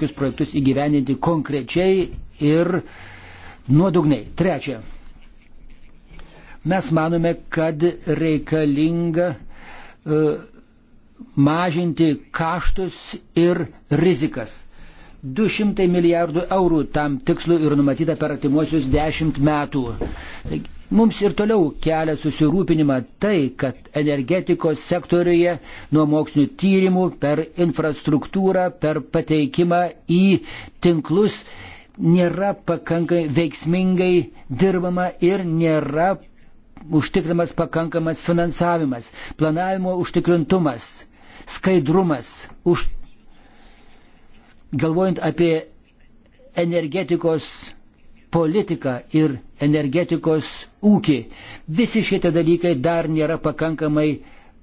tokius projektus įgyveninti konkrečiai ir nuodugniai. Trečia, mes manome, kad reikalinga e, mažinti kaštus ir rizikas. 200 milijardų eurų tam tikslu ir numatyta per atimuosius 10 metų. Taigi, Mums ir toliau kelia susirūpinimą tai, kad energetikos sektoriuje nuo mokslinių tyrimų per infrastruktūrą, per pateikimą į tinklus nėra pakankai veiksmingai dirbama ir nėra užtikrinamas pakankamas finansavimas, planavimo užtikrintumas, skaidrumas. Už... Galvojant apie energetikos politiką ir energetikos ūkį. Visi šitie dalykai dar nėra pakankamai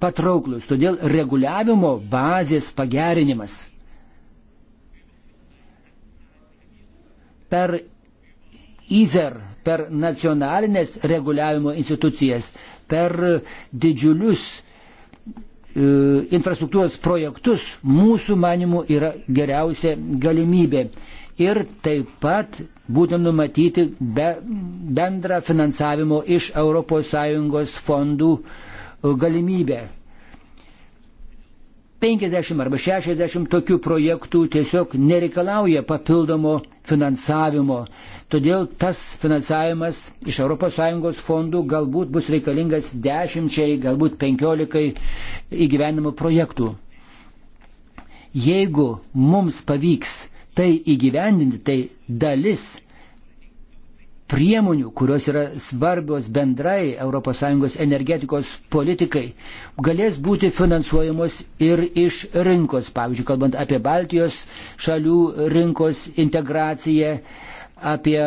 patrauklus, todėl reguliavimo bazės pagerinimas per IZER, per nacionalinės reguliavimo institucijas, per didžiulius e, infrastruktūros projektus mūsų manimų yra geriausia galimybė. Ir taip pat būtent numatyti be, bendrą finansavimo iš ES fondų e, galimybę. 50 arba 60 tokių projektų tiesiog nereikalauja papildomo finansavimo. Todėl tas finansavimas iš ES fondų galbūt bus reikalingas 10, galbūt 15 įgyvenimo projektų. Jeigu mums pavyks tai įgyvendinti, tai dalis priemonių, kurios yra svarbios bendrai ES energetikos politikai, galės būti finansuojamos ir iš rinkos, pavyzdžiui, kalbant apie Baltijos šalių rinkos integraciją, apie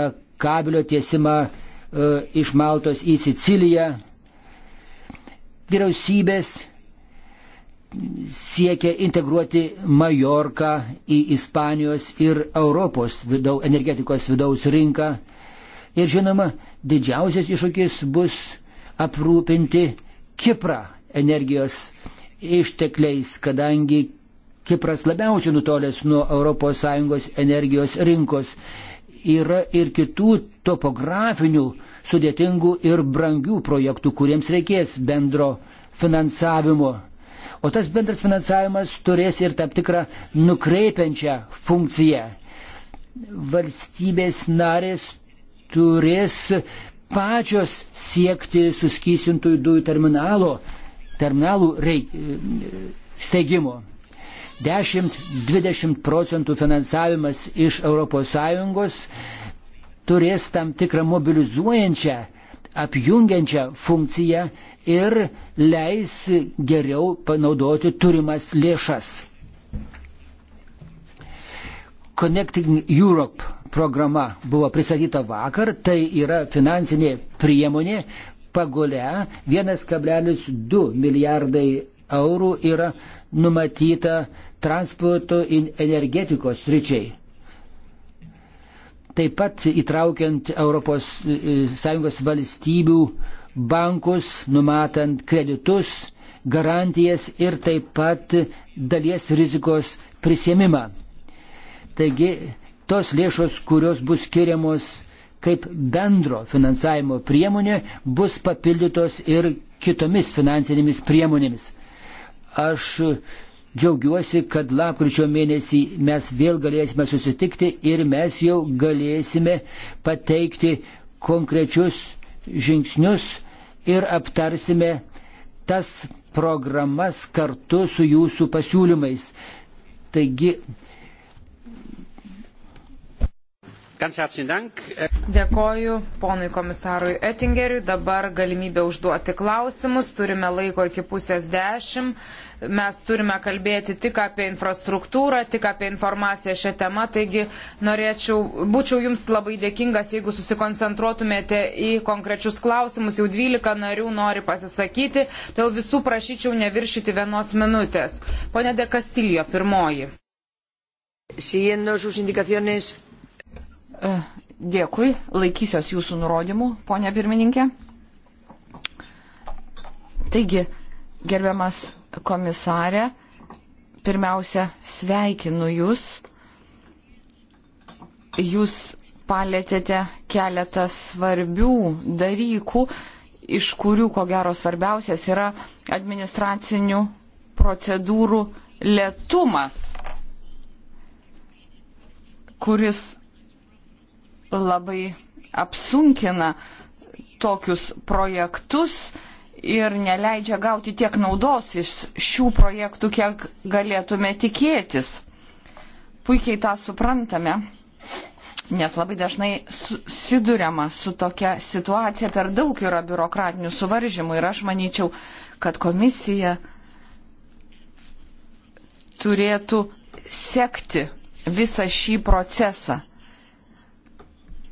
kabelio tiesimą e, iš Maltos į Siciliją. Vyriausybės siekia integruoti Majorką į Ispanijos ir Europos vidau, energetikos vidaus rinką. Ir žinoma, didžiausias iššūkis bus aprūpinti Kiprą energijos ištekliais, kadangi Kipras labiausiai nutolęs nuo ES energijos rinkos. Yra ir kitų topografinių sudėtingų ir brangių projektų, kuriems reikės bendro finansavimo O tas bendras finansavimas turės ir tam tikrą nukreipiančią funkciją. Valstybės narės turės pačios siekti suskysintųjų dujų terminalo, terminalų reik, steigimo. 10-20 procentų finansavimas iš ES turės tam tikrą mobilizuojančią, apjungiančią funkciją ir leis geriau panaudoti turimas lėšas. Connecting Europe programa buvo pristatyta vakar, tai yra finansinė priemonė, pagule 1,2 milijardai eurų yra numatyta transporto ir energetikos sričiai. Taip pat įtraukiant ES e, e, valstybių bankus, numatant kreditus, garantijas ir taip pat dalies rizikos prisėmimą. Taigi tos lėšos, kurios bus skiriamos kaip bendro finansavimo priemonė, bus papildytos ir kitomis finansinėmis priemonėmis. Aš džiaugiuosi, kad lapkričio mėnesį mes vėl galėsime susitikti ir mes jau galėsime pateikti konkrečius žingsnius ir aptarsime tas programas kartu su jūsų pasiūlymais. Taigi Dėkoju ponui komisarui Ettingeriui. Dabar galimybė užduoti klausimus. Turime laiko iki pusės dešimt. Mes turime kalbėti tik apie infrastruktūrą, tik apie informaciją šią temą. Taigi norėčiau, būčiau jums labai dėkingas, jeigu susikoncentruotumėte į konkrečius klausimus. Jau 12 narių nori pasisakyti, todėl visų prašyčiau neviršyti vienos minutės. Pone De Castillo, pirmoji. Siguiendo sus indicaciones E, dėkui, laikysiuos jūsų nurodymų, ponia pirmininkė. Taigi, gerbiamas komisarė, pirmiausia, sveikinu jūs. Jūs palėtėte keletą svarbių dalykų, iš kurių, ko gero, svarbiausias yra administracinių procedūrų lėtumas, kuris labai apsunkina tokius projektus ir neleidžia gauti tiek naudos iš šių projektų, kiek galėtume tikėtis. Puikiai tą suprantame, nes labai dažnai susidurėma su tokia situacija, per daug yra biurokratinių suvaržymų ir aš manyčiau, kad komisija turėtų sekti visą šį procesą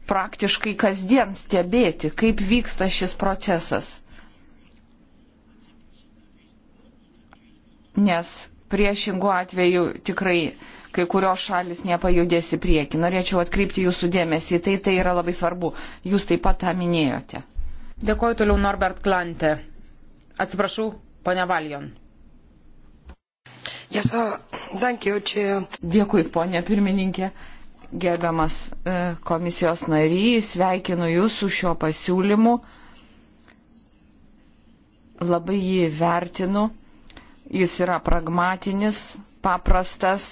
praktiškai kasdien stebėti, kaip vyksta šis procesas. Nes priešingų atveju tikrai kai kurios šalis nepajudės į priekį. Norėčiau atkreipti jūsų dėmesį, tai tai yra labai svarbu. Jūs taip pat tą minėjote. Dėkoju toliau Norbert Klante. Atsiprašau, ponia Valjon. Yes, uh, you, Dėkui, ponia pirmininkė. Uh, Gerbiamas e, komisijos narys, sveikinu Jūsų šio pasiūlymu. Labai jį vertinu. Jis yra pragmatinis, paprastas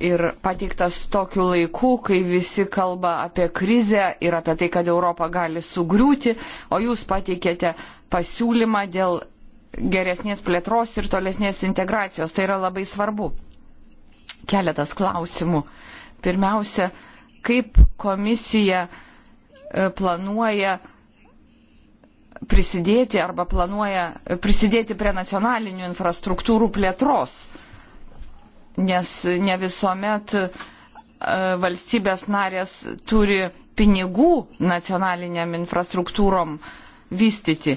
ir pateiktas tokiu laiku, kai visi kalba apie krizę ir apie tai, kad Europa gali sugriūti, o Jūs pateikėte pasiūlymą dėl geresnės plėtros ir tolesnės integracijos. Tai yra labai svarbu. Keletas klausimų Pirmiausia, kaip komisija e, planuoja prisidėti arba planuoja prisidėti prie nacionalinių infrastruktūrų plėtros, nes ne visuomet e, valstybės narės turi pinigų nacionaliniam infrastruktūrom vystyti.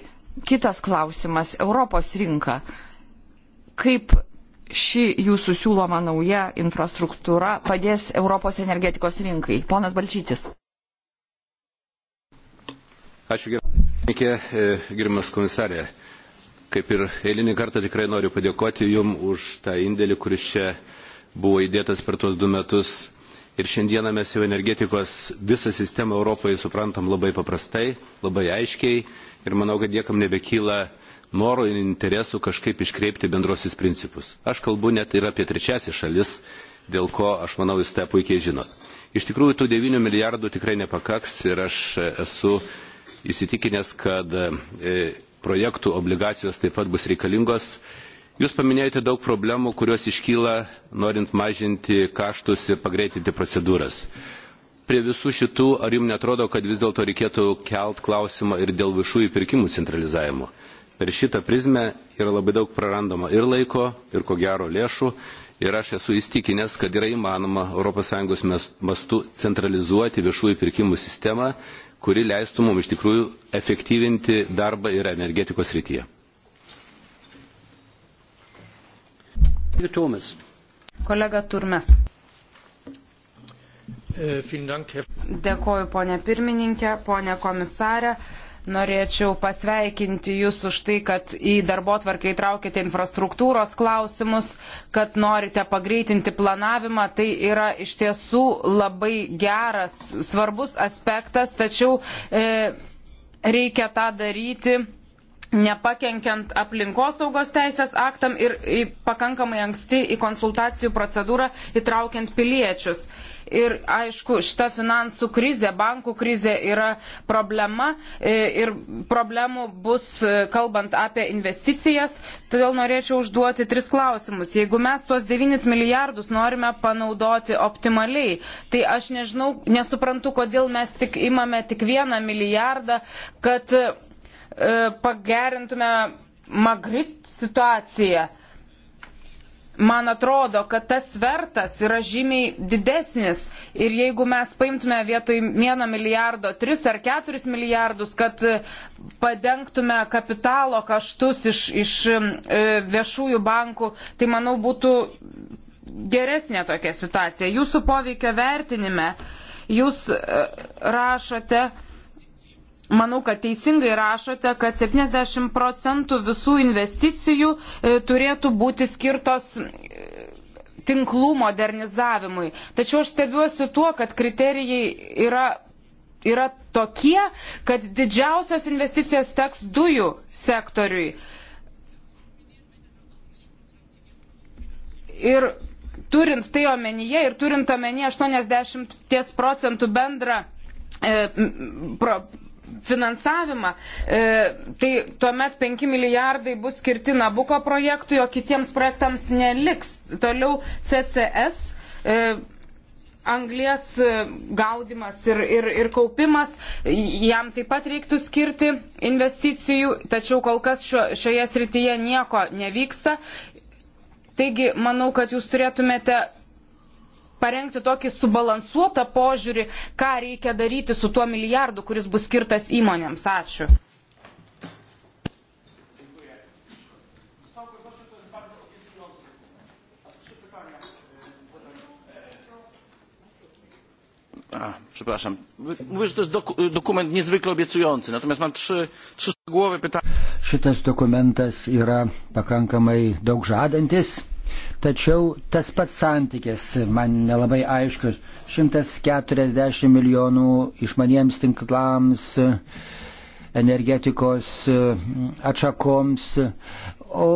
Kitas klausimas - Europos rinka. Kaip ši jūsų siūloma nauja infrastruktūra padės Europos energetikos rinkai? Ponas Balčytis. Ačiū, e, gerbiamas komisarė. Kaip ir eilinį kartą tikrai noriu padėkoti Jums už tą indėlį, kuris čia buvo įdėtas per tuos du metus. Ir šiandieną mes jau energetikos visą sistemą Europoje suprantam labai paprastai, labai aiškiai. Ir manau, kad niekam nebekyla uh, noro ir interesų kažkaip iškreipti bendrosius principus. Aš kalbu net ir apie trečiasis šalis, dėl ko, aš manau, jūs tą puikiai žinot. Iš tikrųjų, tų 9 milijardų tikrai nepakaks ir aš e, esu įsitikinęs, kad e, projektų obligacijos taip pat bus reikalingos. Jūs paminėjote daug problemų, kurios iškyla norint mažinti kaštus ir pagreitinti procedūras. Prie visų šitų, ar jums netrodo, kad vis dėlto reikėtų kelt klausimą ir dėl viešųjų pirkimų centralizavimo? per šitą prizmę yra labai daug prarandama ir laiko, ir ko gero lėšų. Ir aš esu įstikinęs, kad yra įmanoma ES mastu centralizuoti viešųjų pirkimų sistemą, kuri leistų mums iš tikrųjų efektyvinti darbą ir energetikos rytyje. Kolega Turmes. E, Dėkoju, ponė pirmininkė, ponė komisarė. Norėčiau pasveikinti Jūs už tai, kad į darbo tvarką įtraukėte infrastruktūros klausimus, kad norite pagreitinti planavimą. Tai yra iš tiesų labai geras, svarbus aspektas, tačiau e, reikia tą daryti nepakenkiant aplinkosaugos teisės aktam ir pakankamai anksti į konsultacijų procedūrą įtraukiant piliečius. Ir aišku, šita finansų krizė, bankų krizė yra problema e, ir problemų bus e, kalbant apie investicijas, todėl norėčiau užduoti tris klausimus. Jeigu mes tuos 9 milijardus norime panaudoti optimaliai, tai aš nežinau, nesuprantu, kodėl mes tik imame tik vieną milijardą, kad E, pagerintume Magrit situaciją. Man atrodo, kad tas svertas yra žymiai didesnis ir jeigu mes paimtume vietoj 1 milijardo 3 ar 4 milijardus, kad e, padengtume kapitalo kaštus iš, iš e, viešųjų bankų, tai manau būtų geresnė tokia situacija. Jūsų poveikio vertinime jūs rašote, Manau, kad teisingai rašote, kad 70 procentų visų investicijų e, turėtų būti skirtos e, tinklų modernizavimui. Tačiau aš stebiuosi tuo, kad kriterijai yra, yra tokie, kad didžiausios investicijos teks dujų sektoriui. Ir turint tai omenyje ir turint omenyje 80 procentų bendrą e, pro, finansavimą, e, tai tuomet 5 milijardai bus skirti Nabuko projektui, o kitiems projektams neliks. Toliau CCS. E, Anglės e, gaudimas ir, ir, ir kaupimas, jam taip pat reiktų skirti investicijų, tačiau kol kas šio, šioje srityje nieko nevyksta. Taigi, manau, kad jūs turėtumėte parengti tokį subalansuotą požiūrį, ką reikia daryti su tuo milijardu, kuris bus skirtas įmonėms. Ačiū. A, przepraszam. Mówię, że to jest doku, dokument niezwykle obiecujący, natomiast mam trzy, trzy szczegółowe pytania. Šitas dokumentas yra pakankamai daug žadantis. Tačiau tas pats santykis, man nelabai aiškus, 140 milijonų išmaniems tinklams, energetikos atšakoms, o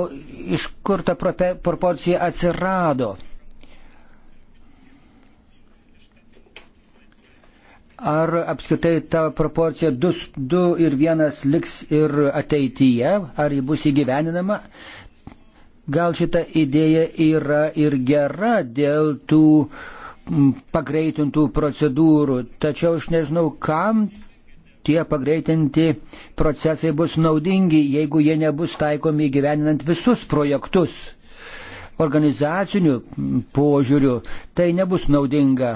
iš kur ta proporcija atsirado? Ar apskritai ta proporcija 2, 2 ir 1 liks ir ateityje, ar ji bus įgyveninama? Gal šita idėja yra ir gera dėl tų pagreitintų procedūrų, tačiau aš nežinau, kam tie pagreitinti procesai bus naudingi, jeigu jie nebus taikomi gyveninant visus projektus. Organizacinių požiūrių tai nebus naudinga.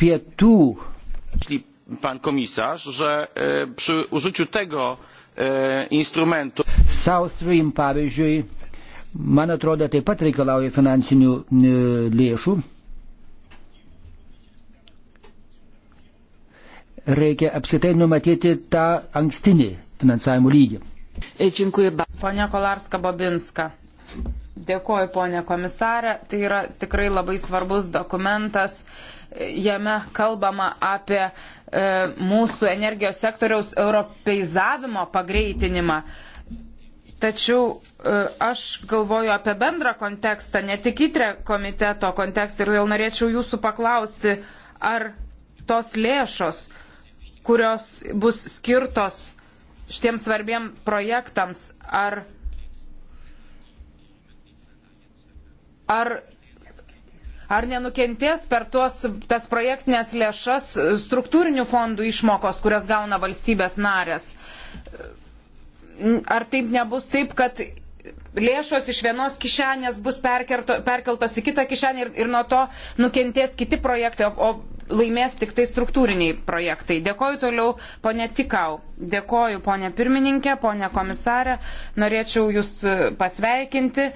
Pietų. Pan komisarz, że e, przy użyciu tego E, instrumentų. South Stream pavyzdžiui, man atrodo, taip pat reikalauja finansinių e, lėšų. Reikia apskritai numatyti tą ankstinį finansavimo lygį. E, dziękuję. Pone Kolarska Babinska. Dėkuoju, ponė komisarė. Tai yra tikrai labai svarbus dokumentas. Uh, jame kalbama apie e, mūsų energijos sektoriaus europeizavimo pagreitinimą. Tačiau e, aš galvoju apie bendrą kontekstą, ne tik įtrę komiteto kontekstą ir jau norėčiau jūsų paklausti, ar tos lėšos, kurios bus skirtos šitiems svarbiem projektams, ar, ar Ar nenukentės per tuos, tas projektinės lėšas struktūrinių fondų išmokos, kurias gauna valstybės narės? Ar taip nebus taip, kad lėšos iš vienos kišenės bus perkerto, perkeltos į kitą kišenę ir, ir nuo to nukentės kiti projektai, o, o laimės tik tai struktūriniai projektai. Dėkoju toliau, ponė Tikau. Dėkoju, ponė pirmininkė, ponė komisarė. Norėčiau Jūs pasveikinti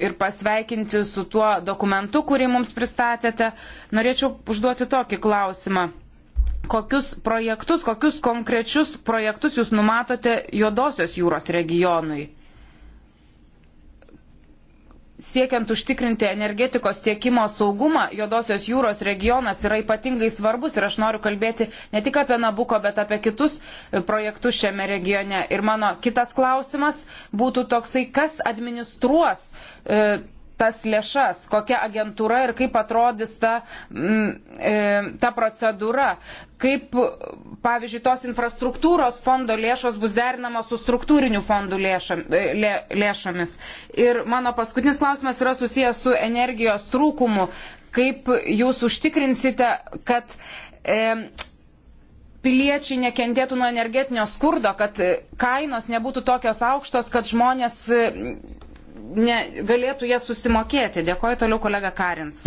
ir pasveikinti su tuo dokumentu, kurį mums pristatėte. Norėčiau užduoti tokį klausimą. Kokius projektus, kokius konkrečius projektus jūs numatote Juodosios jūros regionui? siekiant užtikrinti energetikos tiekimo saugumą, Juodosios jūros regionas yra ypatingai svarbus ir aš noriu kalbėti ne tik apie Nabuko, bet apie kitus e, projektus šiame regione. Ir mano kitas klausimas būtų toksai, kas administruos E, tas lėšas, kokia agentūra ir kaip atrodys ta, e, ta procedūra, kaip, pavyzdžiui, tos infrastruktūros fondo lėšos bus derinamos su struktūrinių fondų lėšam, e, lė, lėšomis. Ir mano paskutinis klausimas yra susijęs su energijos trūkumu. Kaip jūs užtikrinsite, kad e, piliečiai nekentėtų nuo energetinio skurdo, kad kainos nebūtų tokios aukštos, kad žmonės ne, galėtų jas susimokėti. Dėkoju toliau kolega Karins.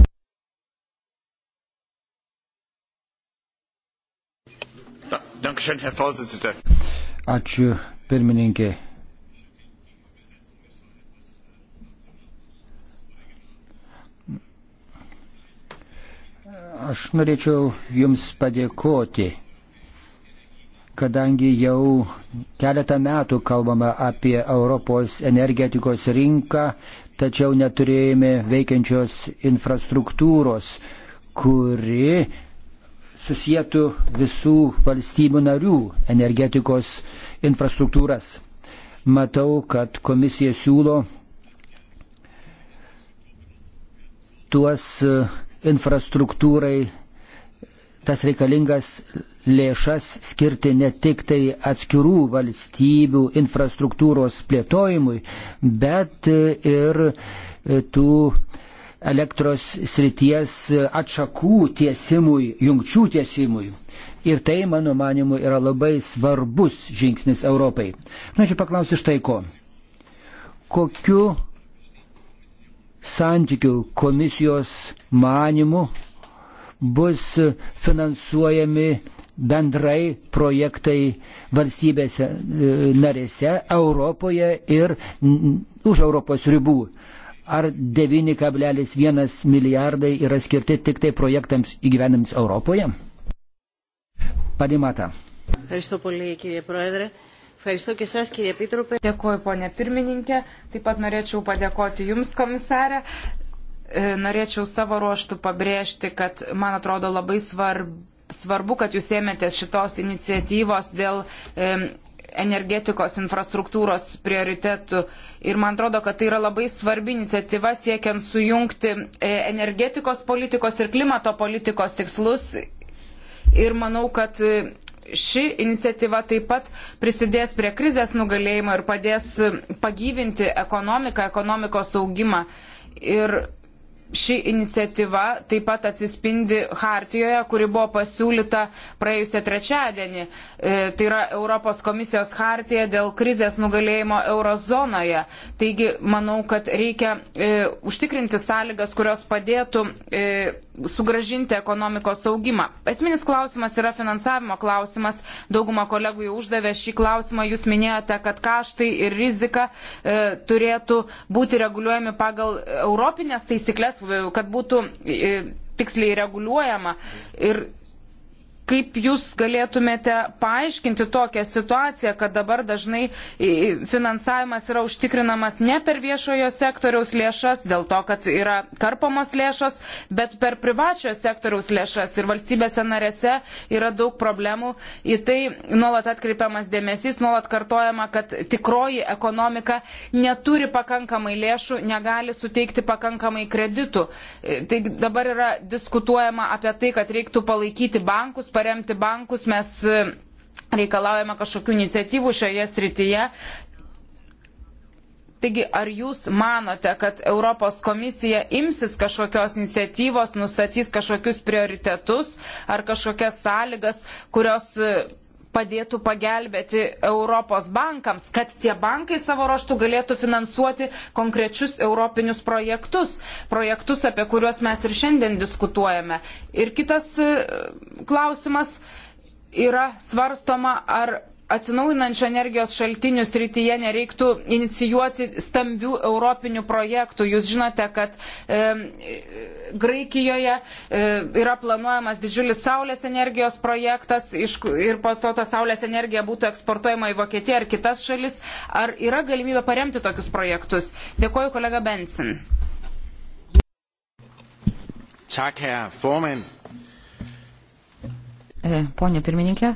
Ačiū, pirmininkė. Aš norėčiau Jums padėkoti kadangi jau keletą metų kalbame apie Europos energetikos rinką, tačiau neturėjome veikiančios infrastruktūros, kuri susijėtų visų valstybių narių energetikos infrastruktūras. Matau, kad komisija siūlo tuos e, infrastruktūrai tas reikalingas lėšas skirti ne tik tai atskirų valstybių infrastruktūros plėtojimui, bet ir e, tų elektros srities atšakų tiesimui, jungčių tiesimui. Ir tai, mano manimu, yra labai svarbus žingsnis Europai. Norėčiau paklausti štai ko. Kokiu santykiu komisijos manimu bus finansuojami bendrai projektai valstybėse e, narėse, Europoje ir už Europos ribų. Ar 9,1 milijardai yra skirti tik tai projektams įgyvenams Europoje? Padimata. Dėkuoju, ponė pirmininkė. Taip pat norėčiau padėkoti Jums, komisarė e, norėčiau savo ruoštų pabrėžti, kad man atrodo labai svarbu svarbu, kad jūs ėmėtės šitos iniciatyvos dėl e, energetikos infrastruktūros prioritetų. Ir man atrodo, kad tai yra labai svarbi iniciatyva siekiant sujungti e, energetikos politikos ir klimato politikos tikslus. Ir manau, kad e, ši iniciatyva taip pat prisidės prie krizės nugalėjimo ir padės e, pagyvinti ekonomiką, ekonomikos augimą. Ir ši iniciatyva taip pat atsispindi hartijoje, kuri buvo pasiūlyta praėjusią trečiadienį. E, tai yra Europos komisijos hartija dėl krizės nugalėjimo eurozonoje. Taigi, manau, kad reikia e, užtikrinti sąlygas, kurios padėtų. E, sugražinti ekonomikos augimą. Esminis klausimas yra finansavimo klausimas. Dauguma kolegų jau uždavė šį klausimą. Jūs minėjote, kad kaštai ir rizika e, turėtų būti reguliuojami pagal europinės taisyklės, kad būtų e, tiksliai reguliuojama. Ir Kaip jūs galėtumėte paaiškinti tokią situaciją, kad dabar dažnai finansavimas yra užtikrinamas ne per viešojo sektoriaus lėšas, dėl to, kad yra karpamos lėšos, bet per privačiojo sektoriaus lėšas ir valstybėse narėse yra daug problemų. Į tai nuolat atkreipiamas dėmesys, nuolat kartojama, kad tikroji ekonomika neturi pakankamai lėšų, negali suteikti pakankamai kreditų. Tai dabar yra diskutuojama apie tai, kad reiktų palaikyti bankus paremti bankus, mes e, reikalaujame kažkokių iniciatyvų šioje srityje. Taigi, ar jūs manote, kad Europos komisija imsis kažkokios iniciatyvos, nustatys kažkokius prioritetus ar kažkokias sąlygas, kurios e, padėtų pagelbėti Europos bankams, kad tie bankai savo raštų galėtų finansuoti konkrečius europinius projektus, projektus, apie kuriuos mes ir šiandien diskutuojame. Ir kitas e, klausimas yra svarstoma, ar atsinaujinančio energijos šaltinių srityje nereiktų inicijuoti stambių europinių projektų. Jūs žinote, kad e, Graikijoje e, yra planuojamas didžiulis saulės energijos projektas iš, ir po to ta saulės energija būtų eksportuojama į Vokietiją ar kitas šalis. Ar yra galimybė paremti tokius projektus? Dėkuoju kolega Bensin. Tak, herr Forman. E, Pone pirmininkė,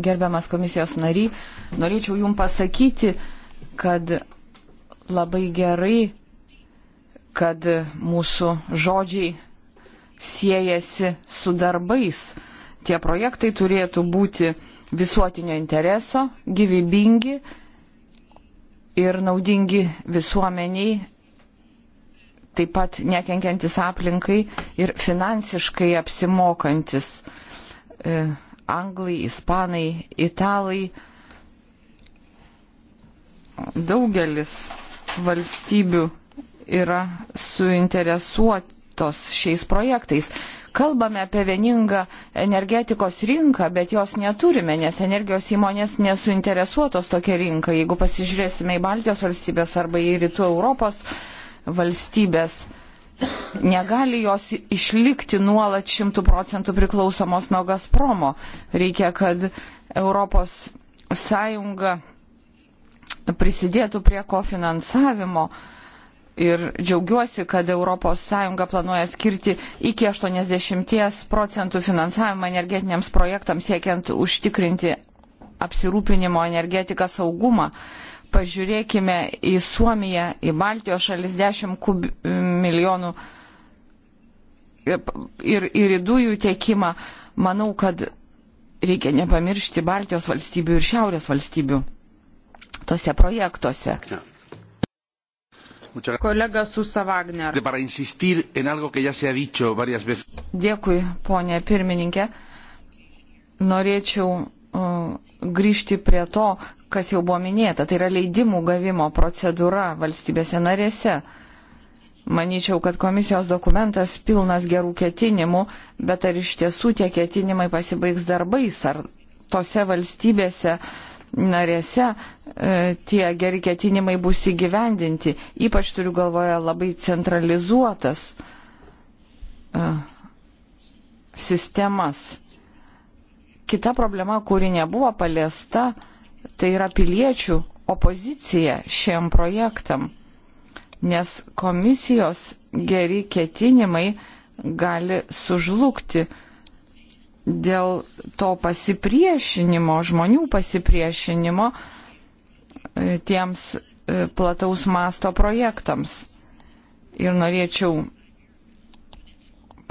gerbiamas komisijos nary, norėčiau Jums pasakyti, kad labai gerai, kad mūsų žodžiai siejasi su darbais. Tie projektai turėtų būti visuotinio intereso, gyvybingi ir naudingi visuomeniai, taip pat nekenkiantis aplinkai ir finansiškai apsimokantis. E, anglai, ispanai, italai. Daugelis valstybių yra suinteresuotos šiais projektais. Kalbame apie vieningą energetikos rinką, bet jos neturime, nes energijos įmonės nesuinteresuotos tokia rinka. Jeigu pasižiūrėsime į Baltijos valstybės arba į Rytų Europos valstybės, Negali jos išlikti nuolat šimtų procentų priklausomos nuo Gazpromo. Reikia, kad Europos Sąjunga prisidėtų prie kofinansavimo. Ir džiaugiuosi, kad ES planuoja skirti iki 80 procentų finansavimą energetiniams projektams siekiant užtikrinti apsirūpinimo energetiką saugumą pažiūrėkime į Suomiją, į Baltijos šalis 10 kub, milijonų ir, ir į dujų tiekimą, manau, kad reikia nepamiršti Baltijos valstybių ir Šiaurės valstybių tose projektuose. Kolega Susa Wagner. Dėkui, ponė pirmininkė. Norėčiau grįžti prie to, kas jau buvo minėta, tai yra leidimų gavimo procedūra valstybėse narėse. Maničiau, kad komisijos dokumentas pilnas gerų ketinimų, bet ar iš tiesų tie ketinimai pasibaigs darbais, ar tose valstybėse narėse e, tie geri ketinimai bus įgyvendinti, ypač turiu galvoje labai centralizuotas e, sistemas kita problema, kuri nebuvo paliesta, tai yra piliečių opozicija šiem projektam, nes komisijos geri ketinimai gali sužlugti dėl to pasipriešinimo, žmonių pasipriešinimo e, tiems e, plataus masto projektams. Ir norėčiau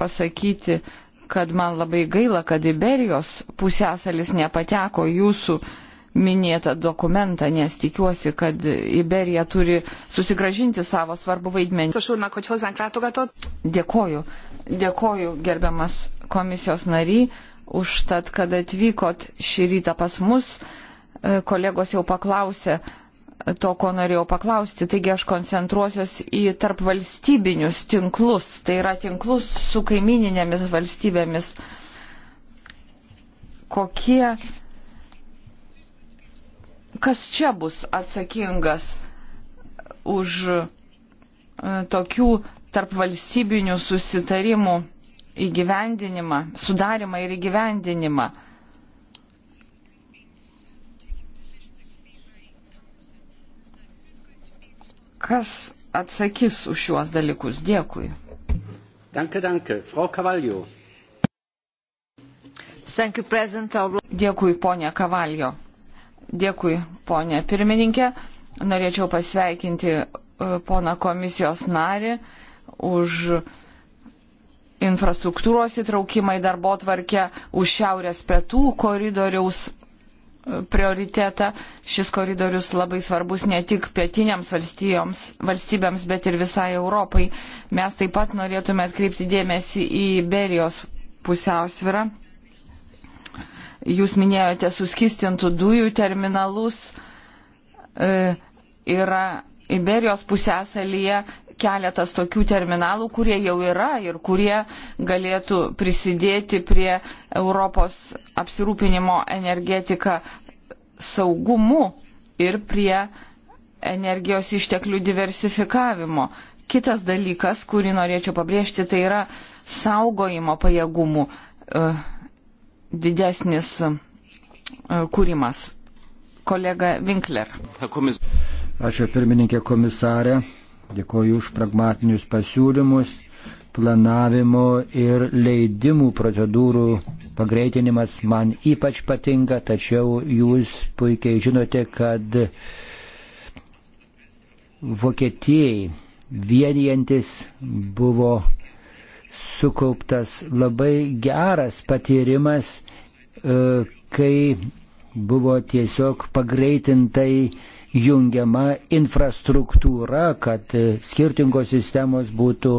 pasakyti, kad man labai gaila, kad Iberijos pusėsalis nepateko jūsų minėtą dokumentą, nes tikiuosi, kad Iberija turi susigražinti savo svarbu vaidmenį. Dėkoju, dėkoju gerbiamas komisijos nary, už tad, kad atvykot šį rytą pas mus. E, kolegos jau paklausė, to, ko norėjau paklausti. Taigi aš koncentruosios į tarp valstybinius tinklus, tai yra tinklus su kaimininėmis valstybėmis. Kokie, kas čia bus atsakingas už e, tokių tarp valstybinių susitarimų įgyvendinimą, sudarimą ir įgyvendinimą? Kas atsakys už šiuos dalykus? Dėkui. Danke, danke. Frau Kavaljo. Dėkui, ponė Kavaljo. Dėkui, ponė pirmininkė. Norėčiau pasveikinti e, poną komisijos narį už infrastruktūros įtraukimą į darbo tvarkę, už šiaurės pietų koridoriaus prioritetą. Šis koridorius labai svarbus ne tik pietiniams valstybėms, bet ir visai Europai. Mes taip pat norėtume atkreipti dėmesį į Berijos pusiausvirą. Jūs minėjote suskistintų dujų terminalus. E, yra Iberijos pusėsalyje keletas tokių terminalų, kurie jau yra ir kurie galėtų prisidėti prie Europos apsirūpinimo energetika saugumu ir prie energijos išteklių diversifikavimo. Kitas dalykas, kurį norėčiau pabrėžti, tai yra saugojimo pajėgumų e, didesnis e, kūrimas. Kolega Winkler. Ačiū pirmininkė komisarė. Dėkoju už pragmatinius pasiūlymus, planavimo ir leidimų procedūrų pagreitinimas man ypač patinka, tačiau jūs puikiai žinote, kad Vokietijai vienijantis buvo sukauptas labai geras patyrimas, e, kai buvo tiesiog pagreitintai jungiama infrastruktūra, kad e, skirtingos sistemos būtų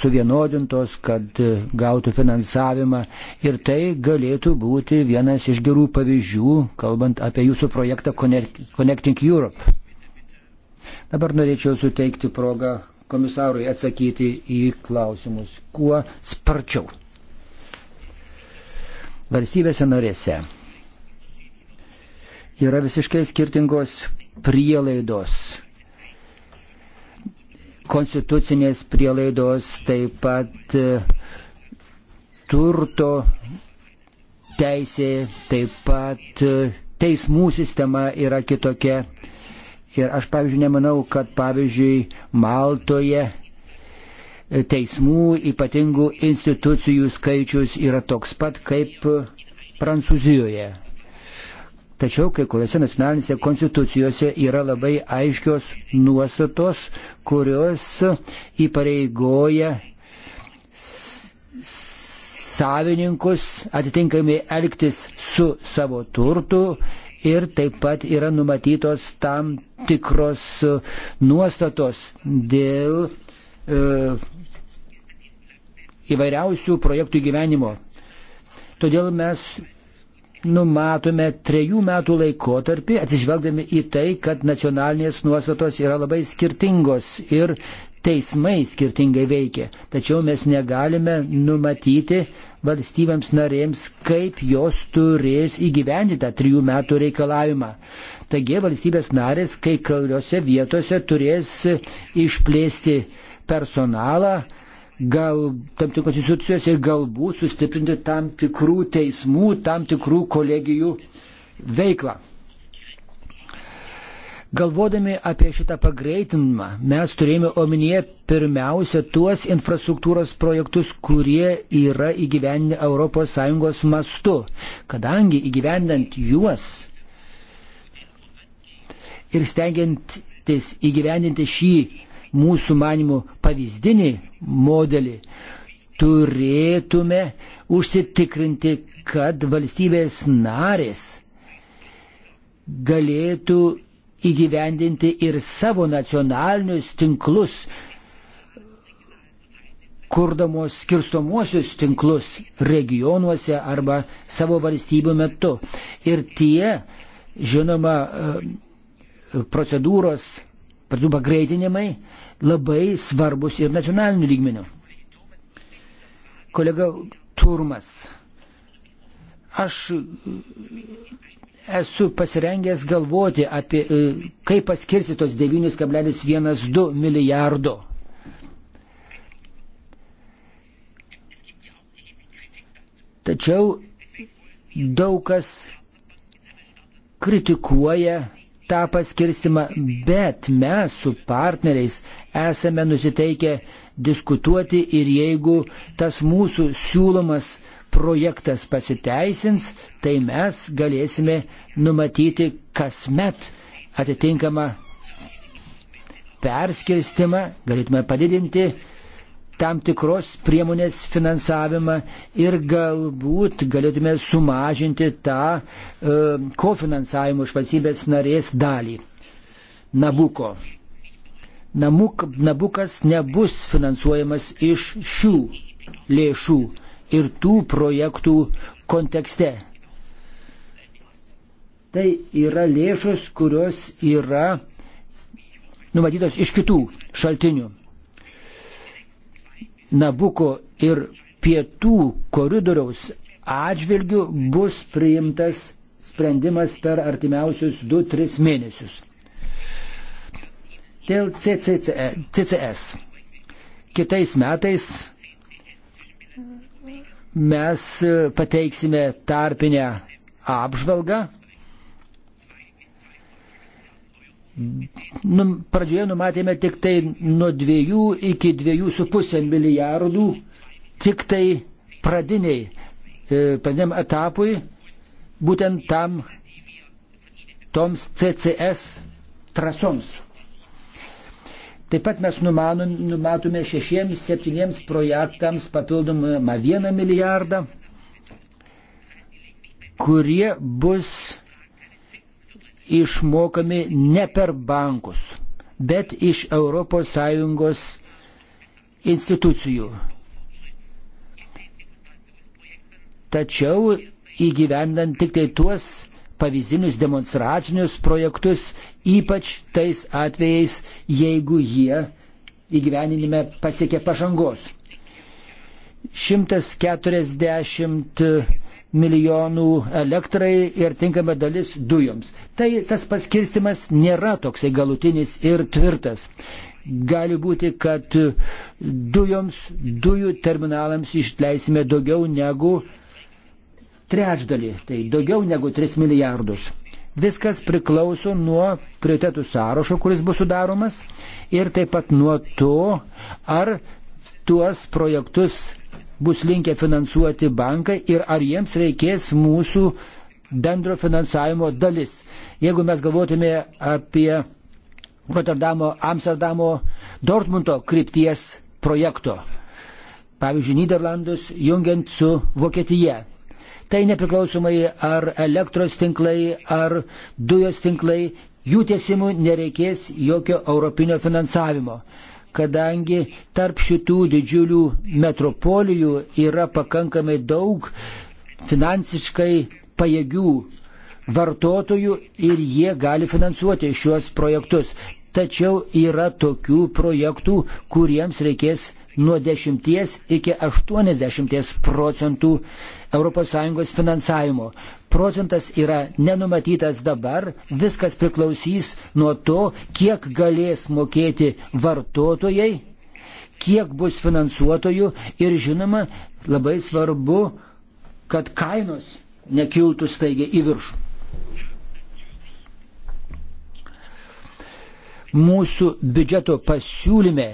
suvienodintos, kad e, gautų finansavimą. Ir tai galėtų būti vienas iš gerų pavyzdžių, kalbant apie jūsų projektą Connecting Europe. Dabar norėčiau suteikti progą komisarui atsakyti į klausimus kuo sparčiau. Valstybėse narėse yra visiškai skirtingos prielaidos, konstitucinės prielaidos, taip pat e, turto teisė, taip pat e, teismų sistema yra kitokia. Ir aš, pavyzdžiui, nemanau, kad, pavyzdžiui, Maltoje e, teismų ypatingų institucijų skaičius yra toks pat kaip Prancūzijoje. Tačiau kai kuriuose nacionalinėse konstitucijose yra labai aiškios nuostatos, kurios įpareigoja savininkus atitinkamai elgtis su savo turtu ir taip pat yra numatytos tam tikros nuostatos dėl e, įvairiausių projektų gyvenimo. Todėl mes numatome trejų metų laikotarpį, atsižvelgdami į tai, kad nacionalinės nuostatos yra labai skirtingos ir teismai skirtingai veikia. Tačiau mes negalime numatyti valstybėms narėms, kaip jos turės įgyvendyti tą trijų metų reikalavimą. Taigi valstybės narės kai kuriuose vietose turės išplėsti personalą, gal tam tikros institucijos ir galbūt sustiprinti tam tikrų teismų, tam tikrų kolegijų veiklą. Galvodami apie šitą pagreitinimą, mes turėjome omenyje pirmiausia tuos infrastruktūros projektus, kurie yra įgyvendinę ES mastu, kadangi įgyvendant juos ir stengiantis įgyvendinti šį mūsų manimų pavyzdinį modelį, turėtume užsitikrinti, kad valstybės narės galėtų įgyvendinti ir savo nacionalinius tinklus, kurdamos skirstomuosius tinklus regionuose arba savo valstybių metu. Ir tie, žinoma, e, procedūros procedūrų pagreitinimai labai svarbus ir nacionaliniu lygmeniu. Kolega Turmas, aš e, esu pasirengęs galvoti apie, e, kaip paskirsi tos 9,12 milijardo. Tačiau daug kas kritikuoja tą paskirstimą, bet mes su partneriais esame nusiteikę diskutuoti ir jeigu tas mūsų siūlomas projektas pasiteisins, tai mes galėsime numatyti kasmet atitinkamą perskirstimą, galėtume padidinti tam tikros priemonės finansavimą ir galbūt galėtume sumažinti tą e, kofinansavimo iš valstybės narės dalį. Nabuko. Namuk, nabukas nebus finansuojamas iš šių lėšų ir tų projektų kontekste. Tai yra lėšos, kurios yra numatytos iš kitų šaltinių. Nabuko ir pietų koridoriaus atžvilgių bus priimtas sprendimas per artimiausius 2-3 mėnesius. Dėl CCS. Kitais metais mes pateiksime tarpinę apžvalgą num, pradžioje numatėme tik tai nuo 2 iki 2,5 milijardų, tik tai pradiniai, e, pradiniam etapui, būtent tam toms CCS trasoms. Taip pat mes numanom, numatome šešiems, septyniems projektams papildomą vieną milijardą, kurie bus išmokami ne per bankus, bet iš ES institucijų. Tačiau įgyvendant tik tai tuos pavyzdinius demonstracinius projektus, ypač tais atvejais, jeigu jie įgyveninime pasiekia pažangos. 140 milijonų elektrai ir tinkama dalis dujoms. Tai tas paskirstimas nėra toksai galutinis ir tvirtas. Gali būti, kad dujoms, dujų terminalams išleisime daugiau negu trečdalį, tai daugiau negu 3 milijardus. Viskas priklauso nuo prioritetų sąrašo, kuris bus sudaromas ir taip pat nuo to, ar tuos projektus bus linkę finansuoti bankai ir ar jiems reikės mūsų bendro finansavimo dalis. Jeigu mes galvotume apie Rotterdamo, Amsterdamo, Dortmundo krypties projekto, pavyzdžiui, Niderlandus jungiant su Vokietija. Tai nepriklausomai ar elektros tinklai, ar dujos tinklai, jų tiesimų nereikės jokio europinio finansavimo kadangi tarp šitų didžiulių metropolijų yra pakankamai daug finansiškai pajėgių vartotojų ir jie gali finansuoti šiuos projektus. Tačiau yra tokių projektų, kuriems reikės nuo 10 iki 80 procentų ES finansavimo procentas yra nenumatytas dabar, viskas priklausys nuo to, kiek galės mokėti vartotojai, kiek bus finansuotojų ir žinoma, labai svarbu, kad kainos nekiltų staigiai į viršų. Mūsų biudžeto pasiūlyme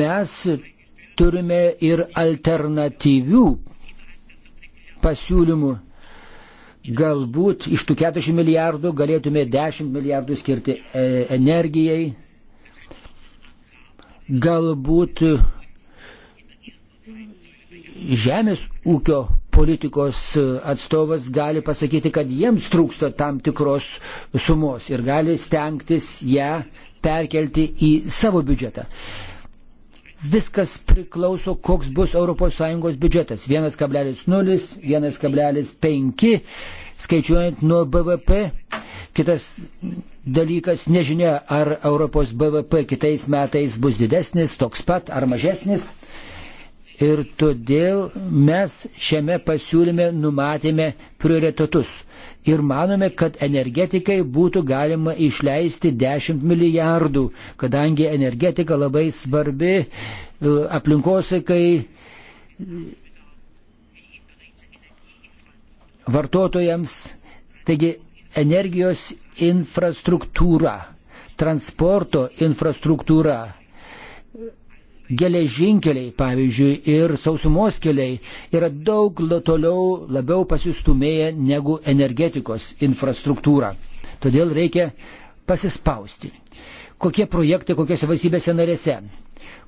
mes turime ir alternatyvių pasiūlymų Galbūt iš tų 40 milijardų galėtume 10 milijardų skirti e, energijai. Galbūt e, žemės ūkio politikos e, atstovas gali pasakyti, kad jiems trūksta tam tikros sumos ir gali stengtis ją perkelti į savo biudžetą. Viskas priklauso, koks bus ES biudžetas. 1,0, 1,5 skaičiuojant nuo BVP. Kitas dalykas, nežinia, ar Europos BVP kitais metais bus didesnis, toks pat ar mažesnis. Ir todėl mes šiame pasiūlyme numatėme prioritetus ir manome, kad energetikai būtų galima išleisti 10 milijardų, kadangi energetika labai svarbi e, aplinkosakai vartotojams. Taigi energijos infrastruktūra, transporto infrastruktūra geležinkeliai, pavyzdžiui, ir sausumos keliai yra daug toliau labiau pasistumėję negu energetikos infrastruktūra. Todėl reikia pasispausti. Kokie projektai kokiose valstybėse narėse?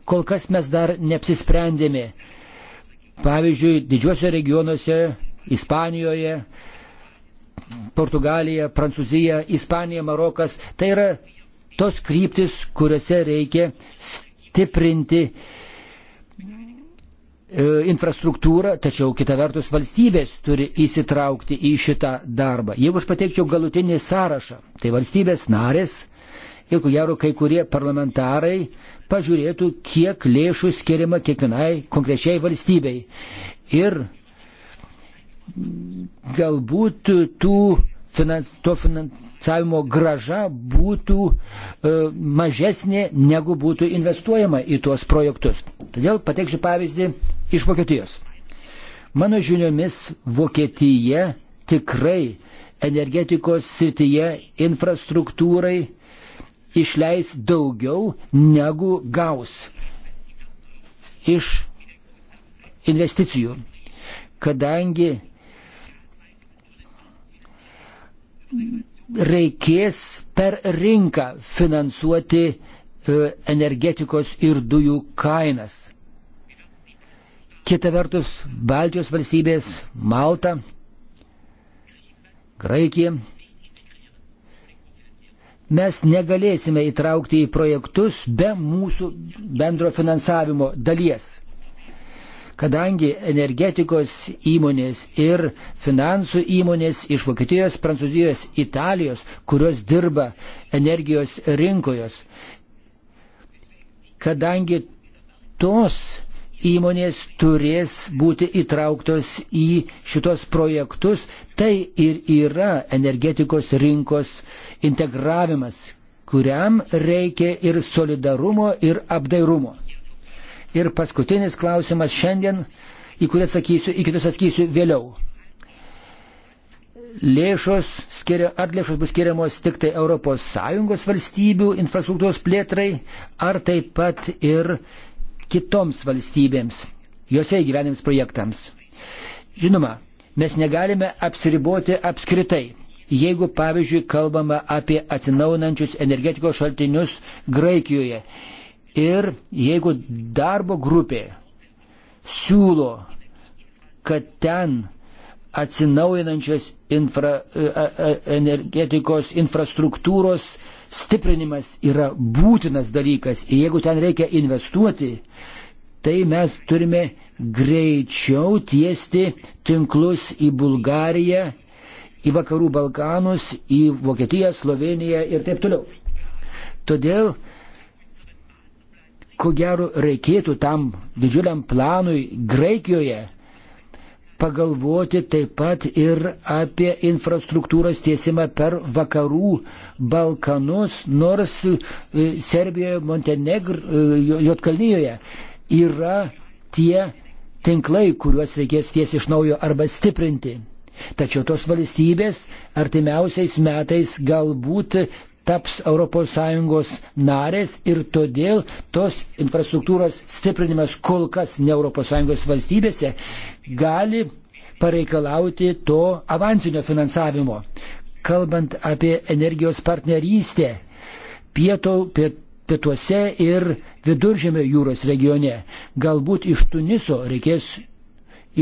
Kol kas mes dar neapsisprendėme. Pavyzdžiui, didžiuose regionuose, Ispanijoje, Portugalija, Prancūzija, Ispanija, Marokas, tai yra tos kryptis, kuriuose reikia stiprinti e, infrastruktūrą, tačiau kita vertus valstybės turi įsitraukti į šitą darbą. Jeigu aš pateikčiau galutinį sąrašą, tai valstybės narės ir ko gero kai kurie parlamentarai pažiūrėtų, kiek lėšų skiriama kiekvienai konkrečiai valstybei. Ir galbūt tų finans, to finans, finansavimo graža būtų e, mažesnė negu būtų investuojama į tuos projektus. Todėl pateiksiu pavyzdį iš Vokietijos. Mano žiniomis Vokietija tikrai energetikos srityje infrastruktūrai išleis daugiau negu gaus iš investicijų, kadangi reikės per rinką finansuoti e, energetikos ir dujų kainas. Kita vertus, Baltijos valstybės - Malta, Graikija. Mes negalėsime įtraukti į projektus be mūsų bendro finansavimo dalies kadangi energetikos įmonės ir finansų įmonės iš Vokietijos, Prancūzijos, Italijos, kurios dirba energijos rinkojos, kadangi tos įmonės turės būti įtrauktos į šitos projektus, tai ir yra energetikos rinkos integravimas, kuriam reikia ir solidarumo, ir apdairumo. Ir paskutinis klausimas šiandien, į kurį atsakysiu, į kitus atsakysiu vėliau. Lėšos skiria, ar lėšos bus skiriamos tik tai ES valstybių infrastruktūros plėtrai, ar taip pat ir kitoms valstybėms, jose įgyvenims projektams. Žinoma, mes negalime apsiriboti apskritai. Jeigu, pavyzdžiui, kalbama apie atsinaunančius energetikos šaltinius Graikijoje, Ir jeigu darbo grupė siūlo, kad ten atsinaujinančios infra, e, e, e, energetikos infrastruktūros stiprinimas yra būtinas dalykas ir jeigu ten reikia investuoti, tai mes turime greičiau tiesti tinklus į Bulgariją, į Vakarų Balkanus, į Vokietiją, Sloveniją ir taip toliau. Todėl ko gero reikėtų tam didžiuliam planui Graikijoje pagalvoti taip pat ir apie infrastruktūros tiesimą per vakarų Balkanus, nors e, Serbijoje, Montenegr, e, Jotkalnyjoje yra tie tinklai, kuriuos reikės tiesi iš naujo arba stiprinti. Tačiau tos valstybės artimiausiais metais galbūt taps ES narės ir todėl tos infrastruktūros stiprinimas kol kas ne ES valstybėse gali pareikalauti to avansinio finansavimo. Kalbant apie energijos partnerystę pietų, pietuose ir viduržėmio jūros regione, galbūt iš Tuniso reikės,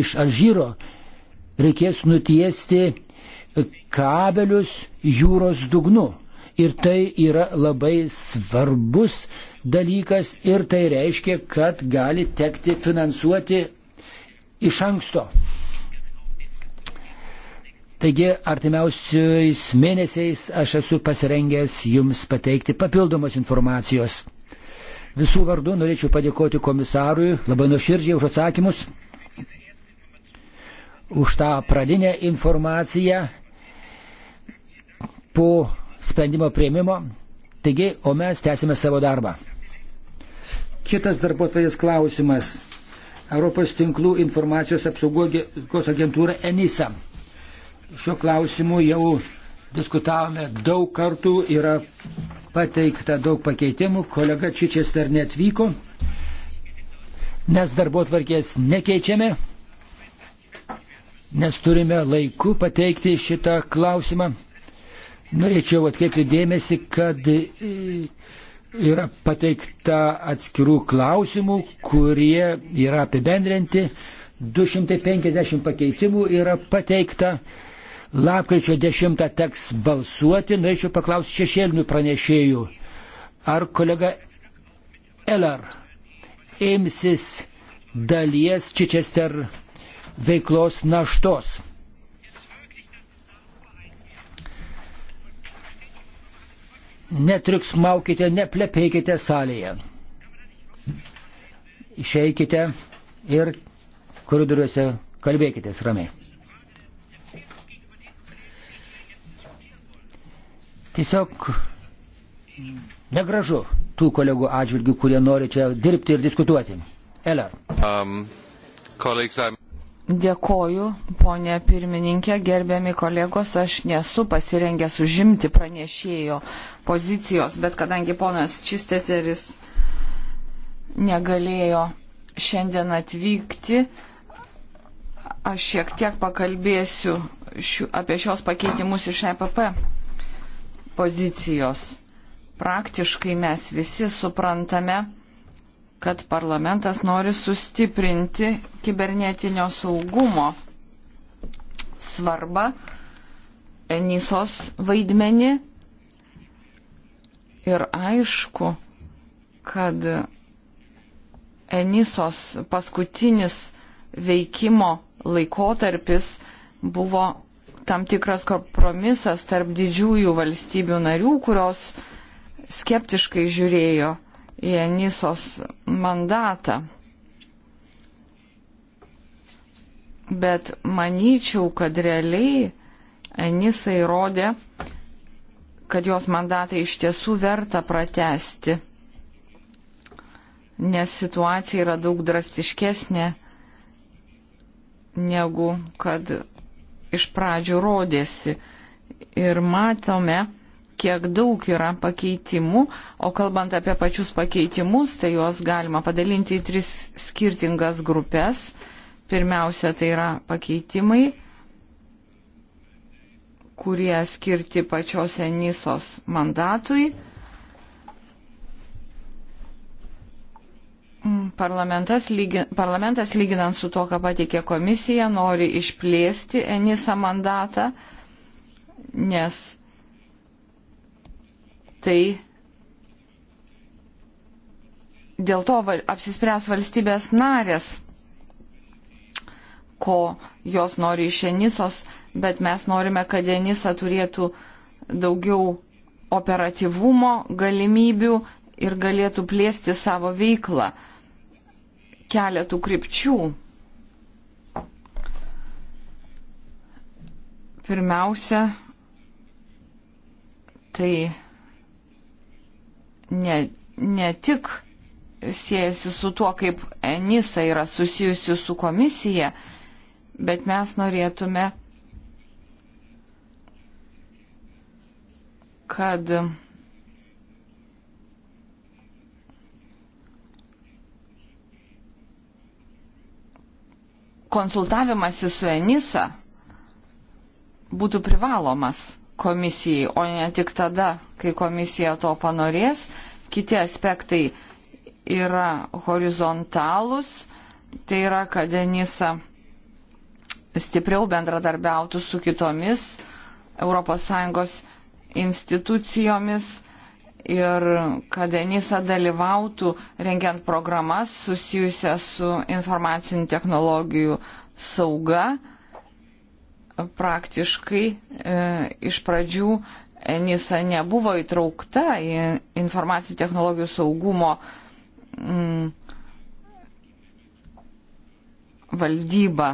iš Alžyro reikės nutiesti kabelius jūros dugnu. Ir tai yra labai svarbus dalykas ir tai reiškia, kad gali tekti finansuoti iš anksto. Taigi artimiausiais mėnesiais aš esu pasirengęs Jums pateikti papildomos informacijos. Visų vardų norėčiau padėkoti komisarui labai nuoširdžiai už atsakymus, už tą pradinę informaciją po sprendimo prieimimo. Taigi, o mes tęsime savo darbą. Kitas darbuotojas klausimas. Europos tinklų informacijos apsaugos agentūra ENISA. Šiuo klausimu jau diskutavome daug kartų, yra pateikta daug pakeitimų, kolega Čičester netvyko, nes darbo tvarkės nekeičiame, nes turime laiku pateikti šitą klausimą. Norėčiau atkreipti dėmesį, kad yra pateikta atskirų klausimų, kurie yra apibendrinti. 250 pakeitimų yra pateikta. Lapkričio 10 teks balsuoti. Norėčiau paklausti šešėlinių pranešėjų. Ar kolega Eller imsis dalies Čičester veiklos naštos? netriksmaukite, neplepėkite salėje. Išeikite ir koridoriuose kalbėkite ramiai. Tiesiog negražu tų kolegų atžvilgių, kurie nori čia dirbti ir diskutuoti. Eller. Um, colleagues, I'm... Dėkoju, ponė pirmininkė, gerbiami kolegos, aš nesu pasirengęs užimti pranešėjo pozicijos, bet kadangi ponas Čisteteris negalėjo šiandien atvykti, aš šiek tiek pakalbėsiu šiu, apie šios pakeitimus iš EPP pozicijos. Praktiškai mes visi suprantame, kad parlamentas nori sustiprinti kibernetinio saugumo svarbą, Enisos vaidmenį. Ir aišku, kad Enisos paskutinis veikimo laikotarpis buvo tam tikras kompromisas tarp didžiųjų valstybių narių, kurios skeptiškai žiūrėjo į Enisos mandatą. Bet manyčiau, kad realiai Enisa įrodė, kad jos mandatą iš tiesų verta pratesti, nes situacija yra daug drastiškesnė, negu kad iš pradžių rodėsi. Ir matome, kiek daug yra pakeitimų, o kalbant apie pačius pakeitimus, tai juos galima padalinti į tris skirtingas grupės. Pirmiausia, tai yra pakeitimai, kurie skirti pačios Enisos mandatui. Parlamentas, lygi, parlamentas lyginant su to, ką pateikė komisija, nori išplėsti Enisa mandatą, nes Tai dėl to apsispręs valstybės narės, ko jos nori iš Enisos, bet mes norime, kad Enisa turėtų daugiau operatyvumo galimybių ir galėtų plėsti savo veiklą keletų krypčių. Pirmiausia, tai ne, ne tik siejasi su tuo, kaip Enisa yra susijusi su komisija, bet mes norėtume, kad konsultavimasi su Enisa būtų privalomas komisijai, o ne tik tada, kai komisija to panorės. Kiti aspektai yra horizontalūs, tai yra, kad Denisa stipriau bendradarbiautų su kitomis ES institucijomis ir kad Denisa dalyvautų rengiant programas susijusias su informacinių technologijų sauga praktiškai e, iš pradžių Enisa nebuvo įtraukta į informacijų technologijų saugumo mm, valdybą,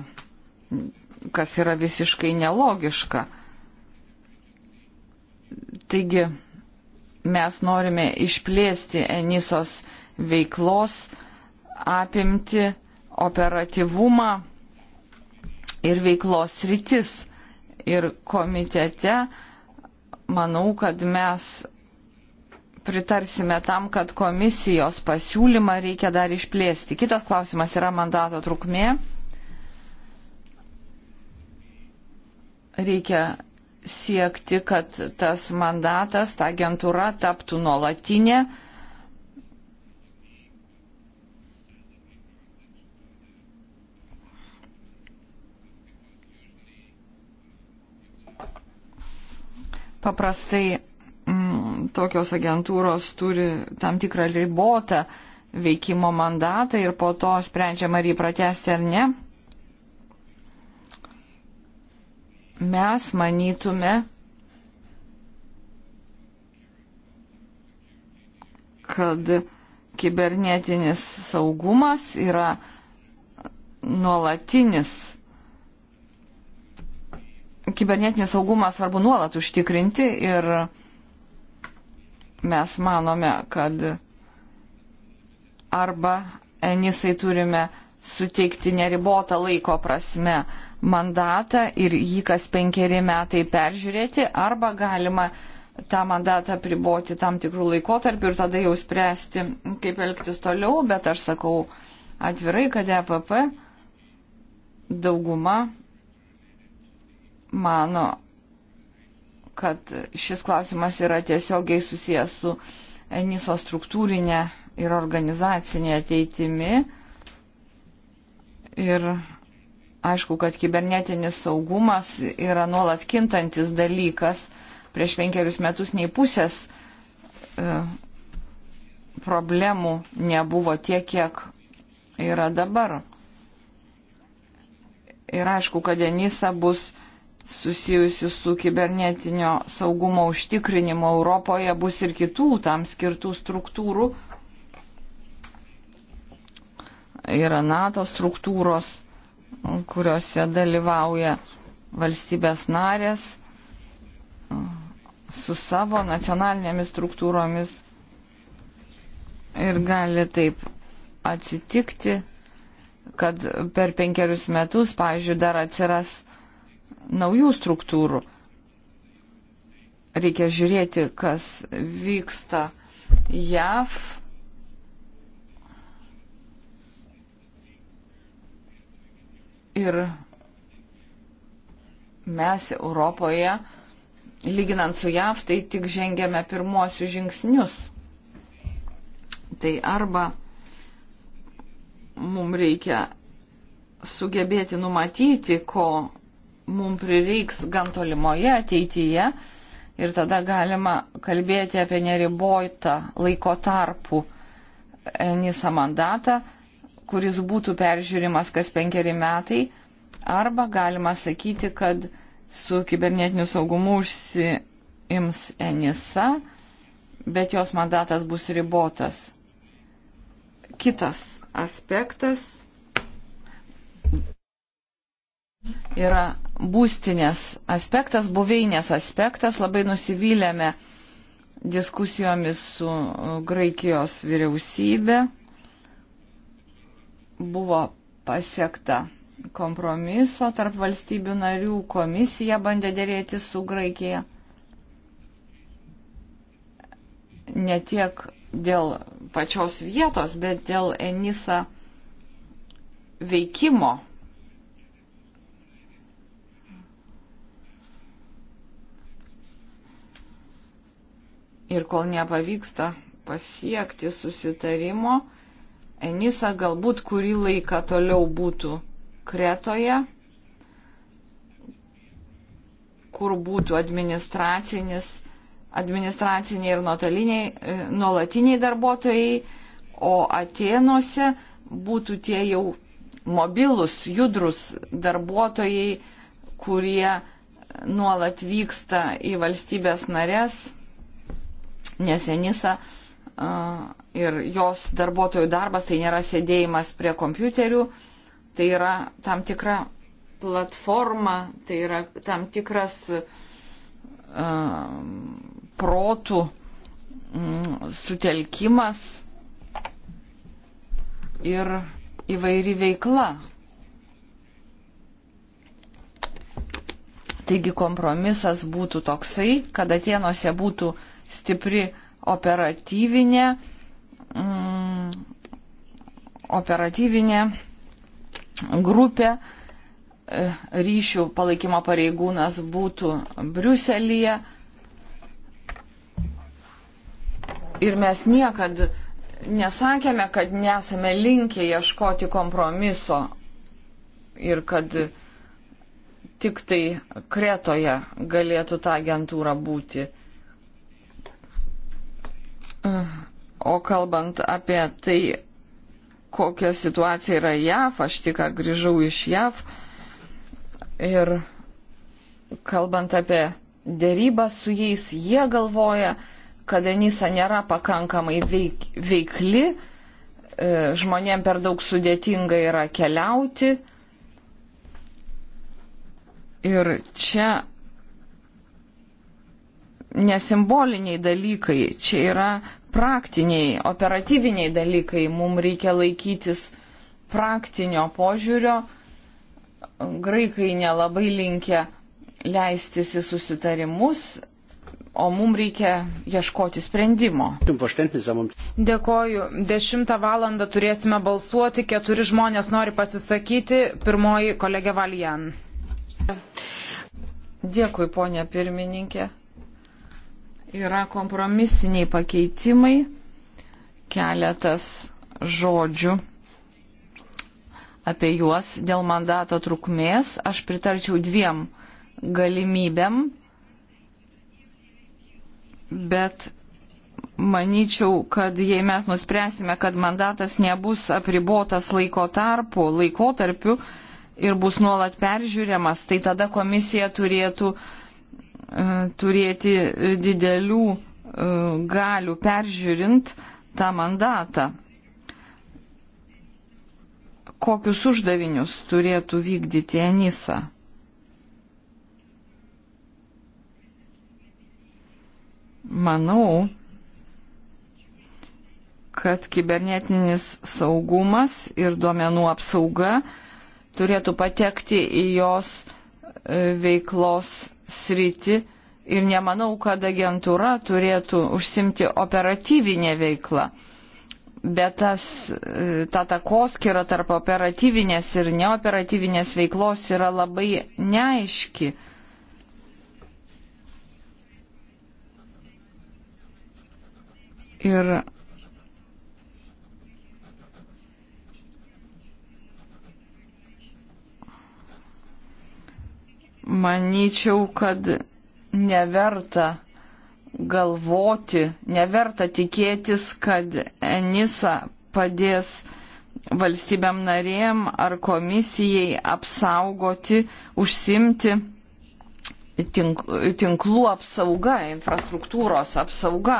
kas yra visiškai nelogiška. Taigi mes norime išplėsti Enisos veiklos apimti operatyvumą ir veiklos rytis. Ir komitete manau, kad mes pritarsime tam, kad komisijos pasiūlymą reikia dar išplėsti. Kitas klausimas yra mandato trukmė. Reikia siekti, kad tas mandatas, ta agentūra taptų nuolatinė Paprastai m, mm, tokios agentūros turi tam tikrą ribotą veikimo mandatą ir po to sprendžiama, ar jį pratesti ar ne. Mes manytume, kad kibernetinis saugumas yra nuolatinis kibernetinį saugumą svarbu nuolat užtikrinti ir mes manome, kad arba Enisai turime suteikti neribotą laiko prasme mandatą ir jį kas penkeri metai peržiūrėti, arba galima tą mandatą priboti tam tikrų laikotarpių ir tada jau spręsti, kaip elgtis toliau, bet aš sakau atvirai, kad EPP dauguma mano, kad šis klausimas yra tiesiogiai susijęs su Eniso struktūrinė ir organizacinė ateitimi. Ir aišku, kad kibernetinis saugumas yra nuolat kintantis dalykas. Prieš penkerius metus nei pusės e, problemų nebuvo tiek, kiek yra dabar. Ir aišku, kad Denisa bus susijusi su kibernetinio saugumo užtikrinimu Europoje bus ir kitų tam skirtų struktūrų. Yra NATO struktūros, kuriuose dalyvauja valstybės narės su savo nacionalinėmis struktūromis ir gali taip atsitikti, kad per penkerius metus, pavyzdžiui, dar atsiras naujų struktūrų. Reikia žiūrėti, kas vyksta JAV. Ir mes Europoje, lyginant su JAV, tai tik žengėme pirmuosius žingsnius. Tai arba mums reikia sugebėti numatyti, ko mums prireiks gan tolimoje ateityje ir tada galima kalbėti apie neribotą laiko tarpų Enisa mandatą, kuris būtų peržiūrimas kas penkeri metai, arba galima sakyti, kad su kibernetiniu saugumu užsiims Enisa, bet jos mandatas bus ribotas. Kitas aspektas yra būstinės aspektas, buveinės aspektas. Labai nusivylėme diskusijomis su Graikijos vyriausybė. Buvo pasiekta kompromiso tarp valstybių narių, komisija bandė dėrėti su Graikija. Ne tiek dėl pačios vietos, bet dėl Enisa veikimo ir kol nepavyksta pasiekti susitarimo, Enisa galbūt kurį laiką toliau būtų Kretoje, kur būtų administracinis, administraciniai ir e, nuolatiniai darbuotojai, o Atenuose būtų tie jau mobilus, judrus darbuotojai, kurie nuolat vyksta į valstybės narės nes Enisa ir jos darbuotojų darbas tai nėra sėdėjimas prie kompiuterių, tai yra tam tikra platforma, tai yra tam tikras protų mm, sutelkimas ir įvairi veikla. Taigi kompromisas būtų toksai, kad Atenuose būtų stipri operatyvinė, mm, operatyvinė grupė e, ryšių palaikymo pareigūnas būtų Briuselėje. Ir mes niekad nesakėme, kad nesame linkę ieškoti kompromiso ir kad tik tai Kretoje galėtų ta agentūra būti. O kalbant apie tai, kokia situacija yra JAV, aš tik grįžau iš JAV ir kalbant apie dėrybą su jais, jie galvoja, kad Enisa nėra pakankamai veik, veikli, e, žmonėm per daug sudėtinga yra keliauti. Ir čia nesimboliniai dalykai, čia yra praktiniai, operatyviniai dalykai, mums reikia laikytis praktinio požiūrio. Graikai nelabai linkia leistis į susitarimus, o mums reikia ieškoti sprendimo. Dėkoju. 10 val. turėsime balsuoti, keturi žmonės nori pasisakyti, pirmoji kolegė Valjan. Dėkui, ponė pirmininkė. Yra kompromisiniai pakeitimai, keletas žodžių apie juos dėl mandato trukmės. Aš pritarčiau dviem galimybėm, bet manyčiau, kad jei mes nuspręsime, kad mandatas nebus apribotas laiko tarpu, laikotarpiu ir bus nuolat peržiūriamas, tai tada komisija turėtų uh, E, turėti e, didelių e, galių peržiūrint tą mandatą. Kokius uždavinius turėtų vykdyti Enisa? Manau, kad kibernetinis saugumas ir duomenų apsauga turėtų patekti į jos veiklos sritį ir nemanau, kad agentūra turėtų užsimti operatyvinę veiklą. Bet tas, ta takoskira tarp operatyvinės ir neoperatyvinės veiklos yra labai neaiški. Ir Manyčiau, kad neverta galvoti, neverta tikėtis, kad Enisa padės valstybėm narėm ar komisijai apsaugoti, užsimti tink, tinklų apsauga, infrastruktūros apsauga,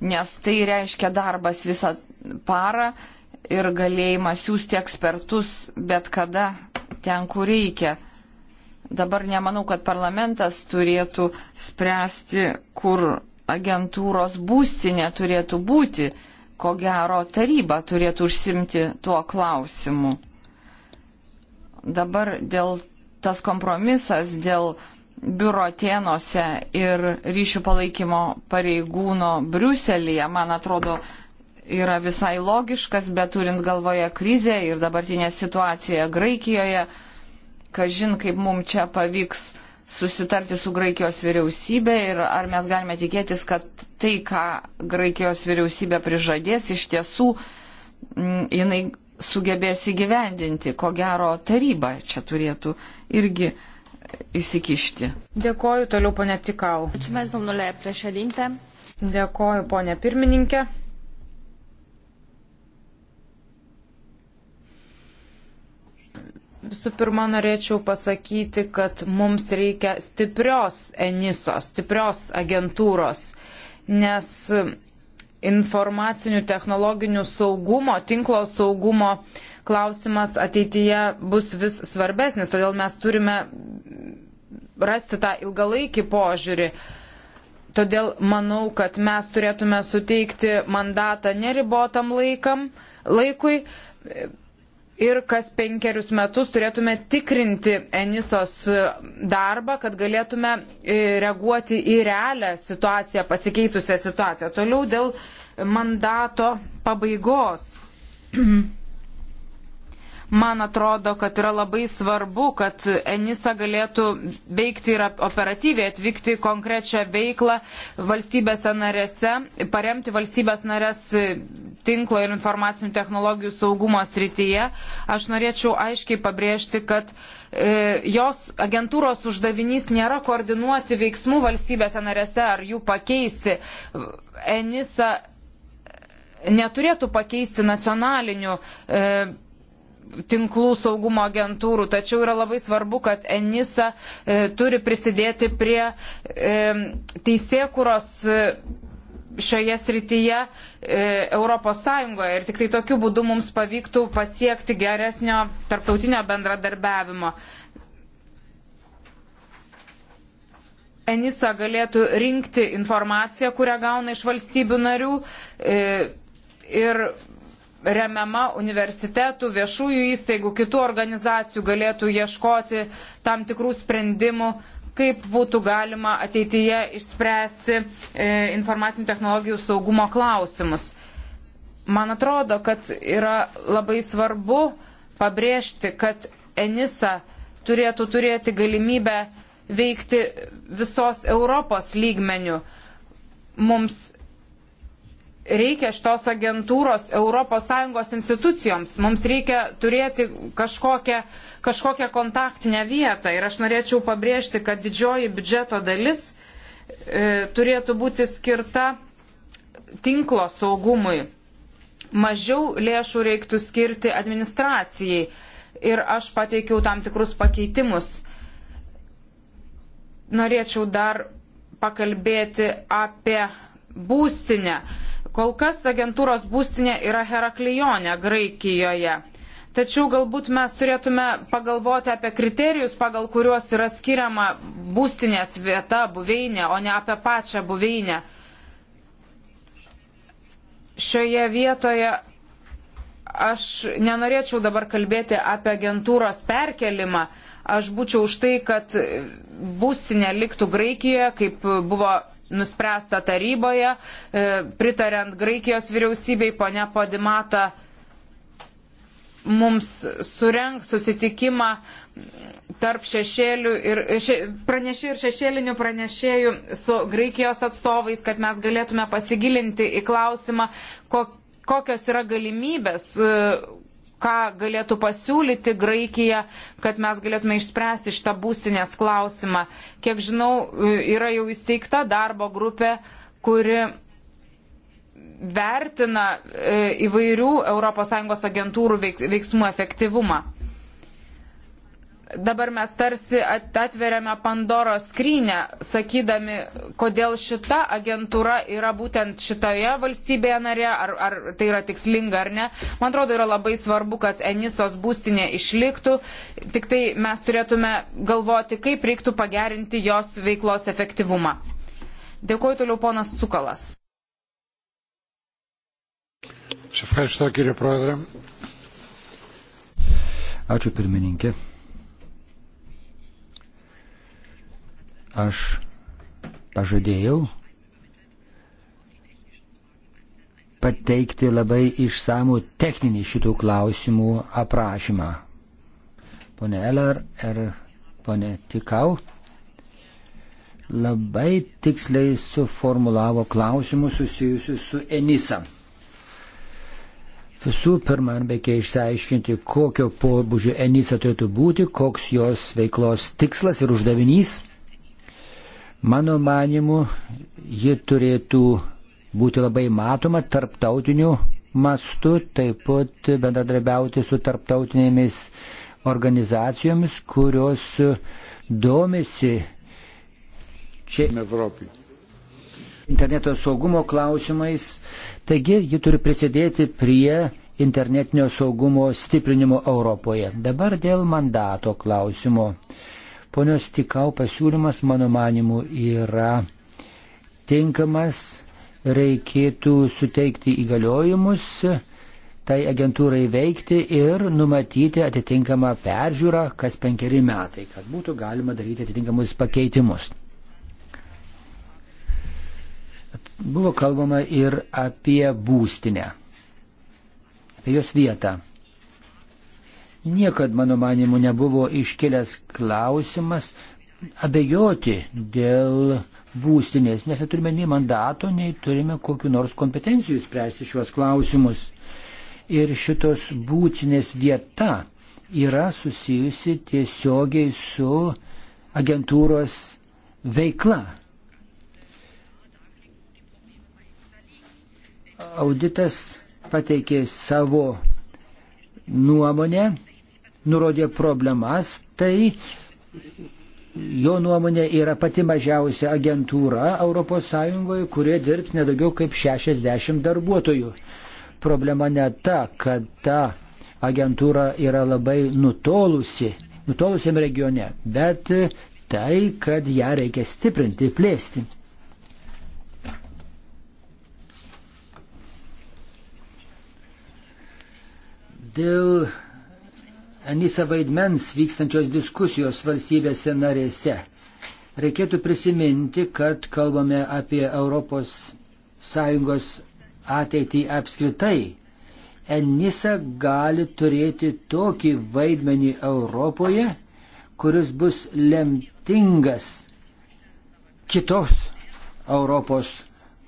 nes tai reiškia darbas visą parą ir galėjimas siūsti ekspertus bet kada ten, kur reikia. Dabar nemanau, kad parlamentas turėtų spręsti, kur agentūros būstinė turėtų būti. Ko gero, taryba turėtų užsimti tuo klausimu. Dabar dėl tas kompromisas, dėl biuro tėnose ir ryšių palaikymo pareigūno Briuselėje, man atrodo, yra visai logiškas, bet turint galvoje krizę ir dabartinę situaciją Graikijoje, kažin kaip mums čia pavyks susitarti su Graikijos vyriausybė ir ar mes galime tikėtis, kad tai, ką Graikijos vyriausybė prižadės, iš tiesų m, mm, jinai sugebės įgyvendinti. Ko gero taryba čia turėtų irgi įsikišti. Dėkoju toliau, ponė Cikau. Dėkoju, ponė pirmininkė. visų pirma norėčiau pasakyti, kad mums reikia stiprios Enisos, stiprios agentūros, nes informacinių technologinių saugumo, tinklo saugumo klausimas ateityje bus vis svarbesnis, todėl mes turime rasti tą ilgalaikį požiūrį. Todėl manau, kad mes turėtume suteikti mandatą neribotam laikam, laikui, ir kas penkerius metus turėtume tikrinti Enisos darbą, kad galėtume e, reaguoti į realią situaciją, pasikeitusią situaciją. Toliau dėl mandato pabaigos. Man atrodo, kad yra labai svarbu, kad Enisa galėtų veikti ir operatyviai atvykti konkrečią veiklą valstybėse narėse, paremti valstybės narės tinklo ir informacinių technologijų saugumo srityje. Aš norėčiau aiškiai pabrėžti, kad e, jos agentūros uždavinys nėra koordinuoti veiksmų valstybėse narėse ar jų pakeisti. Enisa neturėtų pakeisti nacionalinių e, tinklų saugumo agentūrų, tačiau yra labai svarbu, kad Enisa e, turi prisidėti prie e, teisėkuros. E, šioje srityje e, Europos Sąjungoje ir tik tai tokiu būdu mums pavyktų pasiekti geresnio tarptautinio bendradarbiavimo. Enisa galėtų rinkti informaciją, kurią gauna iš valstybių narių e, ir remiama universitetų, viešųjų įstaigų, kitų organizacijų galėtų ieškoti tam tikrų sprendimų, kaip būtų galima ateityje išspręsti e, informacinių technologijų saugumo klausimus. Man atrodo, kad yra labai svarbu pabrėžti, kad Enisa turėtų turėti galimybę veikti visos Europos lygmenių. Mums reikia šitos agentūros ES institucijoms. Mums reikia turėti kažkokią, kažkokią kontaktinę vietą. Ir aš norėčiau pabrėžti, kad didžioji biudžeto dalis e, turėtų būti skirta tinklo saugumui. Mažiau lėšų reiktų skirti administracijai. Ir aš pateikiau tam tikrus pakeitimus. Norėčiau dar pakalbėti apie būstinę. Kol kas agentūros būstinė yra Heraklijonė, Graikijoje. Tačiau galbūt mes turėtume pagalvoti apie kriterijus, pagal kuriuos yra skiriama būstinės vieta, buveinė, o ne apie pačią buveinę. Šioje vietoje aš nenorėčiau dabar kalbėti apie agentūros perkelimą. Aš būčiau už tai, kad būstinė liktų Graikijoje, kaip buvo nuspręsta taryboje, e, pritariant Graikijos vyriausybei, ponia Podimata mums surenk susitikimą tarp šešėlių ir še, pranešėjų ir šešėlinių pranešėjų su Graikijos atstovais, kad mes galėtume pasigilinti į klausimą, kok, kokios yra galimybės, e, ką galėtų pasiūlyti Graikija, kad mes galėtume išspręsti šitą būstinės klausimą. Kiek žinau, yra jau įsteigta darbo grupė, kuri vertina e, įvairių ES agentūrų veiksmų efektyvumą dabar mes tarsi atveriame Pandoros skrynę, sakydami, kodėl šita agentūra yra būtent šitoje valstybėje narėje, ar, ar tai yra tikslinga ar ne. Man atrodo, yra labai svarbu, kad Enisos būstinė išliktų, tik tai mes turėtume galvoti, kaip reiktų pagerinti jos veiklos efektyvumą. Dėkuoju toliau ponas Cukalas. Ačiū pirmininkė. Aš pažadėjau pateikti labai išsamų techninį šitų klausimų aprašymą. Pone Eller ir pone Tikau labai tiksliai suformulavo klausimus susijusius su Enisa. Visų pirma, reikia išsiaiškinti, kokio pobūdžio Enisa turėtų būti, koks jos veiklos tikslas ir uždavinys. Mano manimu, ji turėtų būti labai matoma tarptautiniu mastu, taip pat bendradarbiauti su tarptautinėmis organizacijomis, kurios domisi čia interneto saugumo klausimais. Taigi ji turi prisidėti prie internetinio saugumo stiprinimo Europoje. Dabar dėl mandato klausimo. Ponios Tikau pasiūlymas, mano manimu, yra tinkamas, reikėtų suteikti įgaliojimus tai agentūrai veikti ir numatyti atitinkamą peržiūrą kas penkeri metai, kad būtų galima daryti atitinkamus pakeitimus. Buvo kalbama ir apie būstinę, apie jos vietą niekad, mano manimu, nebuvo iškilęs klausimas abejoti dėl būstinės. Mes neturime nei mandato, nei turime kokiu nors kompetencijų spręsti šiuos klausimus. Ir šitos būtinės vieta yra susijusi tiesiogiai su agentūros veikla. Auditas pateikė savo nuomonę nurodė problemas, tai jo nuomonė yra pati mažiausia agentūra ES, kurie dirbs nedaugiau kaip 60 darbuotojų. Problema ne ta, kad ta agentūra yra labai nutolusi, nutolusiam regione, bet tai, kad ją reikia stiprinti, plėsti. Dėl Enisa vaidmens vykstančios diskusijos valstybėse narėse. Reikėtų prisiminti, kad kalbame apie ES ateitį apskritai. Enisa gali turėti tokį vaidmenį Europoje, kuris bus lemtingas kitos Europos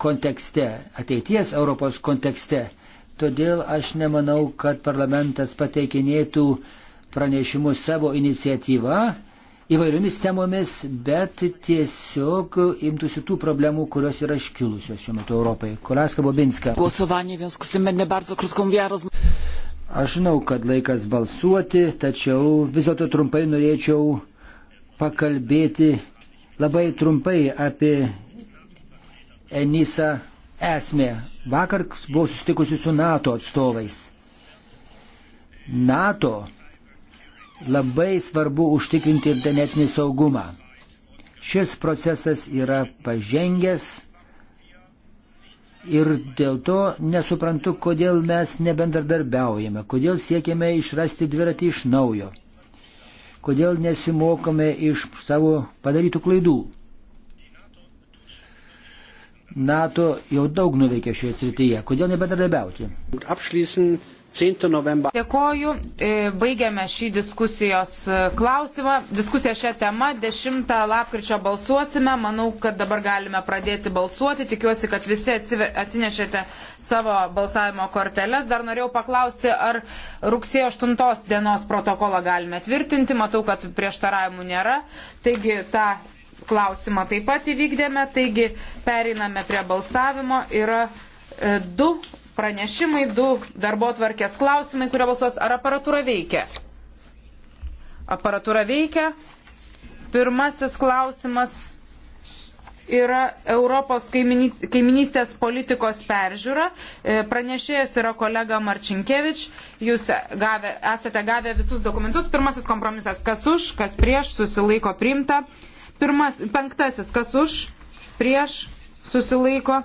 kontekste, ateities Europos kontekste. Todėl aš nemanau, kad parlamentas pateikinėtų uh, pranešimus savo iniciatyvą įvairiomis temomis, bet tiesiog imtųsi tų problemų, kurios yra iškilusios šiuo metu Europai. Kolaska Bobinska. Aš žinau, kad laikas balsuoti, tačiau vis dėlto trumpai norėčiau pakalbėti labai trumpai apie Enisa esmę. Vakar buvau susitikusi su NATO atstovais. NATO Labai svarbu užtikrinti internetinį saugumą. Šis procesas yra pažengęs ir dėl to nesuprantu, kodėl mes nebendradarbiaujame, kodėl siekiame išrasti dviratį iš naujo, kodėl nesimokome iš savo padarytų klaidų. NATO jau daug nuveikė šioje srityje, kodėl nebendradarbiauti? Dėkoju, e, baigiame šį diskusijos e, klausimą. Diskusiją šią temą 10 lapkričio balsuosime. Manau, kad dabar galime pradėti balsuoti. Tikiuosi, kad visi atsinešėte savo balsavimo korteles. Dar norėjau paklausti, ar rugsėjo 8 dienos protokolą galime tvirtinti. Matau, kad prieštaravimų nėra. Taigi tą klausimą taip pat įvykdėme. Taigi periname prie balsavimo. Yra e, du pranešimai, du darbo tvarkės klausimai, kurie balsuos, ar aparatūra veikia. Aparatūra veikia. Pirmasis klausimas yra Europos kaiminystės politikos peržiūra. E, pranešėjas yra kolega Marčinkievič. Jūs gavę, esate gavę visus dokumentus. Pirmasis kompromisas, kas už, kas prieš, susilaiko priimta. Pirmas, penktasis, kas už, prieš, susilaiko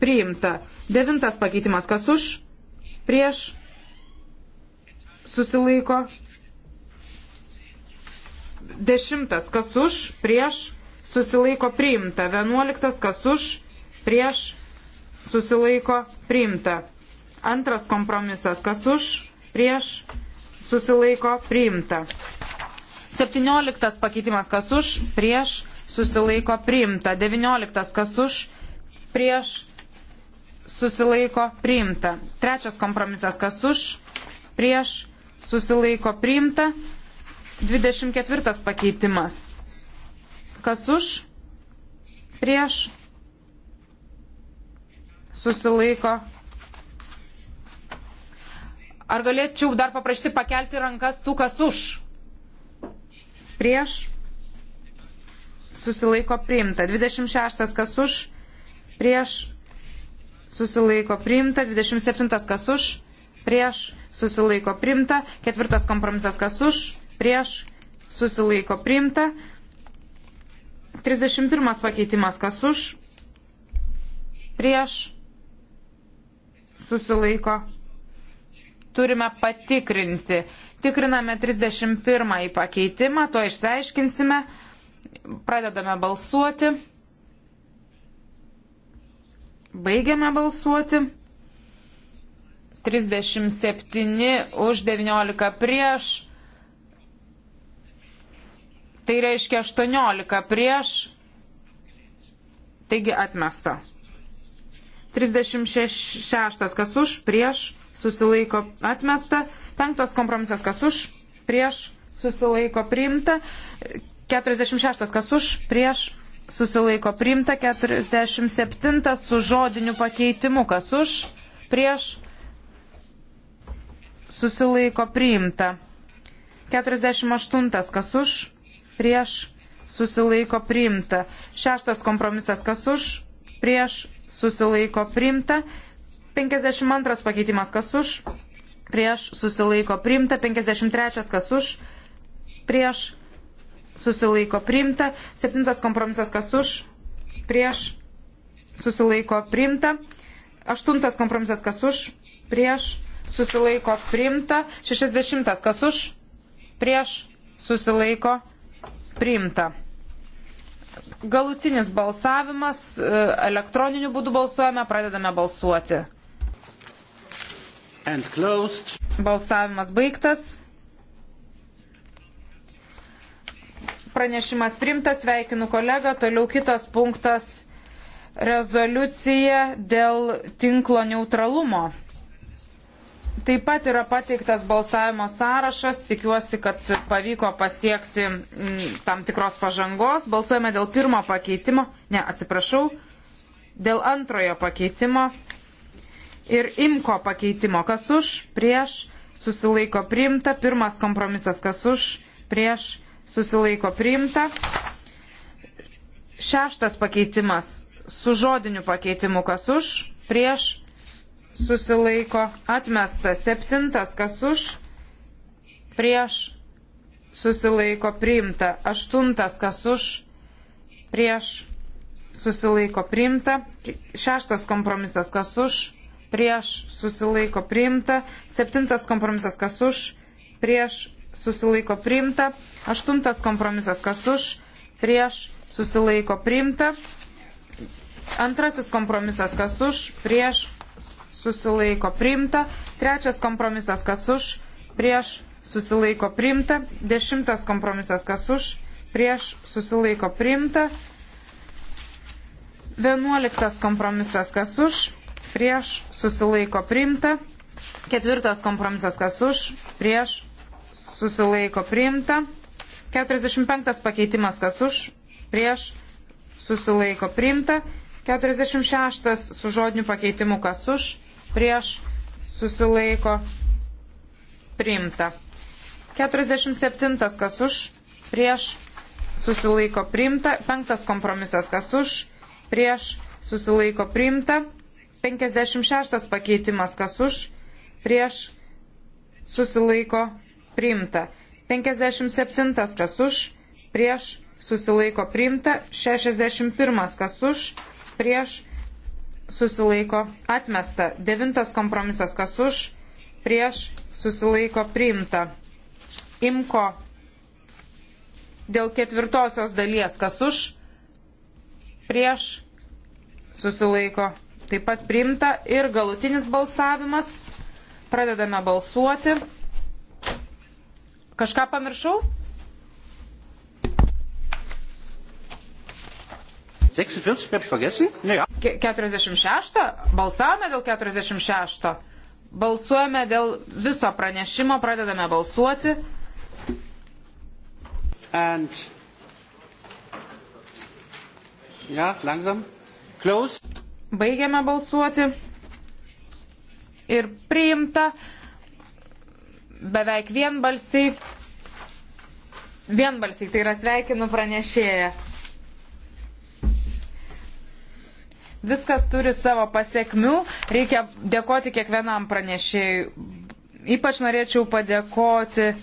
priimta. Devintas pakeitimas. Kas už? Prieš? Susilaiko? Dešimtas. Kas už? Prieš? Susilaiko priimta. Vienuoliktas. Kas už? Prieš? Susilaiko priimta. Antras kompromisas. Kas už? Prieš? Susilaiko priimta. Septynioliktas pakeitimas. Kas už? Prieš? Susilaiko priimta. Devynioliktas. Kas už? Prieš? susilaiko priimta. Trečias kompromisas, kas už, prieš, susilaiko priimta. 24 pakeitimas. Kas už, prieš, susilaiko. Ar galėčiau dar paprašyti pakelti rankas tų, kas už? Prieš, susilaiko priimta. 26 kas už, prieš, susilaiko priimta, 27 kas už, prieš susilaiko priimta, ketvirtas kompromisas kas už, prieš susilaiko priimta, 31 pakeitimas kas už, prieš susilaiko. Turime patikrinti. Tikriname 31 pakeitimą, to išsiaiškinsime. Pradedame balsuoti. Baigiame balsuoti. 37 už 19 prieš. Tai reiškia 18 prieš. Taigi atmesta. 36 kas už prieš susilaiko atmesta. Penktas kompromisas kas už prieš susilaiko priimta. 46 kas už prieš susilaiko priimta 47 su žodiniu pakeitimu, kas už, prieš, susilaiko priimta. 48 kas už, prieš, susilaiko priimta. Šeštas kompromisas kas už, prieš, susilaiko priimta. 52 pakeitimas kas už, prieš, susilaiko priimta. 53 kas už, prieš, susilaiko priimta. Septintas kompromisas kas už, prieš, susilaiko priimta. Aštuntas kompromisas kas už, prieš, susilaiko priimta. Šešisdešimtas kas už, prieš, susilaiko priimta. Galutinis balsavimas, e, elektroniniu būdu balsuojame, pradedame balsuoti. Balsavimas baigtas. pranešimas primtas, sveikinu kolegą. Toliau kitas punktas - rezoliucija dėl tinklo neutralumo. Taip pat yra pateiktas balsavimo sąrašas, tikiuosi, kad pavyko pasiekti mm, tam tikros pažangos. Balsuojame dėl pirmo pakeitimo, ne, atsiprašau, dėl antrojo pakeitimo ir imko pakeitimo. Kas už, prieš, susilaiko priimta, pirmas kompromisas, kas už, prieš, susilaiko priimta. Šeštas pakeitimas su žodiniu pakeitimu kas už, prieš susilaiko atmesta. Septintas kas už, prieš susilaiko priimta. Aštuntas kas už, prieš susilaiko priimta. Šeštas kompromisas kas už, prieš susilaiko priimta. Septintas kompromisas kas už, prieš susilaiko priimta. Aštuntas kompromisas, kas už, prieš, susilaiko priimta. Antrasis kompromisas, kas už, prieš, susilaiko priimta. Trečias kompromisas, kas už, prieš, susilaiko priimta. Dešimtas kompromisas, kas už, prieš, susilaiko priimta. Vienuoliktas kompromisas, kas už, prieš, susilaiko priimta. Ketvirtas kompromisas, kas už, prieš, susilaiko priimta. 45 pakeitimas kas už, prieš, susilaiko priimta. 46 su žodiniu pakeitimu kas už, prieš, susilaiko priimta. 47 kas už, prieš, susilaiko priimta. 5 kompromisas kas už, prieš, susilaiko priimta. 56 pakeitimas kas už, prieš, susilaiko priimta priimta. 57 kas už, prieš susilaiko priimta. 61 kas už, prieš susilaiko atmesta. 9 kompromisas kas už, prieš susilaiko priimta. Imko dėl ketvirtosios dalies kas už, prieš susilaiko taip pat priimta. Ir galutinis balsavimas. Pradedame balsuoti. Kažką pamiršau? 46 habe ich vergessen? Naja. 46 balsavome dėl 46. Balsuojame dėl viso pranešimo, pradedame balsuoti. And ja, langsam. Close. Baigiame balsuoti. Ir priimta beveik vienbalsiai. Vienbalsiai, tai yra sveikinu pranešėją. Viskas turi savo pasiekmių, reikia dėkoti kiekvienam pranešėjui. Ypač norėčiau padėkoti uh,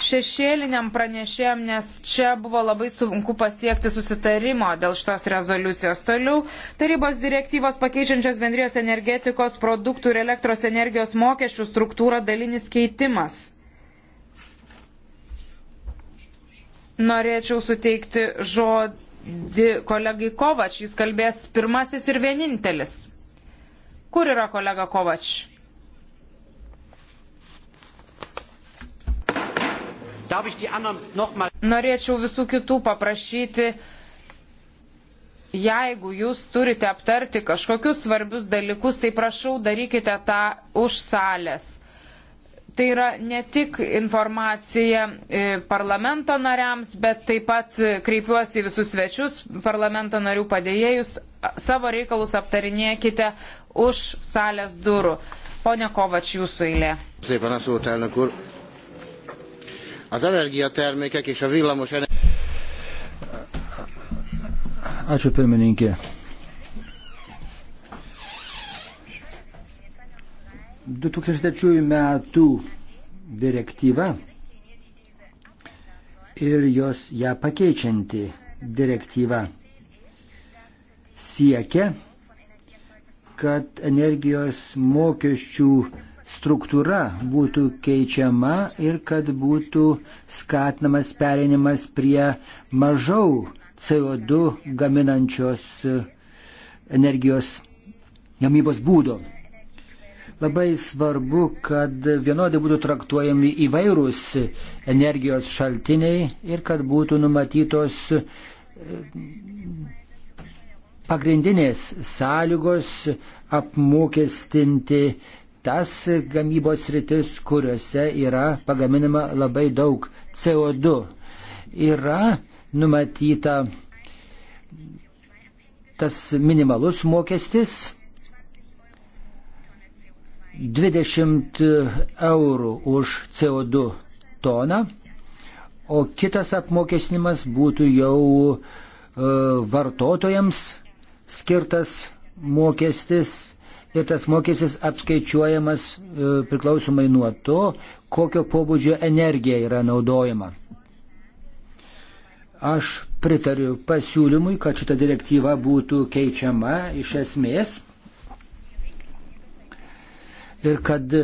šešėliniam pranešėjam, nes čia buvo labai sunku pasiekti susitarimo dėl šitos rezoliucijos. Toliau tarybos direktyvos pakeičiančios bendrijos energetikos produktų ir elektros energijos mokesčių struktūrą dalinis keitimas. Norėčiau suteikti žodį kolegai Kovač, jis kalbės pirmasis ir vienintelis. Kur yra kolega Kovač? Norėčiau visų kitų paprašyti, jeigu jūs turite aptarti kažkokius svarbius dalykus, tai prašau darykite tą už salės. Tai yra ne tik informacija e, parlamento nariams, bet taip pat kreipiuosi į visus svečius, parlamento narių padėjėjus, savo reikalus aptarinėkite už salės durų. Pone Kovač, jūsų eilė. Taip, panašu, ten, kur Az energiatermékek és a villamos energia... Ačiū pirmininkė. 2003 metų direktyva ir jos ją pakeičianti direktyva siekia, kad energijos mokesčių struktūra būtų keičiama ir kad būtų skatinamas perinimas prie mažiau CO2 gaminančios e, energijos gamybos būdo. Labai svarbu, kad vienodai būtų traktuojami įvairūs energijos šaltiniai ir kad būtų numatytos e, pagrindinės sąlygos apmokestinti tas gamybos rytis, kuriuose yra pagaminama labai daug CO2. Yra numatyta tas minimalus mokestis 20 eurų už CO2 toną, o kitas apmokesnimas būtų jau e, vartotojams skirtas mokestis ir tas mokestis apskaičiuojamas e, priklausomai nuo to, kokio pobūdžio energija yra naudojama. Aš pritariu pasiūlymui, kad šita direktyva būtų keičiama iš esmės ir kad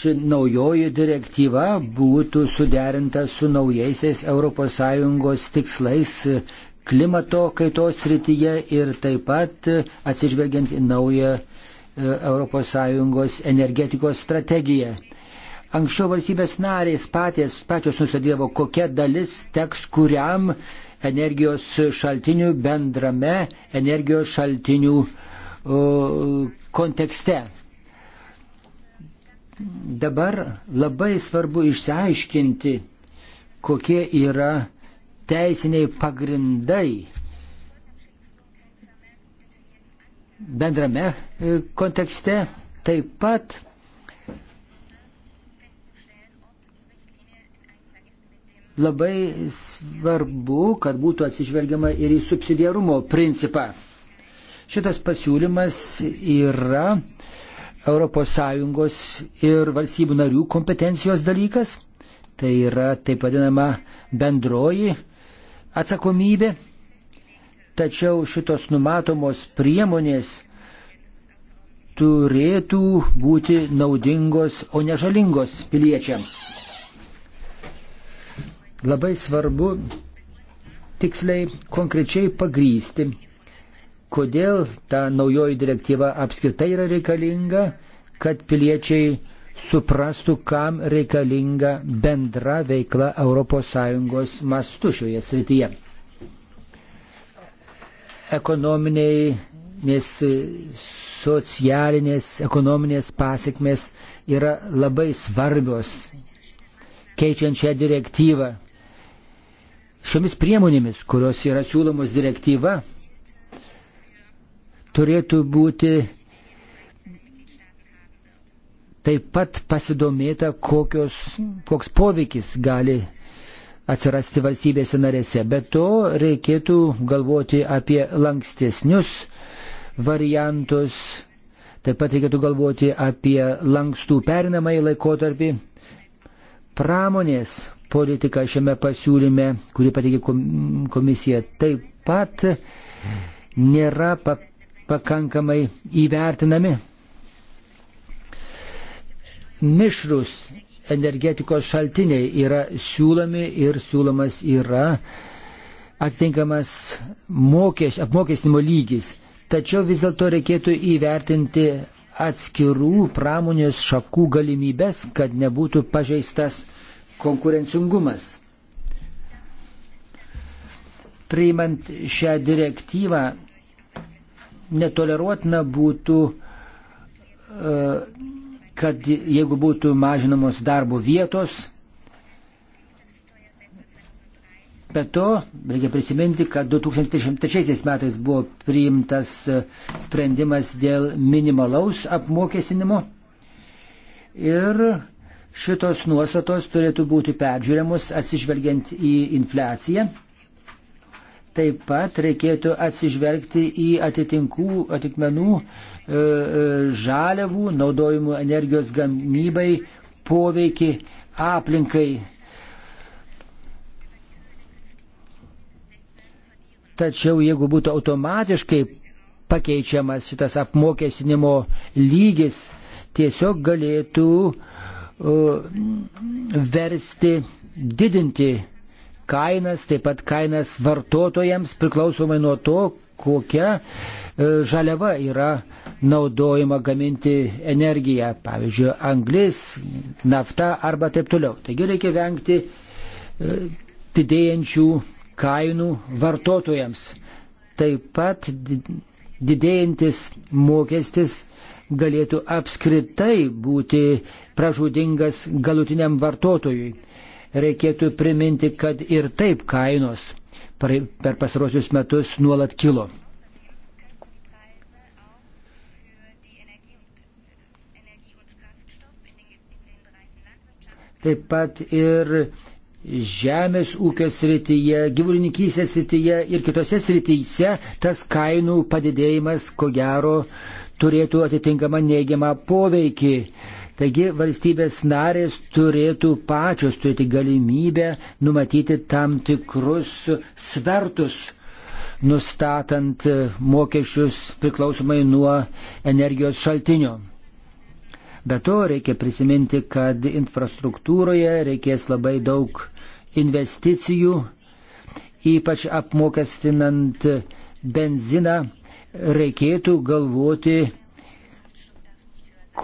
ši naujoji direktyva būtų suderinta su naujaisiais ES tikslais klimato kaitos srityje ir taip pat atsižvelgiant į naują ES energetikos strategiją. Anksčiau valstybės narės patys pačios nusidėvo, kokia dalis teks kuriam energijos šaltinių bendrame energijos šaltinių kontekste. Dabar labai svarbu išsiaiškinti, kokie yra teisiniai pagrindai bendrame e, kontekste taip pat labai svarbu, kad būtų atsižvelgiama ir į subsidiarumo principą. Šitas pasiūlymas yra ES ir valstybių narių kompetencijos dalykas, tai yra taip vadinama bendroji atsakomybė tačiau šitos numatomos priemonės turėtų būti naudingos, o ne žalingos piliečiams. Labai svarbu tiksliai, konkrečiai pagrysti, kodėl ta naujoji direktyva apskritai yra reikalinga, kad piliečiai suprastų, kam reikalinga bendra veikla ES mastu šioje srityje ekonominiai, nes socialinės, ekonominės pasiekmes yra labai svarbios keičiant šią direktyvą. Šiomis priemonėmis, kurios yra siūlomos direktyva, turėtų būti taip pat pasidomėta, kokios, koks poveikis gali atsirasti valstybėse narėse. Bet to reikėtų galvoti apie lankstesnius variantus, taip pat reikėtų galvoti apie lankstų perinamąjį laikotarpį. Pramonės politika šiame pasiūlyme, kurį pateikė komisija, taip pat nėra pa pakankamai įvertinami. Mišrus energetikos šaltiniai yra siūlomi ir siūlomas yra atitinkamas mokeš, apmokestinimo lygis. Tačiau vis dėlto reikėtų įvertinti atskirų pramonės šakų galimybės, kad nebūtų pažeistas konkurencingumas. Priimant šią direktyvą, netoleruotina būtų uh, kad jeigu būtų mažinamos darbo vietos, Be to, reikia prisiminti, kad 2003 metais buvo priimtas sprendimas dėl minimalaus apmokestinimo ir šitos nuostatos turėtų būti peržiūriamos atsižvelgiant į infliaciją. Taip pat reikėtų atsižvelgti į atitinkų, atitikmenų E, e, žaliavų naudojimų energijos gamybai poveikį aplinkai. Tačiau jeigu būtų automatiškai pakeičiamas šitas apmokestinimo lygis, tiesiog galėtų uh, versti didinti kainas, taip pat kainas vartotojams priklausomai nuo to, kokia uh, žaliava yra uh, naudojimą gaminti energiją, pavyzdžiui, anglis, nafta arba taip toliau. Taigi reikia vengti e, didėjančių kainų vartotojams. Taip pat didėjantis mokestis galėtų apskritai būti pražudingas galutiniam vartotojui. Reikėtų priminti, kad ir taip kainos per pasarosius metus nuolat kilo. taip pat ir žemės ūkio srityje, gyvulininkysės srityje ir kitose srityse tas kainų padidėjimas, ko gero, turėtų atitinkamą neigiamą poveikį. Taigi valstybės narės turėtų pačios turėti galimybę numatyti tam tikrus svertus, nustatant mokesčius priklausomai nuo energijos šaltinio. Be to reikia prisiminti, kad infrastruktūroje reikės labai daug investicijų, ypač apmokestinant benziną, reikėtų galvoti,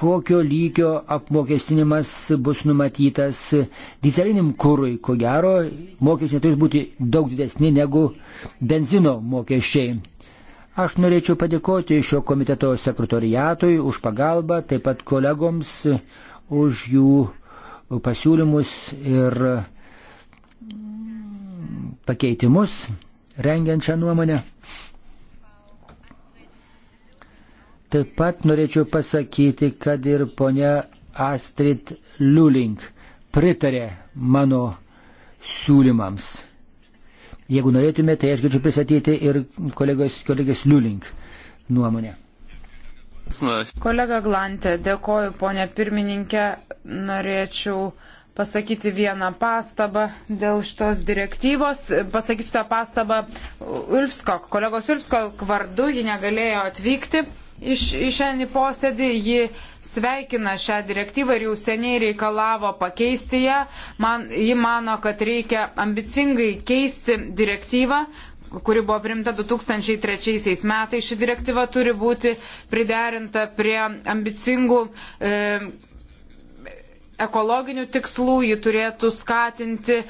kokio lygio apmokestinimas bus numatytas dizeliniam kūrui. Ko gero, mokesčiai turi būti daug didesni negu benzino mokesčiai. Aš norėčiau padėkoti šio komiteto sekretoriatui už pagalbą, taip pat kolegoms už jų pasiūlymus ir pakeitimus rengiant šią nuomonę. Taip pat norėčiau pasakyti, kad ir ponia Astrid Liulink pritarė mano siūlymams. Jeigu norėtume, tai aš galiu pristatyti ir kolegos, kolegės Liulink nuomonę. Kolega Glantė, dėkoju, ponė pirmininkė. Norėčiau pasakyti vieną pastabą dėl šitos direktyvos. Pasakysiu tą pastabą Ulfskok, kolegos Ulfskok vardu, ji negalėjo atvykti iš, iš šiandien į posėdį. Ji sveikina šią direktyvą ir jau seniai reikalavo pakeisti ją. Man, ji mano, kad reikia ambicingai keisti direktyvą kuri buvo primta 2003 metais. Ši direktyva turi būti priderinta prie ambicingų e, ekologinių tikslų, ji turėtų skatinti e,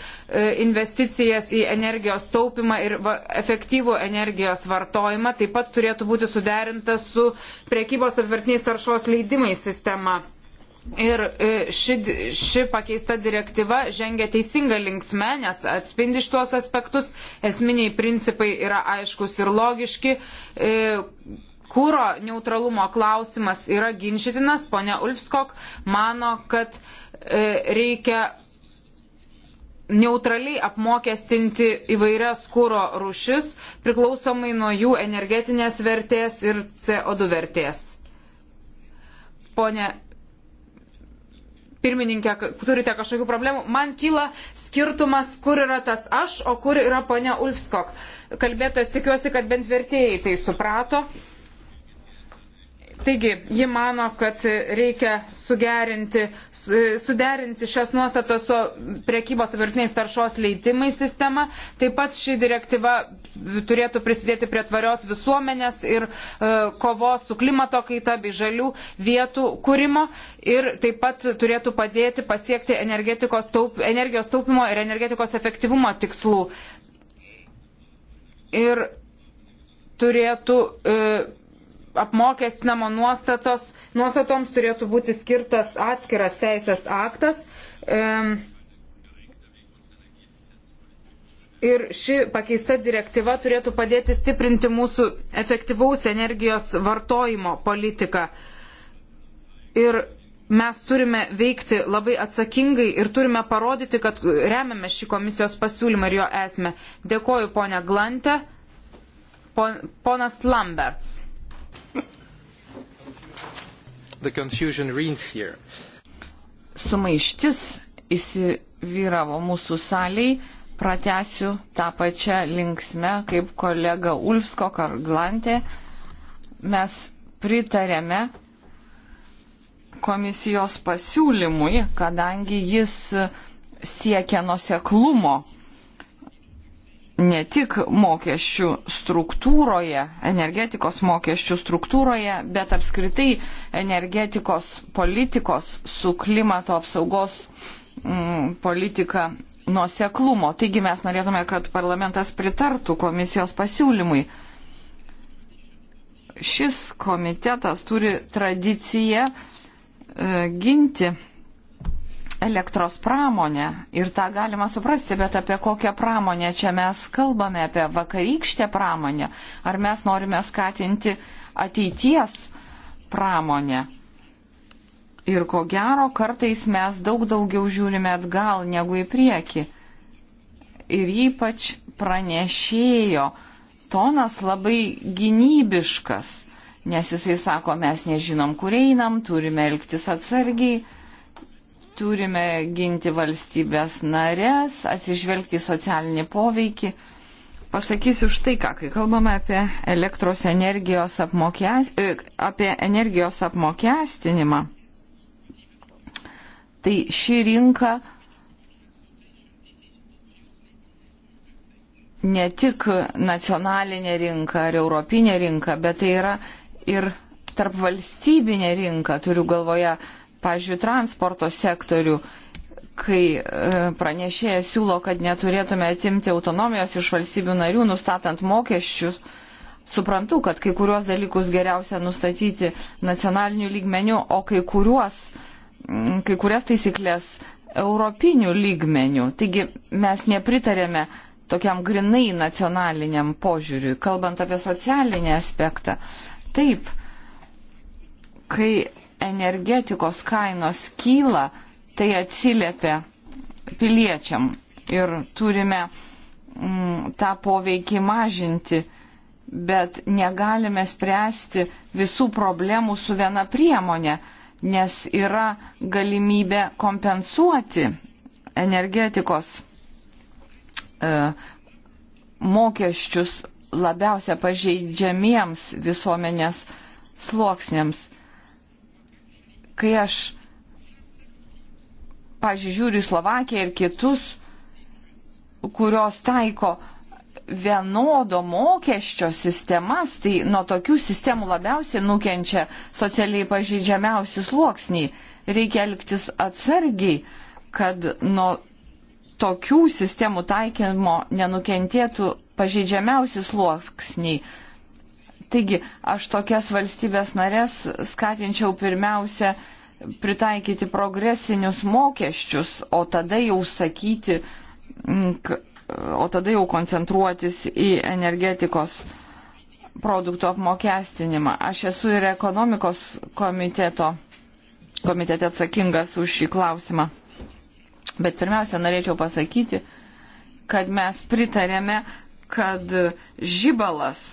investicijas į energijos taupimą ir efektyvų energijos vartojimą, taip pat turėtų būti suderinta su priekybos apvertiniais taršos leidimais sistema. Ir e, ši, ši pakeista direktyva žengia teisinga linksme, nes atspindi šitos aspektus, esminiai principai yra aiškus ir logiški e, kūro neutralumo klausimas yra ginčytinas. Pone Ulfskok mano, kad e, reikia neutraliai apmokestinti įvairias kūro rušis priklausomai nuo jų energetinės vertės ir CO2 vertės. Pone pirmininkė, turite kažkokių problemų. Man kyla skirtumas, kur yra tas aš, o kur yra ponia Ulfskok. Kalbėtas tikiuosi, kad bent vertėjai tai suprato. Taigi, ji mano, kad reikia sugerinti, suderinti šias nuostatas su priekybos virtiniais taršos leidimai sistema. Taip pat ši direktyva turėtų prisidėti prie tvarios visuomenės ir e, kovos su klimato kaita bei žalių vietų kūrimo ir taip pat turėtų padėti pasiekti taup, energijos taupimo ir energetikos efektyvumo tikslų. Ir turėtų. E, apmokestinamo nuostatos, nuostatoms turėtų būti skirtas atskiras teisės aktas. Ir ši pakeista direktyva turėtų padėti stiprinti mūsų efektyvaus energijos vartojimo politiką. Ir mes turime veikti labai atsakingai ir turime parodyti, kad remiame šį komisijos pasiūlymą ir jo esmę. Dėkoju, ponia Glante. Ponas Lamberts. Sumaištis įsivyravo mūsų saliai, pratesiu tą pačią linksmę kaip kolega Ulfsko Karglantė. Mes pritarėme komisijos pasiūlymui, kadangi jis siekia nuseklumo ne tik mokesčių struktūroje, energetikos mokesčių struktūroje, bet apskritai energetikos politikos su klimato apsaugos mm, politika nuoseklumo. Taigi mes norėtume, kad parlamentas pritartų komisijos pasiūlymui. Šis komitetas turi tradiciją e, ginti elektros pramonę ir tą galima suprasti, bet apie kokią pramonę čia mes kalbame, apie vakarykštę pramonę, ar mes norime skatinti ateities pramonę. Ir ko gero, kartais mes daug daugiau žiūrime atgal negu į priekį. Ir ypač pranešėjo tonas labai gynybiškas, nes jisai sako, mes nežinom, kur einam, turime elgtis atsargiai Turime ginti valstybės narės, atsižvelgti į socialinį poveikį. Pasakysiu štai ką, kai kalbame apie elektros energijos, apmokės, e, apie energijos apmokestinimą, tai ši rinka ne tik nacionalinė rinka ar europinė rinka, bet tai yra ir tarp valstybinė rinka, turiu galvoje, uh, pažiūrėjau, transporto sektorių, kai e, pranešėjas siūlo, kad neturėtume atimti autonomijos iš valstybių narių, nustatant mokesčius. Suprantu, kad kai kuriuos dalykus geriausia nustatyti nacionaliniu lygmeniu, o kai, kuriuos, kai kurias taisyklės europiniu lygmeniu. Taigi mes nepritarėme tokiam grinai nacionaliniam požiūriui, kalbant apie socialinį aspektą. Taip, kai energetikos kainos kyla, tai atsiliepia piliečiam ir turime mm, tą poveikį mažinti, bet negalime spręsti visų problemų su viena priemonė, nes yra galimybė kompensuoti energetikos e, mokesčius labiausia pažeidžiamiems visuomenės sluoksniams. Kai aš, pažiūriu, žiūriu į Slovakiją ir kitus, kurios taiko vienodo mokesčio sistemas, tai nuo tokių sistemų labiausiai nukenčia socialiai pažeidžiamiausi sluoksniai. Reikia elgtis atsargiai, kad nuo tokių sistemų taikymo nenukentėtų pažeidžiamiausi sluoksniai. Taigi, aš tokias valstybės narės skatinčiau pirmiausia pritaikyti progresinius mokesčius, o tada jau sakyti, mm, o tada jau koncentruotis į energetikos produktų apmokestinimą. Aš esu ir ekonomikos komiteto, komitete atsakingas už šį klausimą. Bet pirmiausia, norėčiau pasakyti, kad mes pritarėme, kad žibalas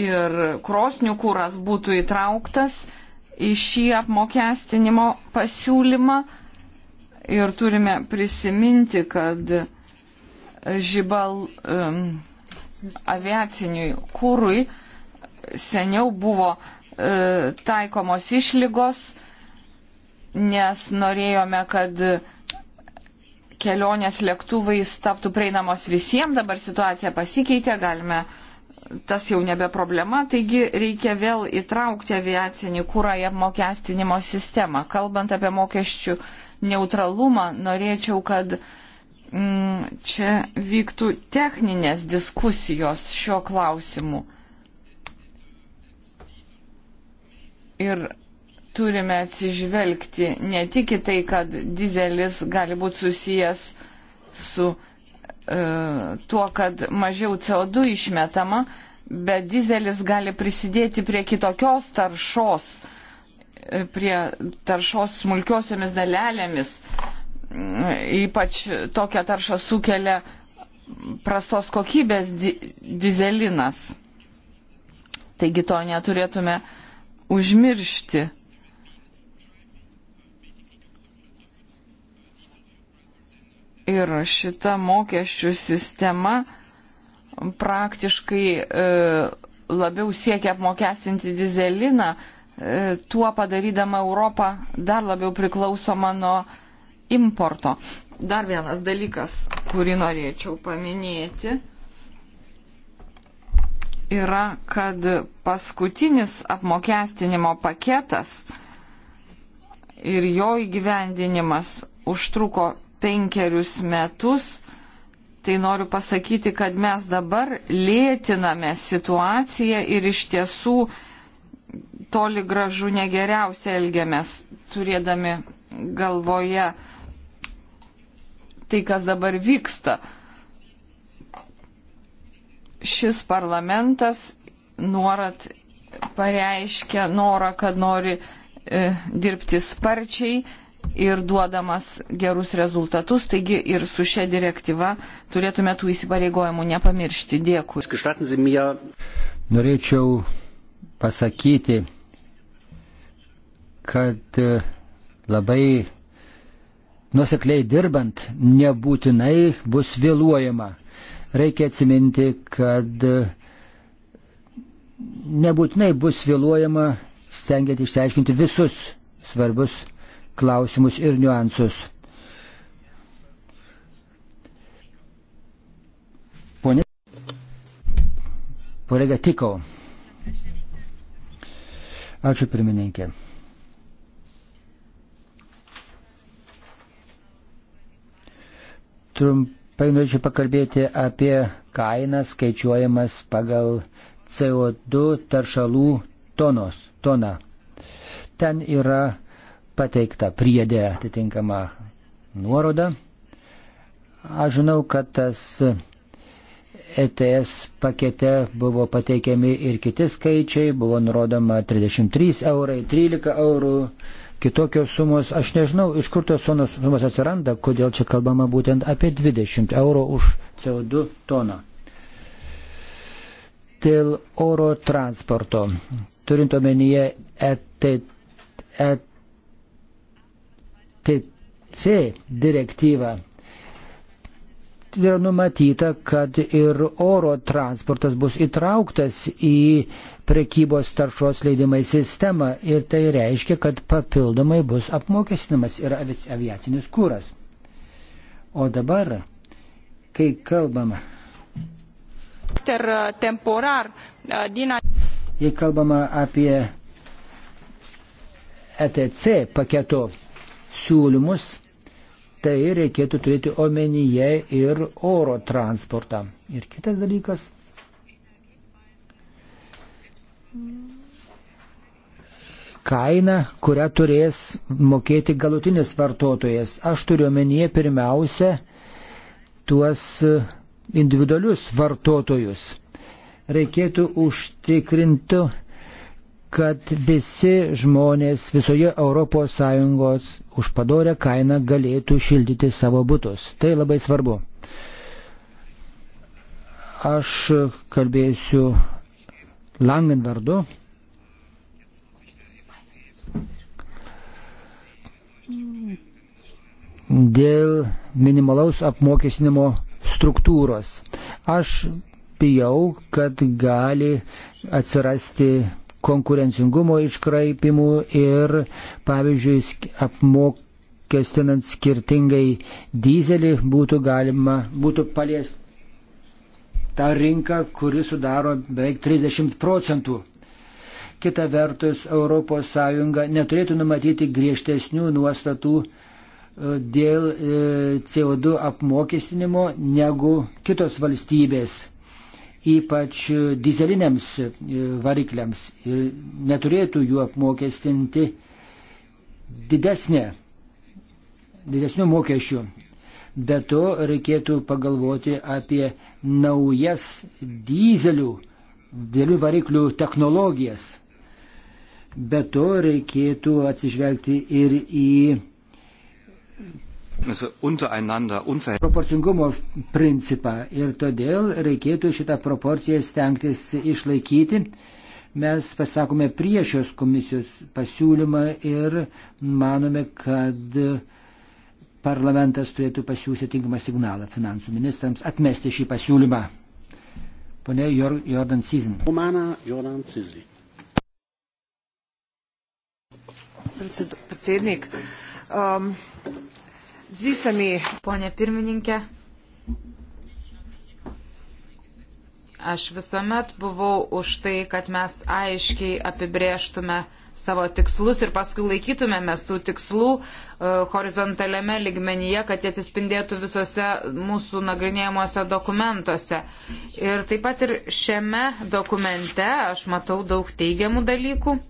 ir krosnių kūras būtų įtrauktas į šį apmokestinimo pasiūlymą. Ir turime prisiminti, kad žibal um, aviaciniui kūrui seniau buvo uh, taikomos išlygos, nes norėjome, kad kelionės lėktuvais taptų prieinamos visiems, dabar situacija pasikeitė, galime uh, tas jau nebe problema, taigi reikia vėl įtraukti aviacinį kūrą į apmokestinimo sistemą. Kalbant apie mokesčių neutralumą, norėčiau, kad mm, čia vyktų techninės diskusijos šio klausimu. Ir turime atsižvelgti ne tik į tai, kad dizelis gali būti susijęs su E, tuo, kad mažiau CO2 išmetama, bet dizelis gali prisidėti prie kitokios taršos, e, prie taršos smulkiosiomis dalelėmis. Mm, ypač tokią taršą sukelia prastos kokybės di dizelinas. Taigi to neturėtume užmiršti. Ir šita mokesčių sistema praktiškai e, labiau siekia apmokestinti dizeliną, e, tuo padarydama Europą dar labiau priklausoma nuo importo. Dar vienas dalykas, kurį norėčiau paminėti, yra, kad paskutinis apmokestinimo paketas ir jo įgyvendinimas užtruko penkerius metus, tai noriu pasakyti, kad mes dabar lėtiname situaciją ir iš tiesų toli gražu negeriausia elgiamės, turėdami galvoje tai, kas dabar vyksta. Šis parlamentas nuorat pareiškia norą, kad nori e, dirbti sparčiai, ir duodamas gerus rezultatus, taigi ir su šia direktyva turėtume tų įsipareigojimų nepamiršti. Dėkui. Norėčiau pasakyti, kad e, labai nusekliai dirbant nebūtinai bus vėluojama. Reikia atsiminti, kad e, nebūtinai bus vėluojama stengiant išsiaiškinti visus svarbus klausimus ir niuansus. Pone. Polega Tikau. Ačiū pirmininkė. Trumpai norėčiau pakalbėti apie kainą skaičiuojamas pagal CO2 taršalų tonos, toną. Ten yra pateikta priedė atitinkama nuoroda. Aš žinau, kad tas ETS pakete buvo pateikiami ir kiti skaičiai, buvo nurodoma 33 eurai, 13 eurų, kitokios sumos. Aš nežinau, iš kur tos sumos atsiranda, kodėl čia kalbama būtent apie 20 eurų už CO2 toną. Dėl oro transporto, turint omenyje ETS. Et, et TC direktyvą. Yra numatyta, kad ir oro transportas bus įtrauktas į prekybos taršos leidimai sistemą ir tai reiškia, kad papildomai bus apmokestinamas ir aviacinis kūras. O dabar, kai kalbama. Temporar, dina... Jei kalbama apie ETC paketų siūlymus, tai reikėtų turėti omenyje ir oro transportą. Ir kitas dalykas. Kaina, kurią turės mokėti galutinis vartotojas. Aš turiu omenyje pirmiausia tuos individualius vartotojus. Reikėtų užtikrinti kad visi žmonės visoje ES už padorę kainą galėtų šildyti savo būtus. Tai labai svarbu. Aš kalbėsiu Langen vardu. Dėl minimalaus apmokestinimo struktūros. Aš bijau, kad gali atsirasti konkurencingumo iškraipimų ir, pavyzdžiui, apmokestinant skirtingai dizelį būtų galima, būtų palies tą rinką, kuri sudaro beveik 30 procentų. Kita vertus, ES neturėtų numatyti griežtesnių nuostatų e, dėl e, CO2 apmokestinimo negu kitos valstybės ypač dizeliniams e, varikliams ir neturėtų jų apmokestinti didesnė, didesnių mokesčių. Be to reikėtų pagalvoti apie naujas dizelių, didelių variklių technologijas. Be to reikėtų atsižvelgti ir į proporcingumo principą ir todėl reikėtų šitą proporciją stengtis išlaikyti. Mes pasakome priešios komisijos pasiūlymą ir manome, kad parlamentas turėtų pasiūsti tinkamą signalą finansų ministrams atmesti šį pasiūlymą. Pone Jordan Sizin. Romana Jordan Sizin. Predsednik, um, Zysami. Pone pirmininkė, aš visuomet buvau už tai, kad mes aiškiai apibrėžtume savo tikslus ir paskui laikytumėmės tų tikslų uh, horizontaliame ligmenyje, kad jie atsispindėtų visose mūsų nagrinėjimuose dokumentuose. Ir taip pat ir šiame dokumente aš matau daug teigiamų dalykų.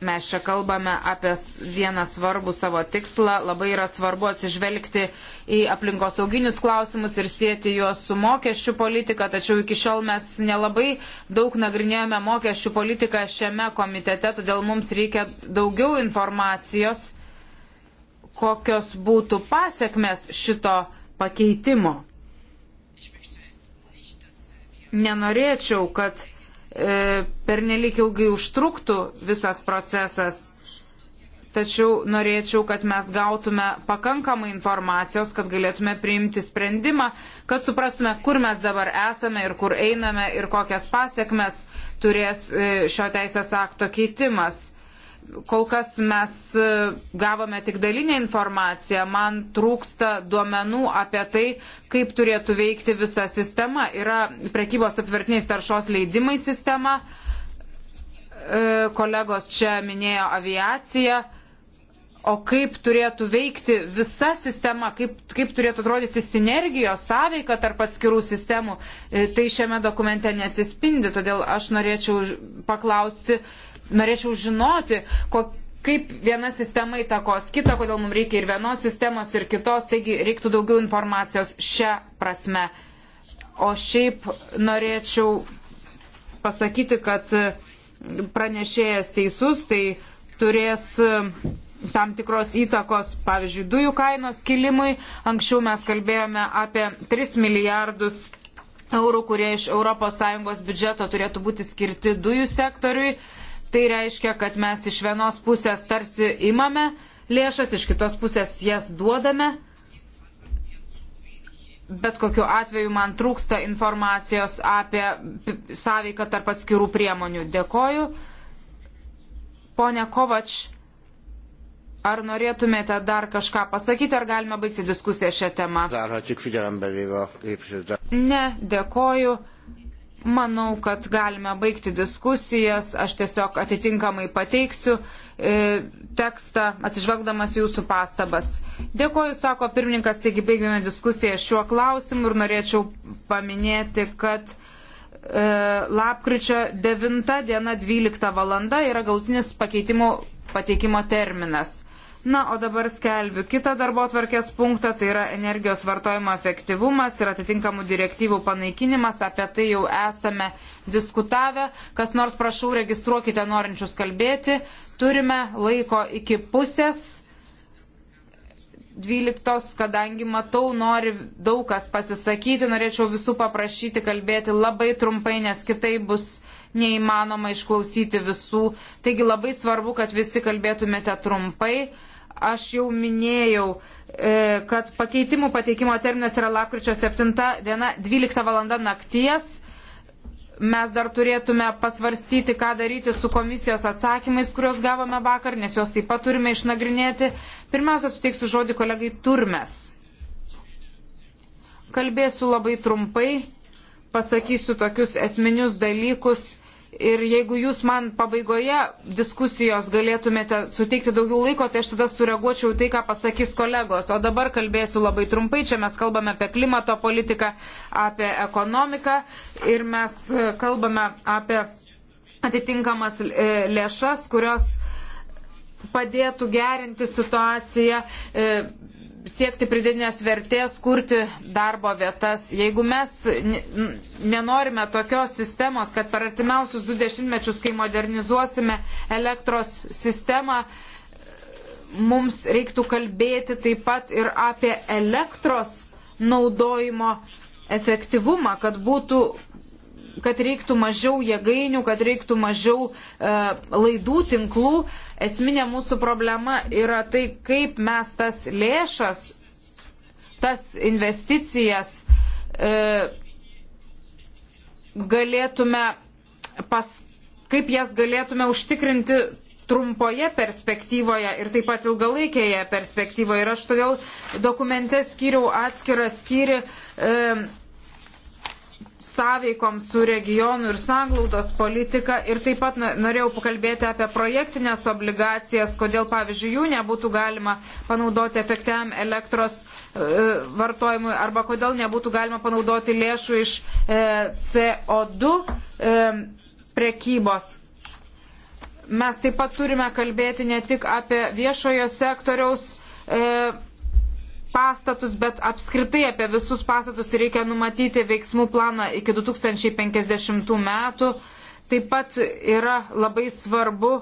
mes čia kalbame apie vieną svarbų savo tikslą, labai yra svarbu atsižvelgti į aplinkosauginius klausimus ir sėti juos su mokesčių politika, tačiau iki šiol mes nelabai daug nagrinėjome mokesčių politiką šiame komitete, todėl mums reikia daugiau informacijos, kokios būtų pasiekmes šito pakeitimo. Nenorėčiau, kad E, pernelik ilgai užtruktų visas procesas. Tačiau norėčiau, kad mes gautume pakankamai informacijos, kad galėtume priimti sprendimą, kad suprastume, kur mes dabar esame ir kur einame ir kokias pasiekmes turės e, šio teisės akto keitimas kol kas mes e, gavome tik dalinę informaciją, man trūksta duomenų apie tai, kaip turėtų veikti visa sistema. Yra prekybos apvertiniais taršos leidimai sistema, e, kolegos čia minėjo aviaciją. O kaip turėtų veikti visa sistema, kaip, kaip turėtų atrodyti sinergijos sąveika tarp atskirų sistemų, e, tai šiame dokumente neatsispindi. Todėl aš norėčiau paklausti, norėčiau žinoti, kok, kaip viena sistema įtakos kitą, kodėl mums reikia ir vienos sistemos, ir kitos, taigi reiktų daugiau informacijos šią prasme. O šiaip norėčiau pasakyti, kad pranešėjas teisus, tai turės e, tam tikros įtakos, pavyzdžiui, dujų kainos kilimui. Anksčiau mes kalbėjome apie 3 milijardus eurų, kurie iš ES biudžeto turėtų būti skirti dujų sektoriui. Tai reiškia, kad mes iš vienos pusės tarsi imame lėšas, iš kitos pusės jas duodame. Bet kokiu atveju man trūksta informacijos apie sąveiką tarp atskirų priemonių. Dėkoju. Pone Kovač, ar norėtumėte dar kažką pasakyti, ar galime baigti diskusiją šią temą? Ne, dėkoju. Manau, kad galime baigti diskusijas. Aš tiesiog atitinkamai pateiksiu e, tekstą, atsižvelgdamas jūsų pastabas. Dėkoju, sako pirmininkas, taigi baigėme diskusiją šiuo klausimu ir norėčiau paminėti, kad e, lapkričio 9 diena 12 valanda yra galutinis pakeitimų pateikimo terminas. Na, o dabar skelbiu kitą darbo tvarkės punktą, tai yra energijos vartojimo efektyvumas ir atitinkamų direktyvų panaikinimas, apie tai jau esame diskutavę. Kas nors prašau, registruokite norinčius kalbėti. Turime laiko iki pusės. 12, kadangi matau, nori daug kas pasisakyti, norėčiau visų paprašyti kalbėti labai trumpai, nes kitai bus uh, neįmanoma išklausyti visų. Taigi labai svarbu, kad visi kalbėtumėte trumpai. Aš jau minėjau, e, kad pakeitimų pateikimo terminas yra lapkričio 7 diena 12 val. nakties mes dar turėtume pasvarstyti, ką daryti su komisijos atsakymais, kuriuos gavome vakar, nes juos taip pat turime išnagrinėti. Pirmiausia, suteiksiu žodį kolegai Turmes. Kalbėsiu labai trumpai, pasakysiu tokius esminius dalykus, Ir jeigu jūs man pabaigoje diskusijos galėtumėte suteikti daugiau laiko, tai aš tada sureaguočiau tai, ką pasakys kolegos. O dabar kalbėsiu labai trumpai. Čia mes kalbame apie klimato politiką, apie ekonomiką ir mes e, kalbame apie atitinkamas e, lėšas, kurios padėtų gerinti situaciją e, siekti pridėtinės vertės, kurti darbo vietas. Jeigu mes nenorime tokios sistemos, kad per artimiausius du dešimtmečius, kai modernizuosime elektros sistemą, mums reiktų kalbėti taip pat ir apie elektros naudojimo efektyvumą, kad būtų kad reiktų mažiau jėgainių, kad reiktų mažiau e, laidų tinklų. Esminė mūsų problema yra tai, kaip mes tas lėšas, tas investicijas e, galėtume, pas, kaip jas galėtume užtikrinti trumpoje perspektyvoje ir taip pat ilgalaikėje perspektyvoje. Ir aš todėl dokumente skyriau atskirą skyrių. E, sąveikom su regionų ir sanglaudos politika. Ir taip pat norėjau pakalbėti apie projektinės obligacijas, kodėl, pavyzdžiui, jų nebūtų galima panaudoti efektyviam elektros e, vartojimui arba kodėl nebūtų galima panaudoti lėšų iš e, CO2 e, prekybos mes taip pat turime kalbėti ne tik apie viešojo sektoriaus e, pastatus, bet apskritai apie visus pastatus reikia numatyti veiksmų planą iki 2050 metų. Taip pat yra labai svarbu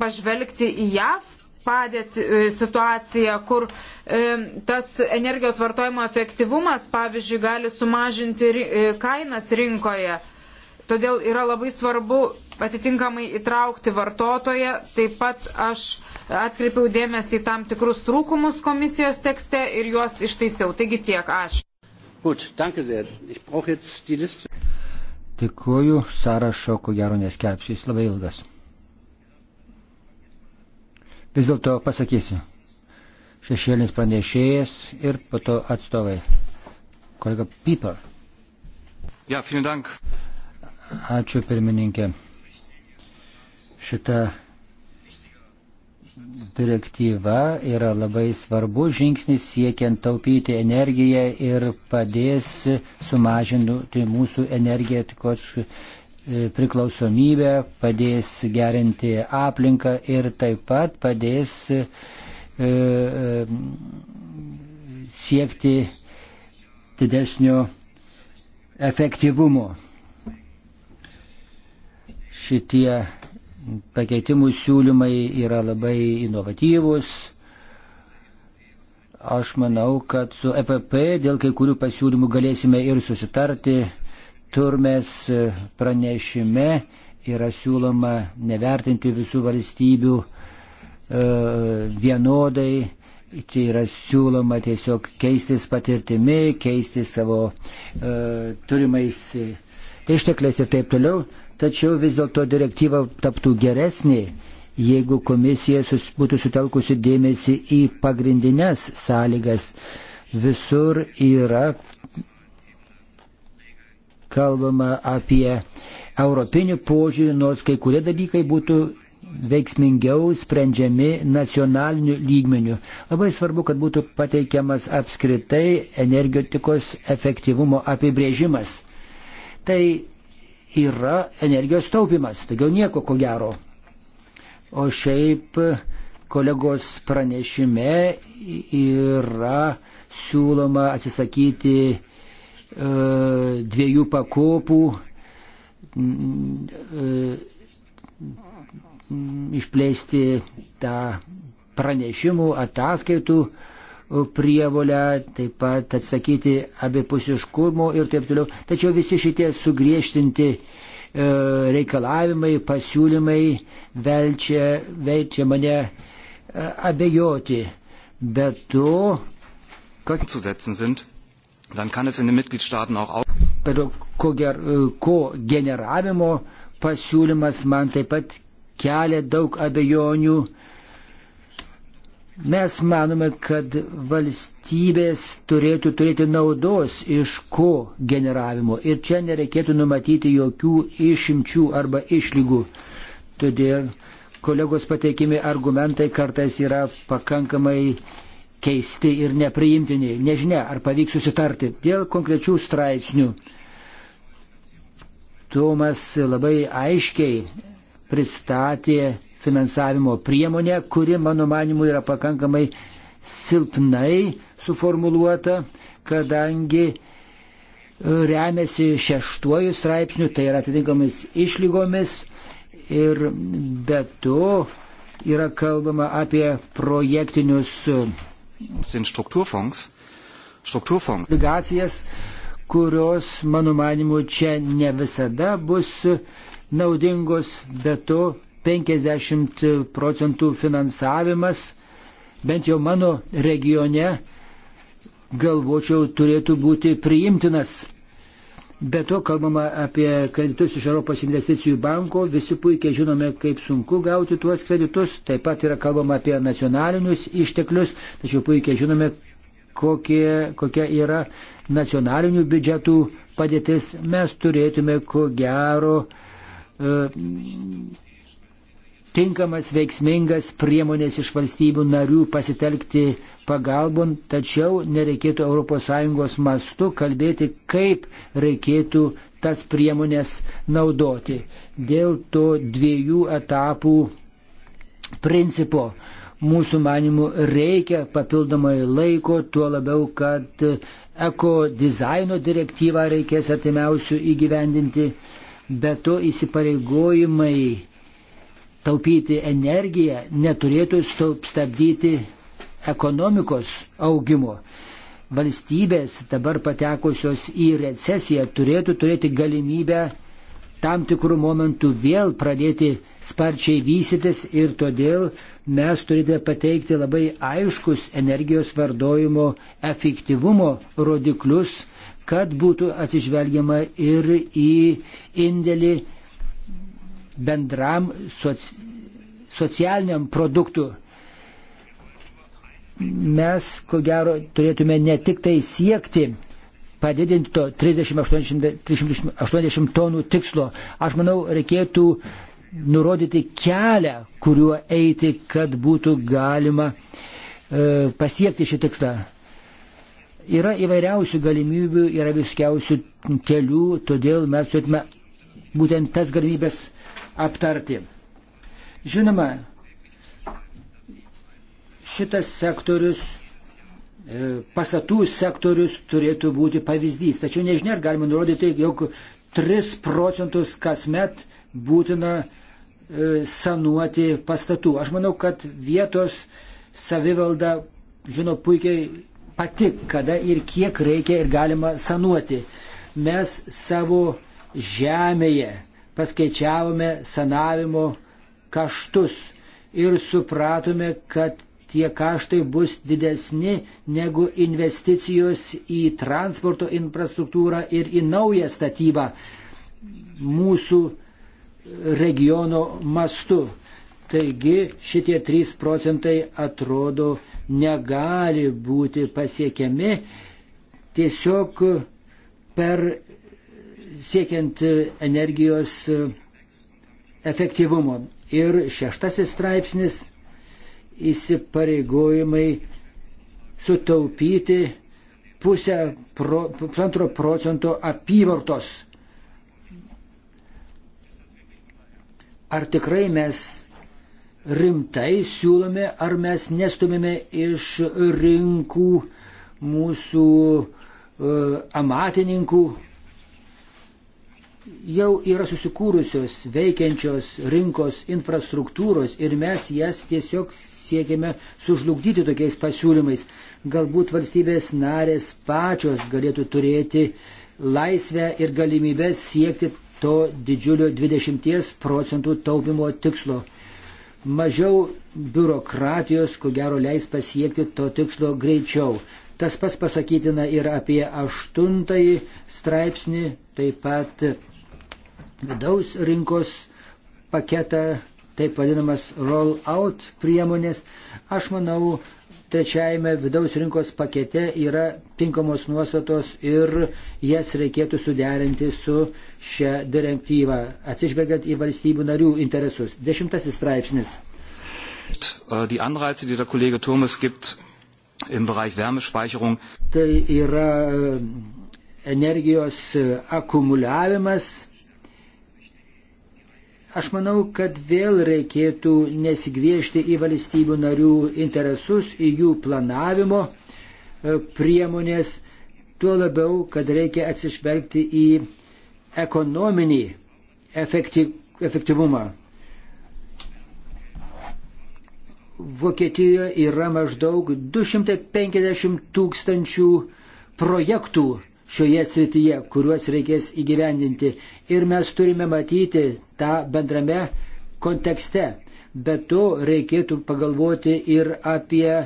pažvelgti į JAV padėti e, situaciją, kur e, tas energijos vartojimo efektyvumas, pavyzdžiui, gali sumažinti ri, e, kainas rinkoje. Todėl yra labai svarbu atitinkamai įtraukti vartotoją. Taip pat aš atkreipiau dėmesį į tam tikrus trūkumus komisijos tekste ir juos ištaisiau. Taigi tiek, ačiū. Gut, danke sehr. Ich brauche jetzt die Liste. Dėkuoju, sąrašo ko gero neskelbsiu, jis labai ilgas. Vis dėlto pasakysiu. Šešėlinis pranešėjas ir po to atstovai. Kolega Piper. Ja, vielen Dank. Ačiū pirmininkė. Šita direktyva yra labai svarbus žingsnis siekiant taupyti energiją ir padės sumažinti mūsų energetikos e, priklausomybę, padės gerinti aplinką ir taip pat padės e, e, siekti didesnio efektyvumo. Šitie pakeitimų siūlymai yra labai inovatyvūs. Aš manau, kad su EPP dėl kai kurių pasiūlymų galėsime ir susitarti. Turmes pranešime yra siūloma nevertinti visų valstybių e, vienodai. Čia yra siūloma tiesiog keistis patirtimi, keistis savo e, turimais ištekliais ir taip toliau. Tačiau vis dėlto direktyva taptų geresnė, jeigu komisija sus, būtų sutelkusi dėmesį į pagrindinės sąlygas. Visur yra kalbama apie europinį požiūrį, nors kai kurie dalykai būtų veiksmingiau sprendžiami nacionaliniu lygmeniu. Labai svarbu, kad būtų pateikiamas apskritai energetikos efektyvumo apibrėžimas. Tai yra energijos taupimas, taigi nieko ko gero. O šiaip kolegos pranešime yra siūloma atsisakyti e, dviejų pakopų mm, e, mm, išplėsti tą pranešimų ataskaitų e, prievolę, taip pat atsakyti abipusiškumo ir taip toliau. Tačiau visi šitie sugriežtinti e, reikalavimai, pasiūlymai velčia, velčia mane e, abejoti. Bet to, kad dann kann es in den Mitgliedstaaten auch auf. Pero ko, ger, e, ko generavimo pasiūlymas man taip pat kelia daug abejonių, Mes manome, kad valstybės turėtų turėti naudos iš ko generavimo ir čia nereikėtų numatyti jokių išimčių arba išlygų. Todėl kolegos pateikimi argumentai kartais yra pakankamai keisti ir nepriimtini. Nežinia, ar pavyks susitarti dėl konkrečių straipsnių. Tomas labai aiškiai pristatė finansavimo priemonę, kuri, mano manimu, yra pakankamai silpnai suformuluota, kadangi e, remiasi šeštuoju straipsniu, tai yra atitinkamis išlygomis ir be to yra kalbama apie projektinius e, struktūrfonds, struktūrfonds. obligacijas, kurios, mano manimu, čia ne visada bus naudingos, bet to 50 procentų finansavimas, bent jau mano regione, galvočiau, turėtų būti priimtinas. Be to, kalbama apie kreditus iš Europos investicijų banko, visi puikiai žinome, kaip sunku gauti tuos kreditus, taip pat yra kalbama apie nacionalinius išteklius, tačiau puikiai žinome, kokie, kokia yra nacionalinių biudžetų padėtis. Mes turėtume, ko gero, e, tinkamas, veiksmingas priemonės iš valstybių narių pasitelkti pagalbon, tačiau nereikėtų ES mastu kalbėti, kaip reikėtų tas priemonės naudoti. Dėl to dviejų etapų principo mūsų manimų reikia papildomai laiko, tuo labiau, kad eko dizaino direktyvą reikės artimiausių įgyvendinti, bet to įsipareigojimai taupyti energiją neturėtų stabdyti ekonomikos augimo. Valstybės dabar patekusios į recesiją turėtų turėti galimybę tam tikrų momentų vėl pradėti sparčiai vystytis ir todėl mes turite pateikti labai aiškus energijos vardojimo efektyvumo rodiklius, kad būtų atsižvelgiama ir į indėlį bendram soci, socialiniam produktų. Mes, ko gero, turėtume ne tik tai siekti padidinti to 380 tonų tikslo. Aš manau, reikėtų nurodyti kelią, kuriuo eiti, kad būtų galima e, pasiekti šį tikslą. Yra įvairiausių galimybių, yra viskiausių kelių, todėl mes turėtume būtent tas galimybės aptarti. Žinoma, šitas sektorius, e, pastatų sektorius turėtų būti pavyzdys, tačiau nežinia, ar galima nurodyti, jog 3 procentus kasmet būtina e, sanuoti pastatų. Aš manau, kad vietos savivalda žino puikiai pati, kada ir kiek reikia ir galima sanuoti. Mes savo žemėje paskaičiavome sanavimo kaštus ir supratome, kad tie kaštai bus didesni negu investicijos į transporto infrastruktūrą ir į naują statybą mūsų regiono mastu. Taigi šitie 3 procentai atrodo negali būti pasiekiami tiesiog per siekiant e, energijos e, efektyvumo. Ir šeštasis straipsnis - įsipareigojimai sutaupyti pusę pro, pusantro procento apyvartos. Ar tikrai mes rimtai siūlome, ar mes nestumėme iš rinkų mūsų uh, amatininkų, jau yra susikūrusios veikiančios rinkos infrastruktūros ir mes jas tiesiog siekiame sužlugdyti tokiais pasiūlymais. Galbūt valstybės narės pačios galėtų turėti laisvę ir galimybę siekti to didžiulio 20 procentų taupimo tikslo. Mažiau biurokratijos, ko gero, leis pasiekti to tikslo greičiau. Tas pas pasakytina ir apie aštuntąjį straipsnį, taip pat vidaus rinkos paketą, taip vadinamas roll-out priemonės. Aš manau, trečiajame vidaus rinkos pakete yra tinkamos nuostatos ir jas reikėtų suderinti su šia direktyva, atsižvelgiant į valstybių narių interesus. Dešimtasis straipsnis. Äh, die Anreize, die der Kollege Turmes gibt im Bereich Wärmespeicherung. Tai yra äh, energijos äh, akumuliavimas Aš manau, kad vėl reikėtų nesigviešti į valstybių narių interesus, į jų planavimo e, priemonės, tuo labiau, kad reikia atsižvelgti į ekonominį efektyv, efektyvumą. Vokietijoje yra maždaug 250 tūkstančių projektų šioje srityje, kuriuos reikės įgyvendinti. Ir mes turime matyti tą bendrame kontekste. Bet to reikėtų pagalvoti ir apie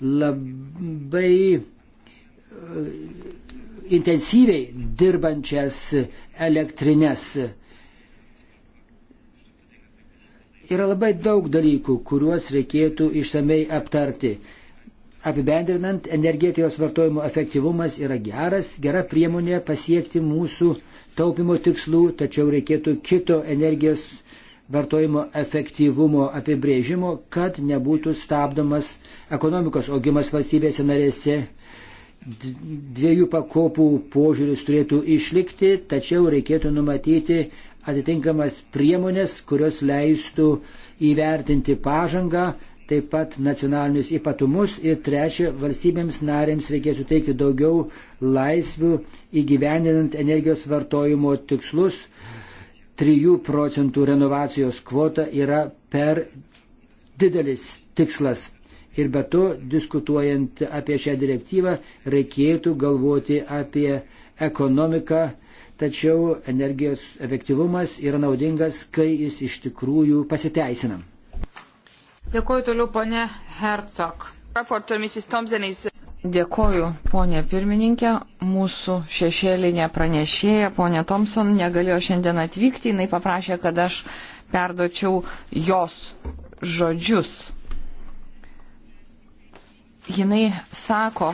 labai e, intensyviai dirbančias elektrinės. Yra labai daug dalykų, kuriuos reikėtų išsamei aptarti. Apibendrinant, energetijos vartojimo efektyvumas yra geras, gera priemonė pasiekti mūsų taupimo tikslų, tačiau reikėtų kito energijos vartojimo efektyvumo apibrėžimo, kad nebūtų stabdomas ekonomikos augimas valstybėse narėse. Dviejų pakopų požiūris turėtų išlikti, tačiau reikėtų numatyti atitinkamas priemonės, kurios leistų įvertinti pažangą taip pat nacionalinius ypatumus ir trečia, valstybėms narėms reikia suteikti daugiau laisvių įgyvendinant energijos vartojimo tikslus. 3 procentų renovacijos kvota yra per didelis tikslas. Ir be to, diskutuojant apie šią direktyvą, reikėtų galvoti apie ekonomiką, tačiau energijos efektyvumas yra naudingas, kai jis iš tikrųjų pasiteisina. Dėkuoju toliau, ponė Hercog. Dėkoju, ponė pirmininkė. Mūsų šešėlinė pranešėja, ponė Thompson, negalėjo šiandien atvykti. Jis paprašė, kad aš perdočiau jos žodžius. Jis sako,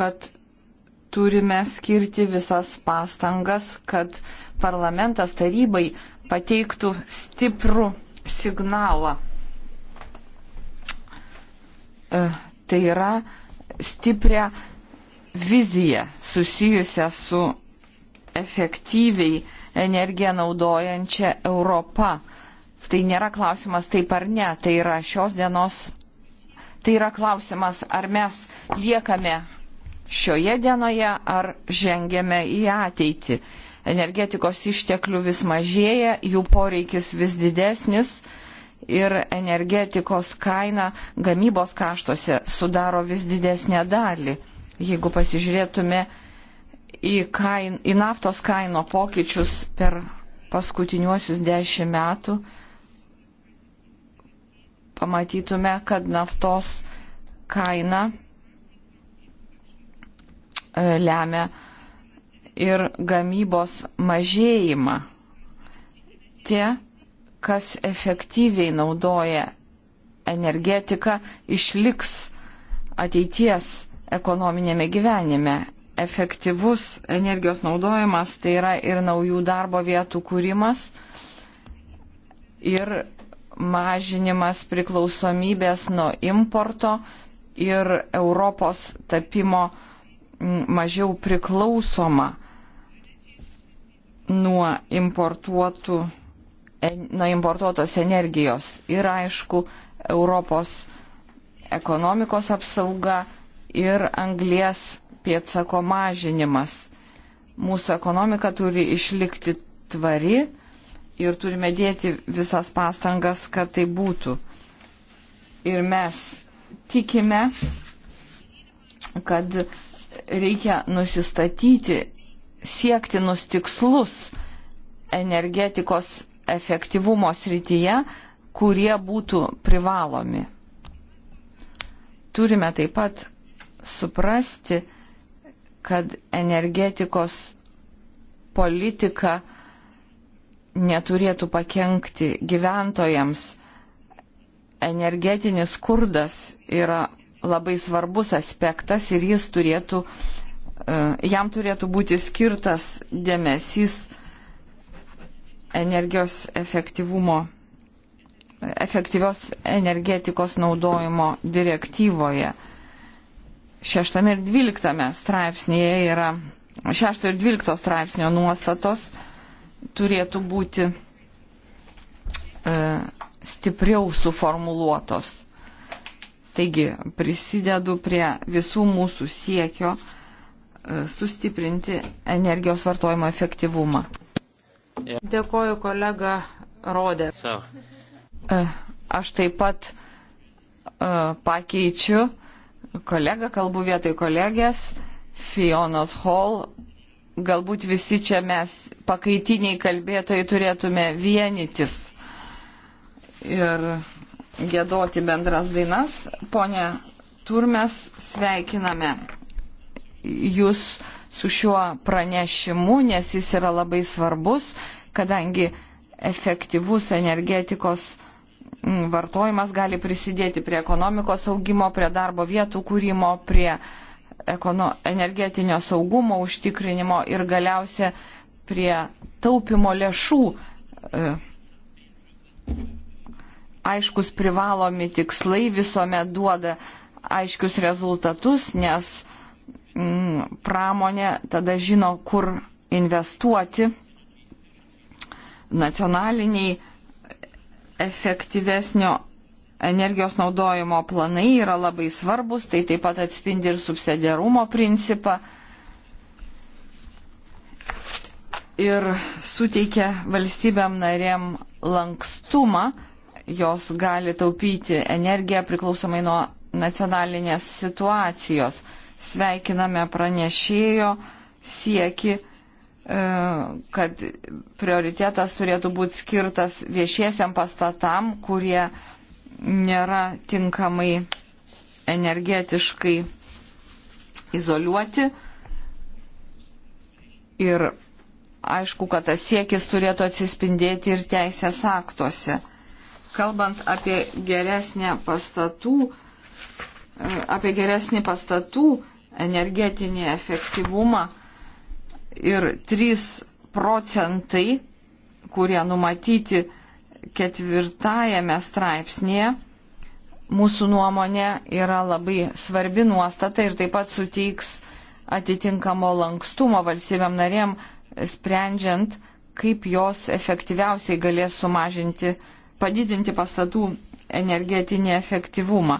kad turime skirti visas pastangas, kad parlamentas tarybai pateiktų stiprų signalą E, tai yra stiprią viziją susijusią su efektyviai energiją naudojančia Europa. Tai nėra klausimas taip ar ne, tai yra šios dienos, tai yra klausimas, ar mes liekame šioje dienoje, ar žengėme į ateitį. Energetikos išteklių vis mažėja, jų poreikis vis didesnis ir energetikos kaina gamybos kaštuose sudaro vis didesnę dalį. Jeigu pasižiūrėtume į, kain, į naftos kaino pokyčius per paskutiniuosius dešimt metų, pamatytume, kad naftos kaina e, lemia ir gamybos mažėjimą. Tie kas efektyviai naudoja energetiką, išliks ateities ekonominėme gyvenime. Efektyvus energijos naudojimas tai yra ir naujų darbo vietų kūrimas, ir mažinimas priklausomybės nuo importo, ir Europos tapimo mažiau priklausoma nuo importuotų nuo importuotos energijos ir aišku Europos ekonomikos apsauga ir anglės pėtsako mažinimas. Mūsų ekonomika turi išlikti tvari ir turime dėti visas pastangas, kad tai būtų. Ir mes tikime, kad reikia nusistatyti siektinus tikslus energetikos efektyvumo srityje, kurie būtų privalomi. Turime taip pat suprasti, kad energetikos politika neturėtų pakengti gyventojams. Energetinis skurdas yra labai svarbus aspektas ir jis turėtų, e, jam turėtų būti skirtas dėmesys energijos efektyvumo, efektyvios energetikos naudojimo direktyvoje. Šeštame ir dvyliktame straipsnėje yra, šešto ir dvylikto straipsnio nuostatos turėtų būti e, stipriau suformuluotos. Taigi prisidedu prie visų mūsų siekio e, sustiprinti energijos vartojimo efektyvumą. Dėkoju kolega Rodė. So. E, aš taip pat uh, pakeičiu kolegą, kalbu vietoj kolegės, Fionos Hall. Galbūt visi čia mes pakaitiniai kalbėtojai turėtume vienytis ir gėdoti bendras dainas. Pone Turmes, sveikiname jūs su šiuo pranešimu, nes jis yra labai svarbus, kadangi efektyvus energetikos mm, vartojimas gali prisidėti prie ekonomikos augimo, prie darbo vietų kūrimo, prie energetinio saugumo užtikrinimo ir galiausia prie taupimo lėšų. E, aiškus privalomi tikslai visuomet duoda aiškius rezultatus, nes Mm, pramonė tada žino, kur investuoti. Nacionaliniai efektyvesnio energijos naudojimo planai yra labai svarbus, tai taip pat atspindi ir subsidiarumo principą ir suteikia valstybėm narėm lankstumą, jos gali taupyti energiją priklausomai nuo nacionalinės situacijos sveikiname pranešėjo sieki, e, kad prioritetas turėtų būti skirtas viešiesiam pastatam, kurie nėra tinkamai energetiškai izoliuoti. Ir aišku, kad tas siekis turėtų atsispindėti ir teisės aktuose. Kalbant apie geresnę pastatų, e, apie geresnį pastatų energetinį efektyvumą ir 3 procentai, kurie numatyti ketvirtajame straipsnėje, mūsų nuomonė yra labai svarbi nuostata ir taip pat suteiks atitinkamo lankstumo valstybėm narėm, sprendžiant, kaip jos efektyviausiai galės sumažinti, padidinti pastatų energetinį efektyvumą.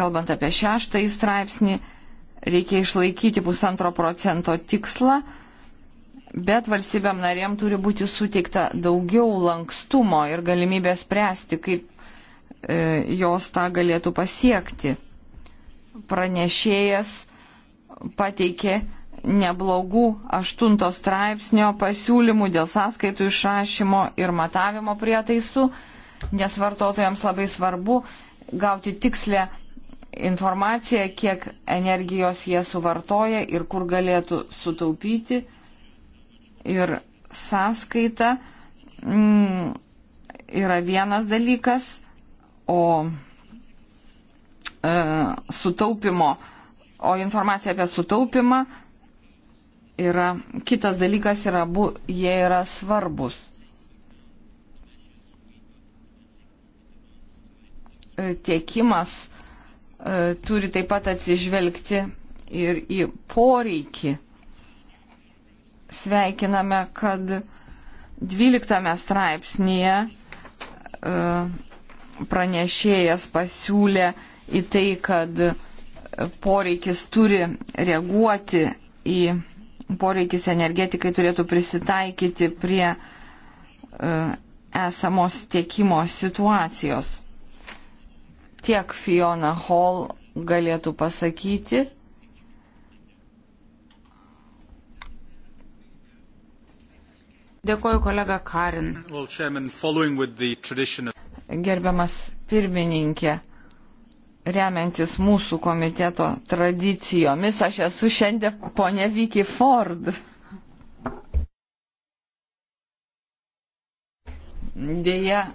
Kalbant apie šeštąjį straipsnį, Reikia išlaikyti pusantro procento tikslą, bet valstybėm narėm turi būti suteikta daugiau lankstumo ir galimybės spręsti, kaip e, jos tą galėtų pasiekti. Pranešėjas pateikė neblogų aštunto straipsnio pasiūlymų dėl sąskaitų išrašymo ir matavimo prietaisų, nes vartotojams labai svarbu gauti tikslę informaciją, kiek energijos jie suvartoja ir kur galėtų sutaupyti. Ir sąskaita mm, yra vienas dalykas, o e, sutaupimo, o informacija apie sutaupimą yra kitas dalykas, yra bu, jie yra svarbus. E, tiekimas E, turi taip pat atsižvelgti ir į poreikį. Sveikiname, kad 12 straipsnėje e, pranešėjas pasiūlė į tai, kad poreikis turi reaguoti į poreikis energetikai turėtų prisitaikyti prie e, esamos tiekimo situacijos tiek Fiona Hall galėtų pasakyti. Dėkoju kolega Karin. Gerbiamas pirmininkė, remiantis mūsų komiteto tradicijomis, aš esu šiandien ponė Vicky Ford. Deja,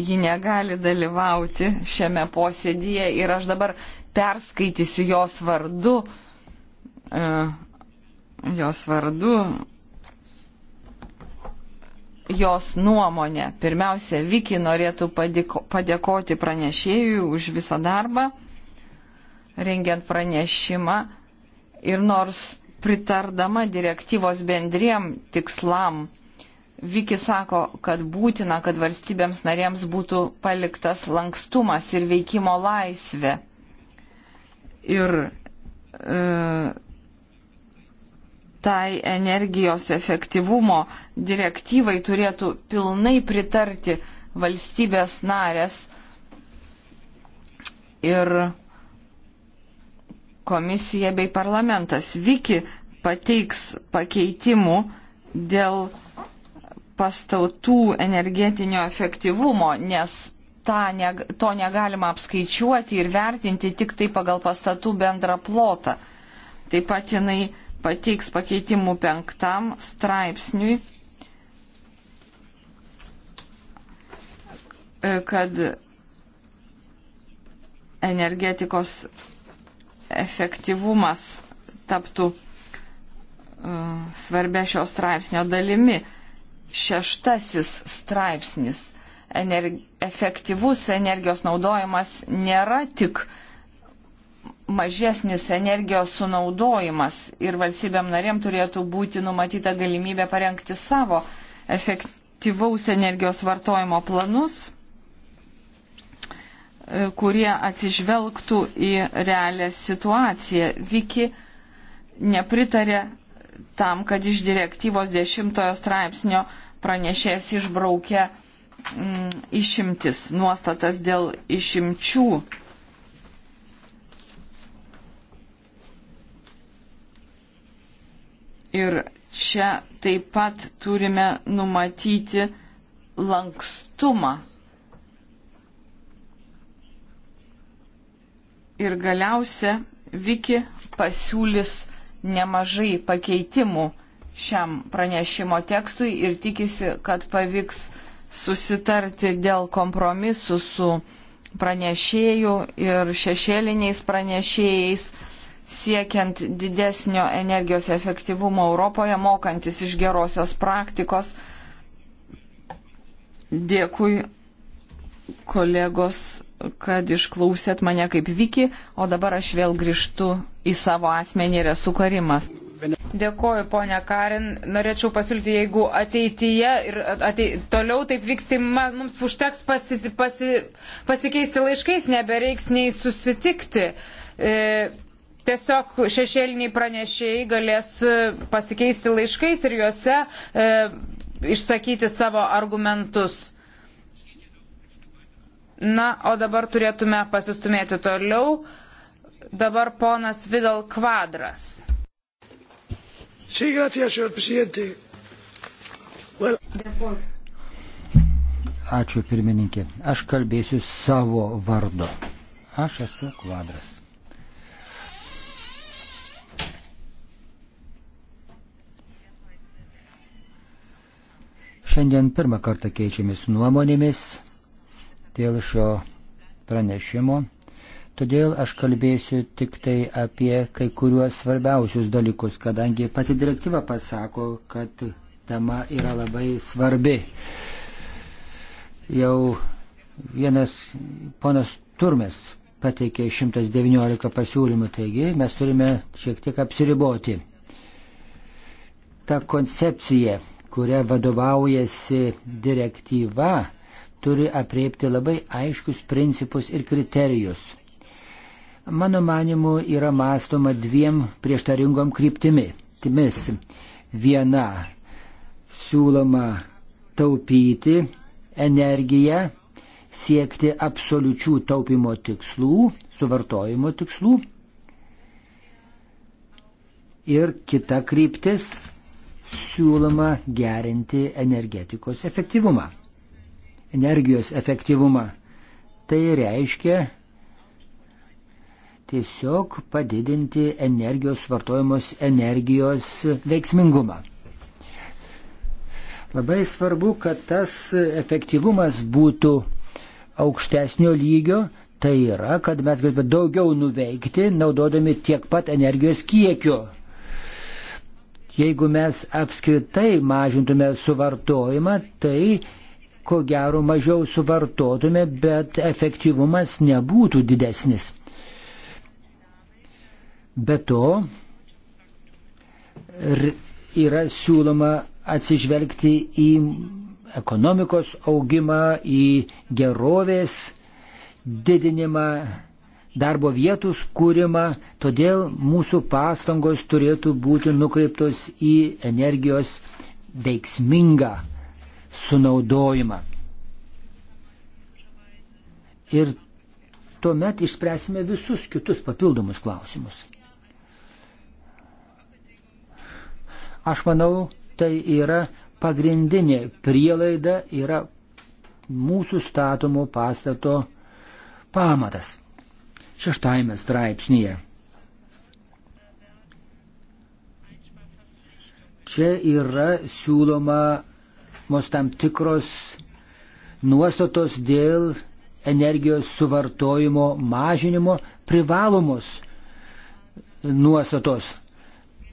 ji negali dalyvauti šiame posėdėje ir aš dabar perskaitysiu jos vardu, e, jos vardu, jos nuomonę. Pirmiausia, Viki norėtų padėko, padėkoti pranešėjui už visą darbą, rengiant pranešimą ir nors pritardama direktyvos bendriem tikslam, Viki sako, kad būtina, kad valstybėms narėms būtų paliktas lankstumas ir veikimo laisvė. Ir e, tai energijos efektyvumo direktyvai turėtų pilnai pritarti valstybės narės ir komisija bei parlamentas. Viki pateiks pakeitimų dėl pastatų energetinio efektyvumo, nes ne, to negalima apskaičiuoti ir vertinti tik tai pagal pastatų bendrą plotą. Taip pat jinai pateiks pakeitimų penktam straipsniui, kad energetikos efektyvumas taptų e, svarbia šio straipsnio dalimi šeštasis straipsnis. Energi efektyvus energijos naudojimas nėra tik mažesnis energijos sunaudojimas ir valstybėm narėm turėtų būti numatyta galimybė parengti savo efektyvaus energijos vartojimo planus, e, kurie atsižvelgtų į realią situaciją. Viki nepritarė tam, kad iš direktyvos dešimtojo straipsnio pranešėjas išbraukė mm, išimtis, nuostatas dėl išimčių. Ir čia taip pat turime numatyti lankstumą. Ir galiausia, Viki pasiūlys nemažai pakeitimų šiam pranešimo tekstui ir tikisi, kad pavyks susitarti dėl kompromisų su pranešėjų ir šešėliniais pranešėjais, siekiant didesnio energijos efektyvumo Europoje, mokantis iš gerosios praktikos. Dėkui kolegos kad išklausėt mane kaip Viki, o dabar aš vėl grįžtu į savo asmenį ir esu karimas. Dėkoju, ponia Karin. Norėčiau pasiūlyti, jeigu ateityje ir atei, toliau taip vyks, tai man, mums užteks pasi, pasi, pasikeisti laiškais, nebereiks nei susitikti. E, tiesiog šešėliniai pranešėjai galės e, pasikeisti laiškais ir juose e, išsakyti savo argumentus. Na, o dabar turėtume pasistumėti toliau. Dabar ponas Vidal Kvadras. Sí, gracias, señor presidente. Well... Dėkuoju. Ačiū pirmininkė. Aš kalbėsiu savo vardu. Aš esu kvadras. Šiandien pirmą kartą keičiamės nuomonėmis dėl šio pranešimo. Todėl aš kalbėsiu tik tai apie kai kuriuos svarbiausius dalykus, kadangi pati direktyva pasako, kad tema yra labai svarbi. Jau vienas ponas Turmes pateikė 119 pasiūlymų, taigi mes turime šiek tiek apsiriboti. Ta koncepcija, kuria vadovaujasi direktyva, turi apriepti labai aiškius principus ir kriterijus. Mano manimu yra mąstoma dviem prieštaringom kryptimis. Viena siūloma taupyti energiją, siekti absoliučių taupimo tikslų, suvartojimo tikslų. Ir kita kryptis siūloma gerinti energetikos efektyvumą energijos efektyvumą. Tai reiškia tiesiog padidinti energijos vartojamos energijos veiksmingumą. Labai svarbu, kad tas efektyvumas būtų aukštesnio lygio, tai yra, kad mes galime daugiau nuveikti, naudodami tiek pat energijos kiekio. Jeigu mes apskritai mažintume suvartojimą, tai ko gero mažiau suvartotume, bet efektyvumas nebūtų didesnis. Be to, yra siūloma atsižvelgti į ekonomikos augimą, į gerovės didinimą, darbo vietų skūrimą, todėl mūsų pastangos turėtų būti nukreiptos į energijos veiksmingą sunaudojimą. Ir tuomet išspręsime visus kitus papildomus klausimus. Aš manau, tai yra pagrindinė prielaida, yra mūsų statomo pastato pamatas. Šeštajame straipsnėje. Čia yra siūloma nustatomos tam tikros nuostatos dėl energijos suvartojimo mažinimo privalomos nuostatos.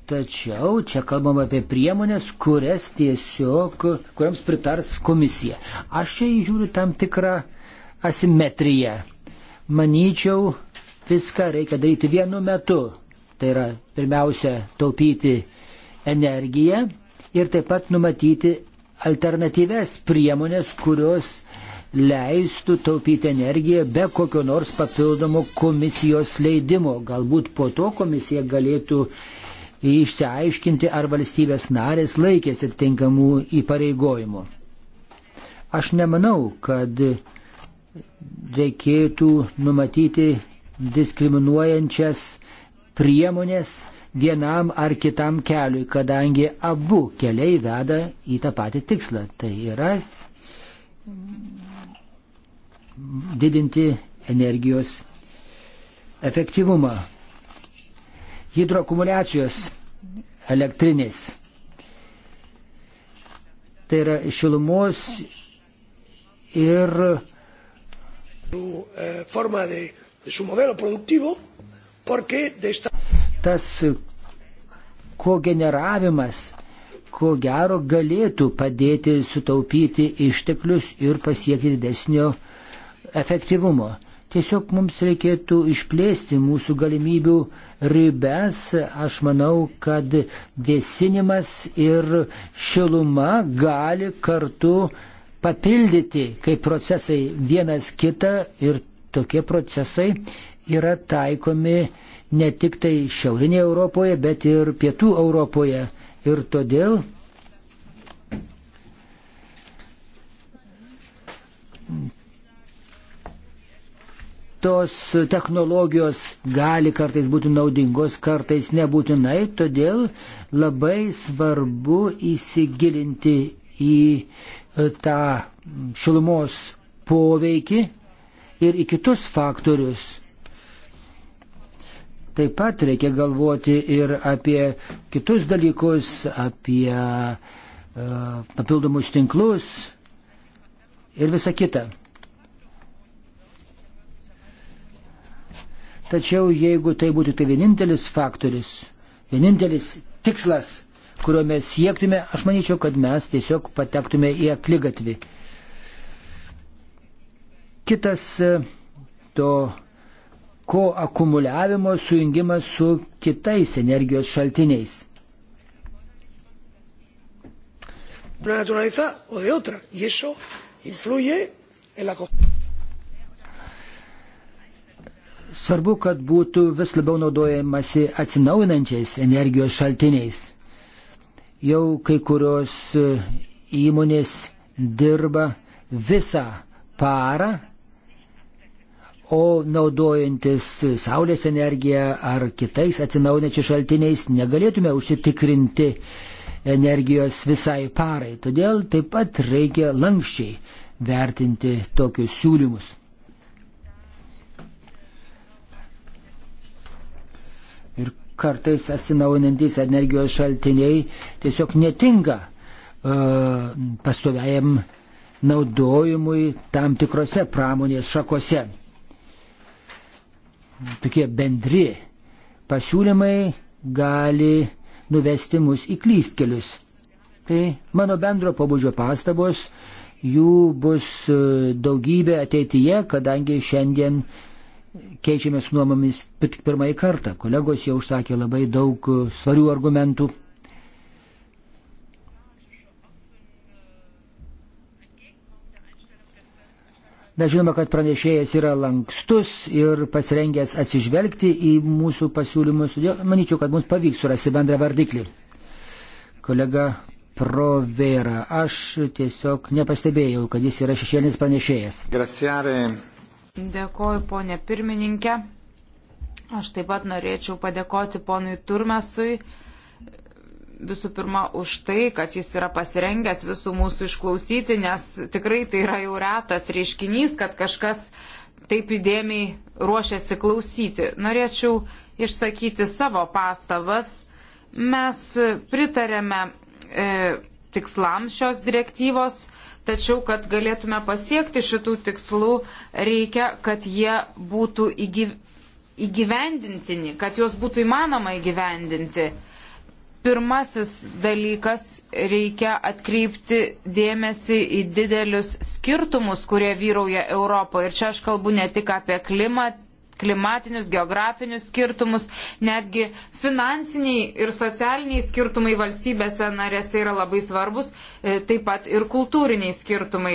Tačiau čia kalbam apie priemonės, kurias tiesiog, kuriams pritars komisija. Aš čia įžiūriu tam tikrą asimetriją. Manyčiau, viską reikia daryti vienu metu. Tai yra pirmiausia taupyti energiją ir taip pat numatyti alternatyves priemonės, kurios leistų taupyti energiją be kokio nors papildomo komisijos leidimo. Galbūt po to komisija galėtų išsiaiškinti, ar valstybės narės laikėsi atitinkamų įpareigojimų. Aš nemanau, kad reikėtų numatyti diskriminuojančias priemonės vienam ar kitam keliui, kadangi abu keliai veda į tą patį tikslą. Tai yra didinti energijos efektyvumą. Hidroakumuliacijos elektrinės. Tai yra šilumos ir eh, forma de, de su modelo productivo, porque de esta... Tas ko generavimas, ko gero, galėtų padėti sutaupyti išteklius ir pasiekti didesnio efektyvumo. Tiesiog mums reikėtų išplėsti mūsų galimybių ribes. Aš manau, kad vėsinimas ir šiluma gali kartu papildyti, kaip procesai vienas kitą ir tokie procesai yra taikomi ne tik tai Šiaurinėje Europoje, bet ir Pietų Europoje. Ir todėl tos technologijos gali kartais būti naudingos, kartais nebūtinai, todėl labai svarbu įsigilinti į e, tą šilumos poveikį ir į kitus faktorius. Taip pat reikia galvoti ir apie kitus dalykus, apie e, papildomus tinklus ir visa kita. Tačiau jeigu tai būtų tai vienintelis faktorius, vienintelis tikslas, kurio mes siektume, aš manyčiau, kad mes tiesiog patektume į aklygatvį. Kitas e, to ko akumuliavimo sujungimas su kitais energijos šaltiniais. Svarbu, kad būtų vis labiau naudojamasi atsinaujinančiais energijos šaltiniais. Jau kai kurios e, įmonės dirba visą parą o naudojantis saulės energiją ar kitais atsinaujinančiais šaltiniais negalėtume užsitikrinti energijos visai parai. Todėl taip pat reikia lankščiai vertinti tokius siūlymus. Ir kartais atsinaujinantis energijos šaltiniai tiesiog netinka uh, pastoviajam naudojimui tam tikrose pramonės šakose tokie bendri pasiūlymai gali nuvesti mus į klystkelius. Tai mano bendro pobūdžio pastabos, jų bus e, daugybė ateityje, kadangi šiandien keičiamės nuomomis pirmąjį kartą. Kolegos jau užsakė labai daug e, svarių argumentų. Mes žinome, kad pranešėjas yra lankstus ir pasirengęs atsižvelgti į mūsų pasiūlymus. Manyčiau, kad mums pavyks surasti bendrą vardiklį. Kolega Provera, aš tiesiog nepastebėjau, kad jis yra šešėlinis pranešėjas. Graciare. Dėkoju, ponė pirmininkė. Aš taip pat norėčiau padėkoti ponui Turmesui visų pirma už tai, kad jis yra pasirengęs visų mūsų išklausyti, nes tikrai tai yra jau retas reiškinys, kad kažkas taip įdėmiai ruošiasi klausyti. Norėčiau išsakyti savo pastabas. Mes pritarėme e, tikslams šios direktyvos, tačiau, kad galėtume pasiekti šitų tikslų, reikia, kad jie būtų įgyv... įgyvendintini, kad juos būtų įmanoma įgyvendinti. Pirmasis dalykas - reikia atkreipti dėmesį į didelius skirtumus, kurie vyrauja Europoje. Ir čia aš kalbu ne tik apie klimatą klimatinius, geografinius skirtumus, netgi finansiniai ir socialiniai skirtumai valstybėse narėse yra labai svarbus, e, taip pat ir kultūriniai skirtumai.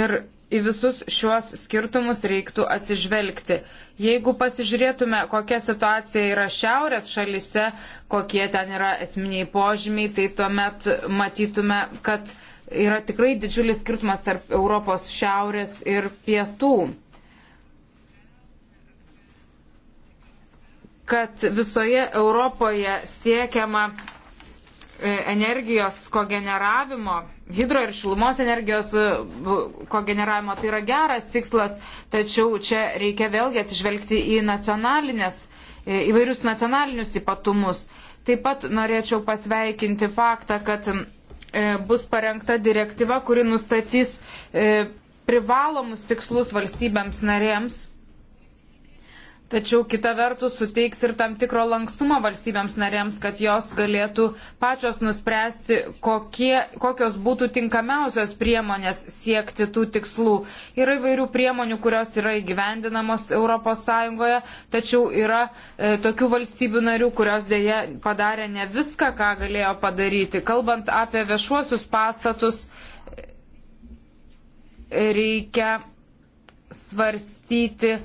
Ir į visus šiuos skirtumus reiktų atsižvelgti. Jeigu pasižiūrėtume, kokia situacija yra šiaurės šalise, kokie ten yra esminiai požymiai, tai tuomet matytume, kad yra tikrai didžiulis skirtumas tarp Europos šiaurės ir pietų. Kad visoje Europoje siekiama E, energijos kogeneravimo, hidro ir šilumos energijos e, kogeneravimo, tai yra geras tikslas, tačiau čia reikia vėlgi atsižvelgti į nacionalinės, e, įvairius nacionalinius ypatumus. Taip pat norėčiau pasveikinti faktą, kad bus parengta direktyva, kuri nustatys privalomus tikslus valstybėms narėms Tačiau kita vertus suteiks ir tam tikro lankstumo valstybėms narėms, kad jos galėtų pačios nuspręsti, kokie, kokios būtų tinkamiausios priemonės siekti tų tikslų. Yra įvairių priemonių, kurios yra įgyvendinamos ES, tačiau yra e, tokių valstybių narių, kurios dėje padarė ne viską, ką galėjo padaryti. Kalbant apie viešuosius pastatus, e, reikia svarstyti,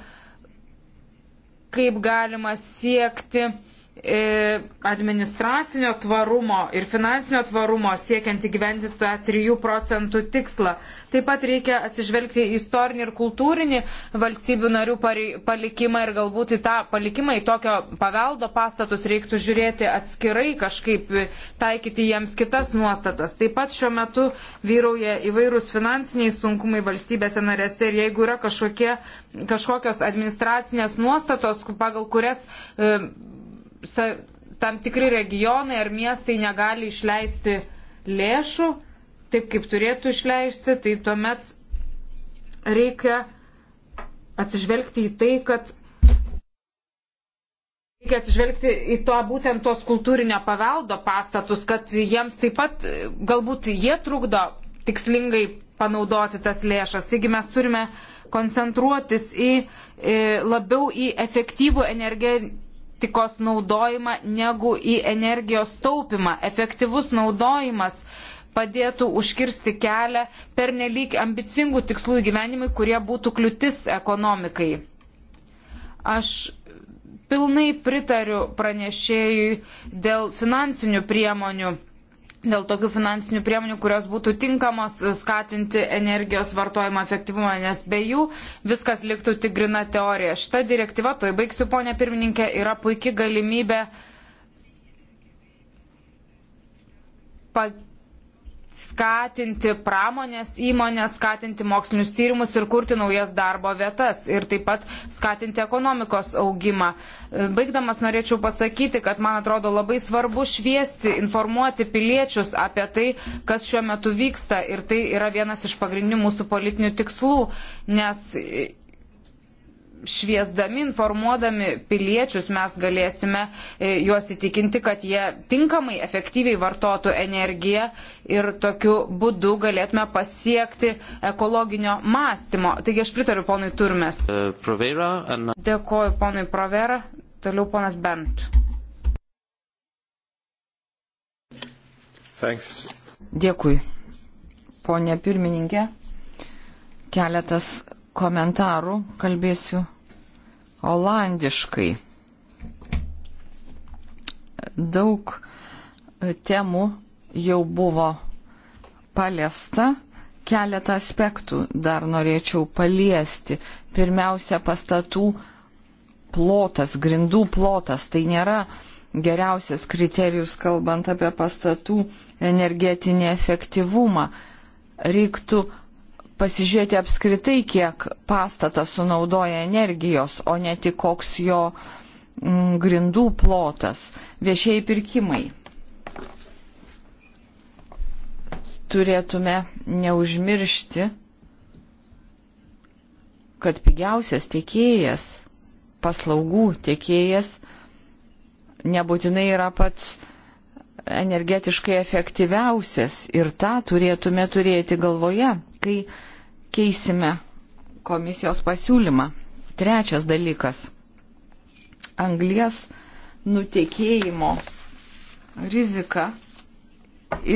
kaip galima siekti E, administracinio tvarumo ir finansinio tvarumo siekiant įgyventi tą 3 procentų tikslą. Taip pat reikia atsižvelgti į istorinį ir kultūrinį valstybių narių palikimą ir galbūt į tą palikimą, į tokio paveldo pastatus reiktų žiūrėti atskirai, kažkaip taikyti jiems kitas nuostatas. Taip pat šiuo metu vyrauja įvairūs finansiniai sunkumai valstybėse narėse ir jeigu yra kažkokie, kažkokios administracinės nuostatos, pagal kurias e, tam tikri regionai ar miestai negali išleisti lėšų, taip kaip turėtų išleisti, tai tuomet reikia atsižvelgti į tai, kad reikia atsižvelgti į to būtent tos kultūrinio paveldo pastatus, kad jiems taip pat galbūt jie trukdo tikslingai panaudoti tas lėšas. Taigi mes turime koncentruotis į, labiau į efektyvų energetinį energetikos naudojimą negu į energijos taupimą. Efektyvus naudojimas padėtų užkirsti kelią per nelik ambicingų tikslų įgyvenimui, kurie būtų kliūtis ekonomikai. Aš pilnai pritariu pranešėjui dėl finansinių priemonių dėl tokių finansinių priemonių, kurios būtų tinkamos skatinti energijos vartojimo efektyvumą, nes be jų viskas liktų tik grina teorija. Šita direktyva, to įbaigsiu, ponė pirmininkė, yra puikia galimybė pa skatinti pramonės įmonės, skatinti mokslinius tyrimus ir kurti naujas darbo vietas ir taip pat skatinti ekonomikos augimą. E, baigdamas norėčiau pasakyti, kad man atrodo labai svarbu šviesti, informuoti piliečius apie tai, kas šiuo metu vyksta ir tai yra vienas iš pagrindinių mūsų politinių tikslų, nes šviesdami, informuodami piliečius mes galėsime e, juos įtikinti, kad jie tinkamai, efektyviai vartotų energiją ir tokiu būdu galėtume pasiekti ekologinio mąstymo. Taigi aš pritariu ponui Turmes. E, Dėkoju ponui Provera, toliau ponas Bent. Thanks. Dėkui. Pone pirmininkė, keletas komentarų kalbėsiu olandiškai. Daug temų jau buvo paliesta, keletą aspektų dar norėčiau paliesti. Pirmiausia, pastatų plotas, grindų plotas, tai nėra geriausias kriterijus, kalbant apie pastatų energetinį efektyvumą. Reiktų pasižiūrėti apskritai, kiek pastatas sunaudoja energijos, o ne tik koks jo mm, grindų plotas. Viešieji pirkimai. Turėtume neužmiršti, kad pigiausias tiekėjas, paslaugų tiekėjas nebūtinai yra pats energetiškai efektyviausias ir tą turėtume turėti galvoje kai keisime komisijos pasiūlymą. Trečias dalykas - anglies nutekėjimo rizika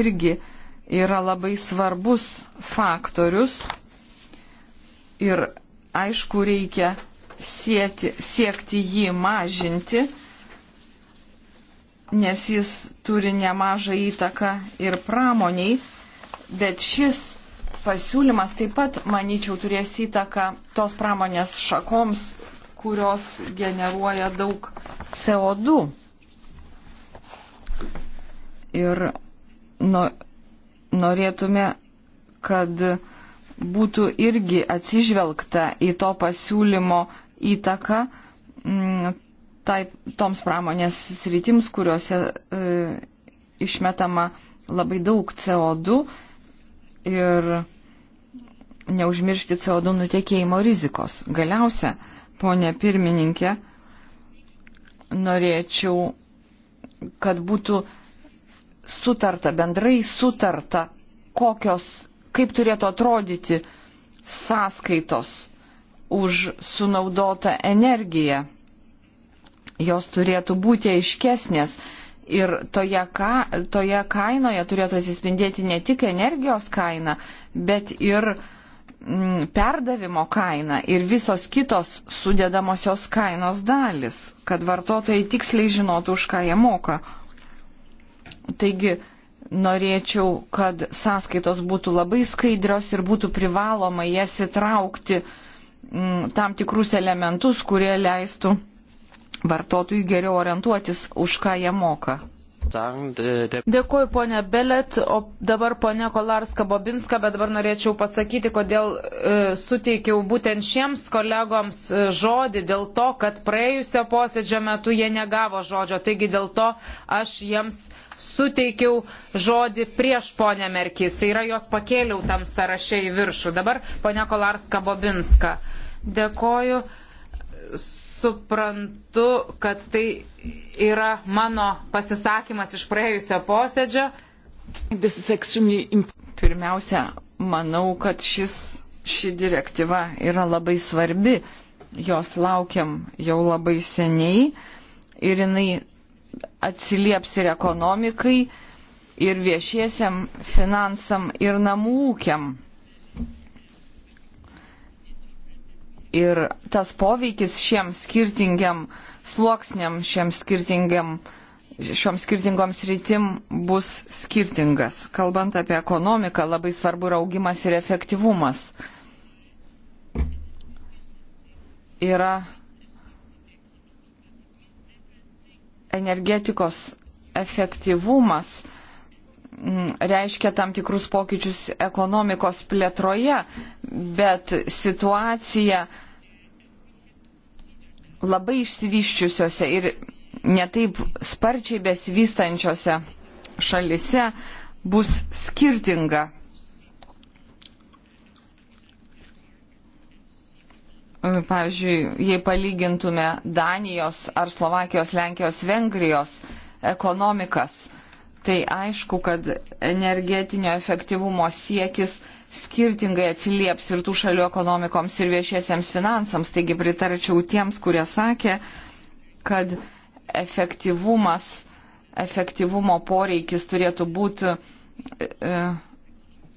irgi yra labai svarbus faktorius ir aišku reikia sieti, siekti jį mažinti, nes jis turi nemažą įtaką ir pramoniai, bet šis pasiūlymas taip pat, manyčiau, turės įtaką tos pramonės šakoms, kurios generuoja daug CO2. Ir no, norėtume, kad būtų irgi atsižvelgta į to pasiūlymo įtaką m, mm, tai, toms pramonės sritims, kuriuose e, išmetama labai daug CO2 ir neužmiršti CO2 nutekėjimo rizikos. Galiausia, ponė pirmininkė, norėčiau, kad būtų sutarta, bendrai sutarta, kokios, kaip turėtų atrodyti sąskaitos už sunaudotą energiją. Jos turėtų būti aiškesnės, Ir toje, ka, toje kainoje turėtų atsispindėti ne tik energijos kaina, bet ir m, mm, perdavimo kaina ir visos kitos sudėdamosios kainos dalis, kad vartotojai tiksliai žinotų, už ką jie moka. Taigi norėčiau, kad sąskaitos būtų labai skaidrios ir būtų privaloma jas įtraukti m, mm, tam tikrus elementus, kurie leistų vartotojui geriau orientuotis, už ką jie moka. Dėkuoju ponė Belet, o dabar ponė Kolarska Bobinska, bet dabar norėčiau pasakyti, kodėl e, suteikiau būtent šiems kolegoms e, žodį, dėl to, kad praėjusio posėdžio metu jie negavo žodžio, taigi dėl to aš jiems suteikiau žodį prieš ponę Merkis, tai yra jos pakėliau tam sąraše į viršų. Dabar ponė Kolarska Bobinska. Dėkuoju suprantu, kad tai yra mano pasisakymas iš praėjusio posėdžio. Pirmiausia, manau, kad šis, ši direktyva yra labai svarbi. Jos laukiam jau labai seniai ir jinai atsilieps ir ekonomikai, ir viešiesiam finansam, ir namų ūkiam. ir tas poveikis šiem skirtingiam sluoksniam, šiem skirtingiam, šiom skirtingom sritim bus skirtingas. Kalbant apie ekonomiką, labai svarbu yra augimas ir efektyvumas. Yra energetikos efektyvumas reiškia tam tikrus pokyčius ekonomikos plėtroje, bet situacija labai išsivyščiusiose ir netaip sparčiai besivystančiose šalise bus skirtinga. E, pavyzdžiui, jei palygintume Danijos ar Slovakijos, Lenkijos, Vengrijos ekonomikas, tai aišku, kad energetinio efektyvumo siekis skirtingai atsilieps ir tų šalių ekonomikoms ir viešiesiems finansams. Taigi pritarčiau tiems, kurie sakė, kad efektyvumas, efektyvumo poreikis turėtų būti e, e,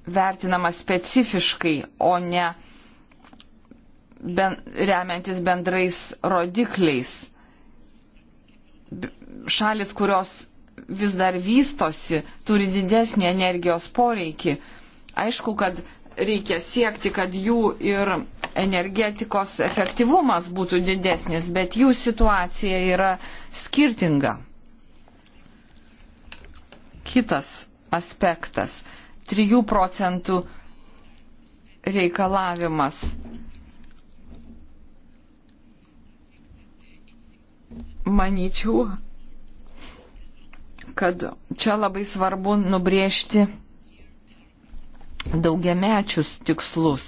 vertinamas specifiškai, o ne ben, remiantis bendrais rodikliais. Šalis, kurios vis dar vystosi, turi didesnį energijos poreikį. Aišku, kad reikia siekti, kad jų ir energetikos efektyvumas būtų didesnis, bet jų situacija yra skirtinga. Kitas aspektas - 3 procentų reikalavimas. Manyčiau, kad čia labai svarbu nubriežti daugiamečius tikslus.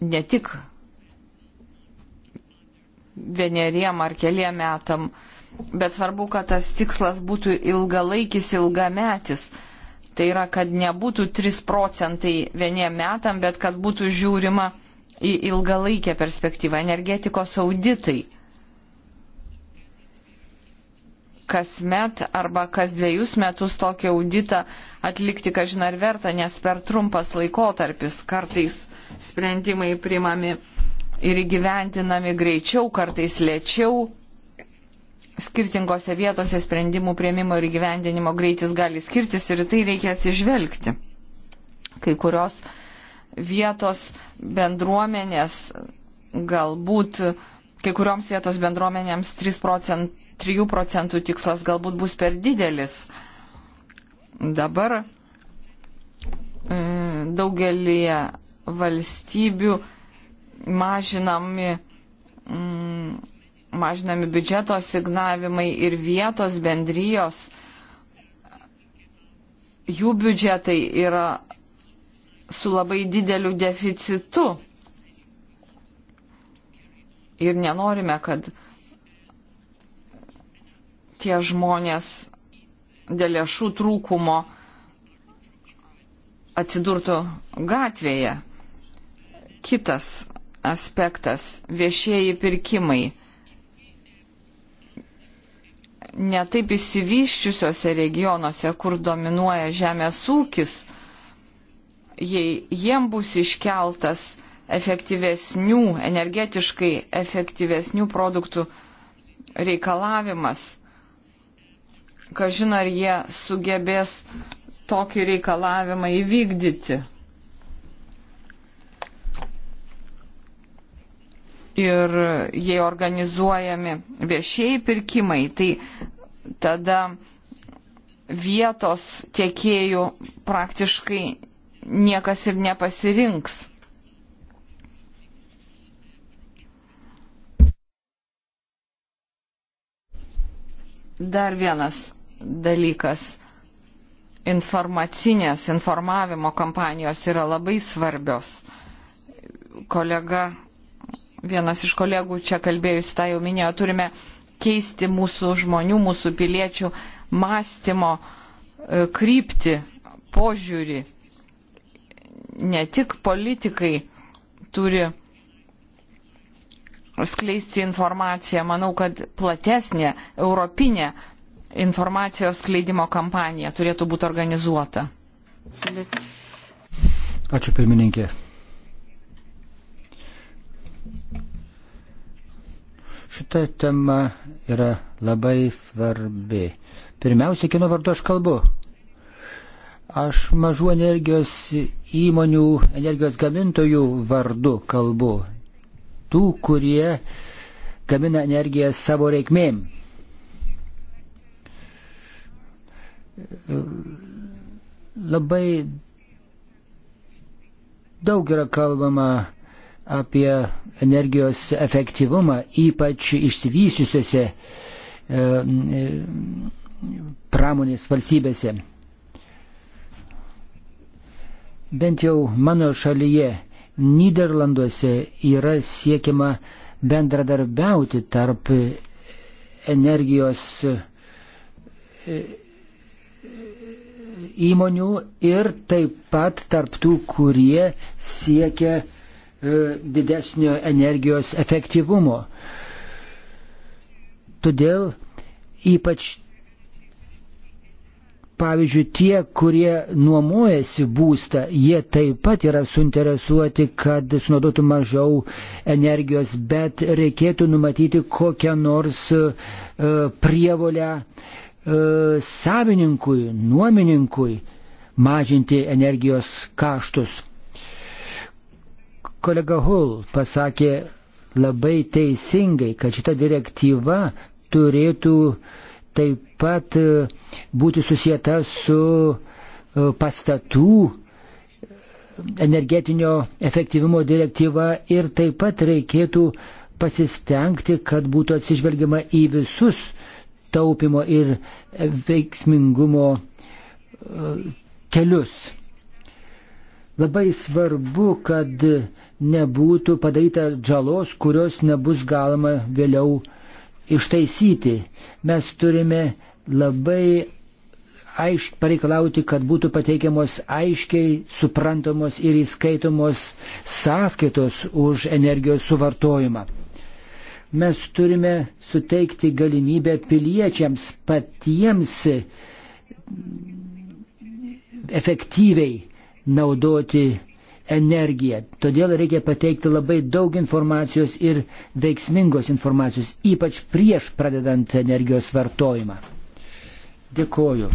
Ne tik vieneriem ar keliem metam, bet svarbu, kad tas tikslas būtų ilgalaikis, ilgametis. Tai yra, kad nebūtų 3 procentai vieniem metam, bet kad būtų žiūrima į ilgalaikę perspektyvą. Energetikos auditai kasmet arba kas dviejus metus tokį auditą atlikti, ką žinai, ar verta, nes per trumpas laikotarpis kartais sprendimai primami ir įgyventinami greičiau, kartais lėčiau. Skirtingose vietose sprendimų prieimimo ir įgyvendinimo greitis gali skirtis ir tai reikia atsižvelgti. Kai kurios vietos bendruomenės galbūt kai kurioms vietos bendruomenėms 3 procentai 3 procentų tikslas galbūt bus per didelis. Dabar e, daugelį valstybių mažinami, mm, mažinami biudžeto signavimai ir vietos bendrijos. Jų biudžetai yra su labai dideliu deficitu. Ir nenorime, kad tie žmonės dėl lėšų trūkumo atsidurtų gatvėje. Kitas aspektas - viešieji pirkimai. Netaip įsivyščiusiuose regionuose, kur dominuoja žemės ūkis, jei jiem bus iškeltas efektyvesnių, energetiškai efektyvesnių produktų reikalavimas, kažin ar jie sugebės tokį reikalavimą įvykdyti. Ir jei organizuojami viešieji pirkimai, tai tada vietos tiekėjų praktiškai niekas ir nepasirinks. Dar vienas dalykas. Informacinės informavimo kampanijos yra labai svarbios. Kolega, vienas iš kolegų čia kalbėjusi, tą jau minėjo, turime keisti mūsų žmonių, mūsų piliečių mąstymo e, krypti, požiūrį. Ne tik politikai turi skleisti informaciją, manau, kad platesnė europinė informacijos skleidimo kampanija turėtų būti organizuota. Ačiū pirmininkė. Šita tema yra labai svarbi. Pirmiausia, kino vardu aš kalbu. Aš mažų energijos įmonių, energijos gamintojų vardu kalbu. Tų, kurie gamina energiją savo reikmėm. Labai daug yra kalbama apie energijos efektyvumą, ypač išsivysiusiuose e, pramonės valstybėse. Bent jau mano šalyje, Niderlanduose, yra siekiama bendradarbiauti tarp energijos e, įmonių ir taip pat tarptų, kurie siekia e, didesnio energijos efektyvumo. Todėl ypač, pavyzdžiui, tie, kurie nuomojasi būstą, jie taip pat yra suinteresuoti, kad sunaudotų mažiau energijos, bet reikėtų numatyti kokią nors e, prievolę uh, E, savininkui, nuomininkui mažinti energijos kaštus. Kolega Hull pasakė labai teisingai, kad šita direktyva turėtų taip pat e, būti susijęta su e, pastatų energetinio efektyvimo direktyva ir taip pat reikėtų pasistengti, kad būtų atsižvelgiama į visus taupimo ir veiksmingumo e, kelius. Labai svarbu, kad nebūtų padaryta žalos, kurios nebus galima vėliau ištaisyti. Mes turime labai aišk, pareikalauti, kad būtų pateikiamos aiškiai suprantamos ir įskaitomos sąskaitos už energijos suvartojimą. Mes turime suteikti galimybę piliečiams patiems efektyviai naudoti energiją. Todėl reikia pateikti labai daug informacijos ir veiksmingos informacijos, ypač prieš pradedant energijos vartojimą. Dėkoju.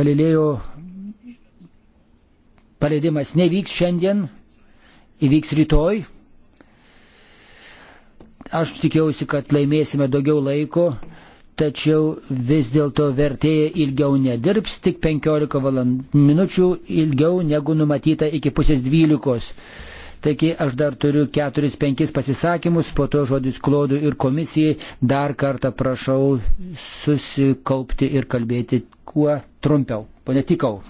Galilėjo paleidimas nevyks šiandien, įvyks rytoj. Aš tikiausi, kad laimėsime daugiau laiko, tačiau vis dėlto vertėja ilgiau nedirbs, tik 15 valandų minučių ilgiau negu numatyta iki pusės 12. Taigi aš dar turiu 4-5 pasisakymus, po to žodis klodų ir komisijai. Dar kartą prašau susikaupti ir kalbėti kuo trumpiau. Pone Tikau.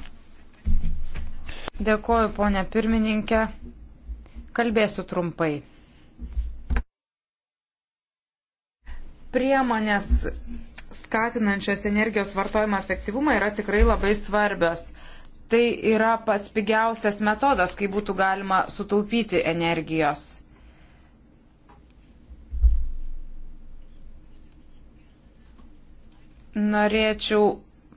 Dėkoju, ponė pirmininkė. Kalbėsiu trumpai. priemonės skatinančios energijos vartojimo efektyvumą yra tikrai labai svarbios. Tai yra pats pigiausias metodas, kai būtų galima sutaupyti energijos. Norėčiau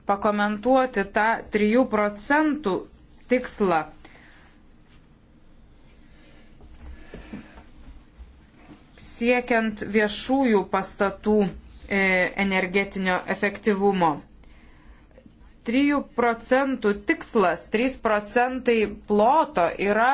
pakomentuoti tą 3 procentų tikslą siekiant viešųjų pastatų e, energetinio efektyvumo. 3 procentų tikslas, 3 procentai ploto yra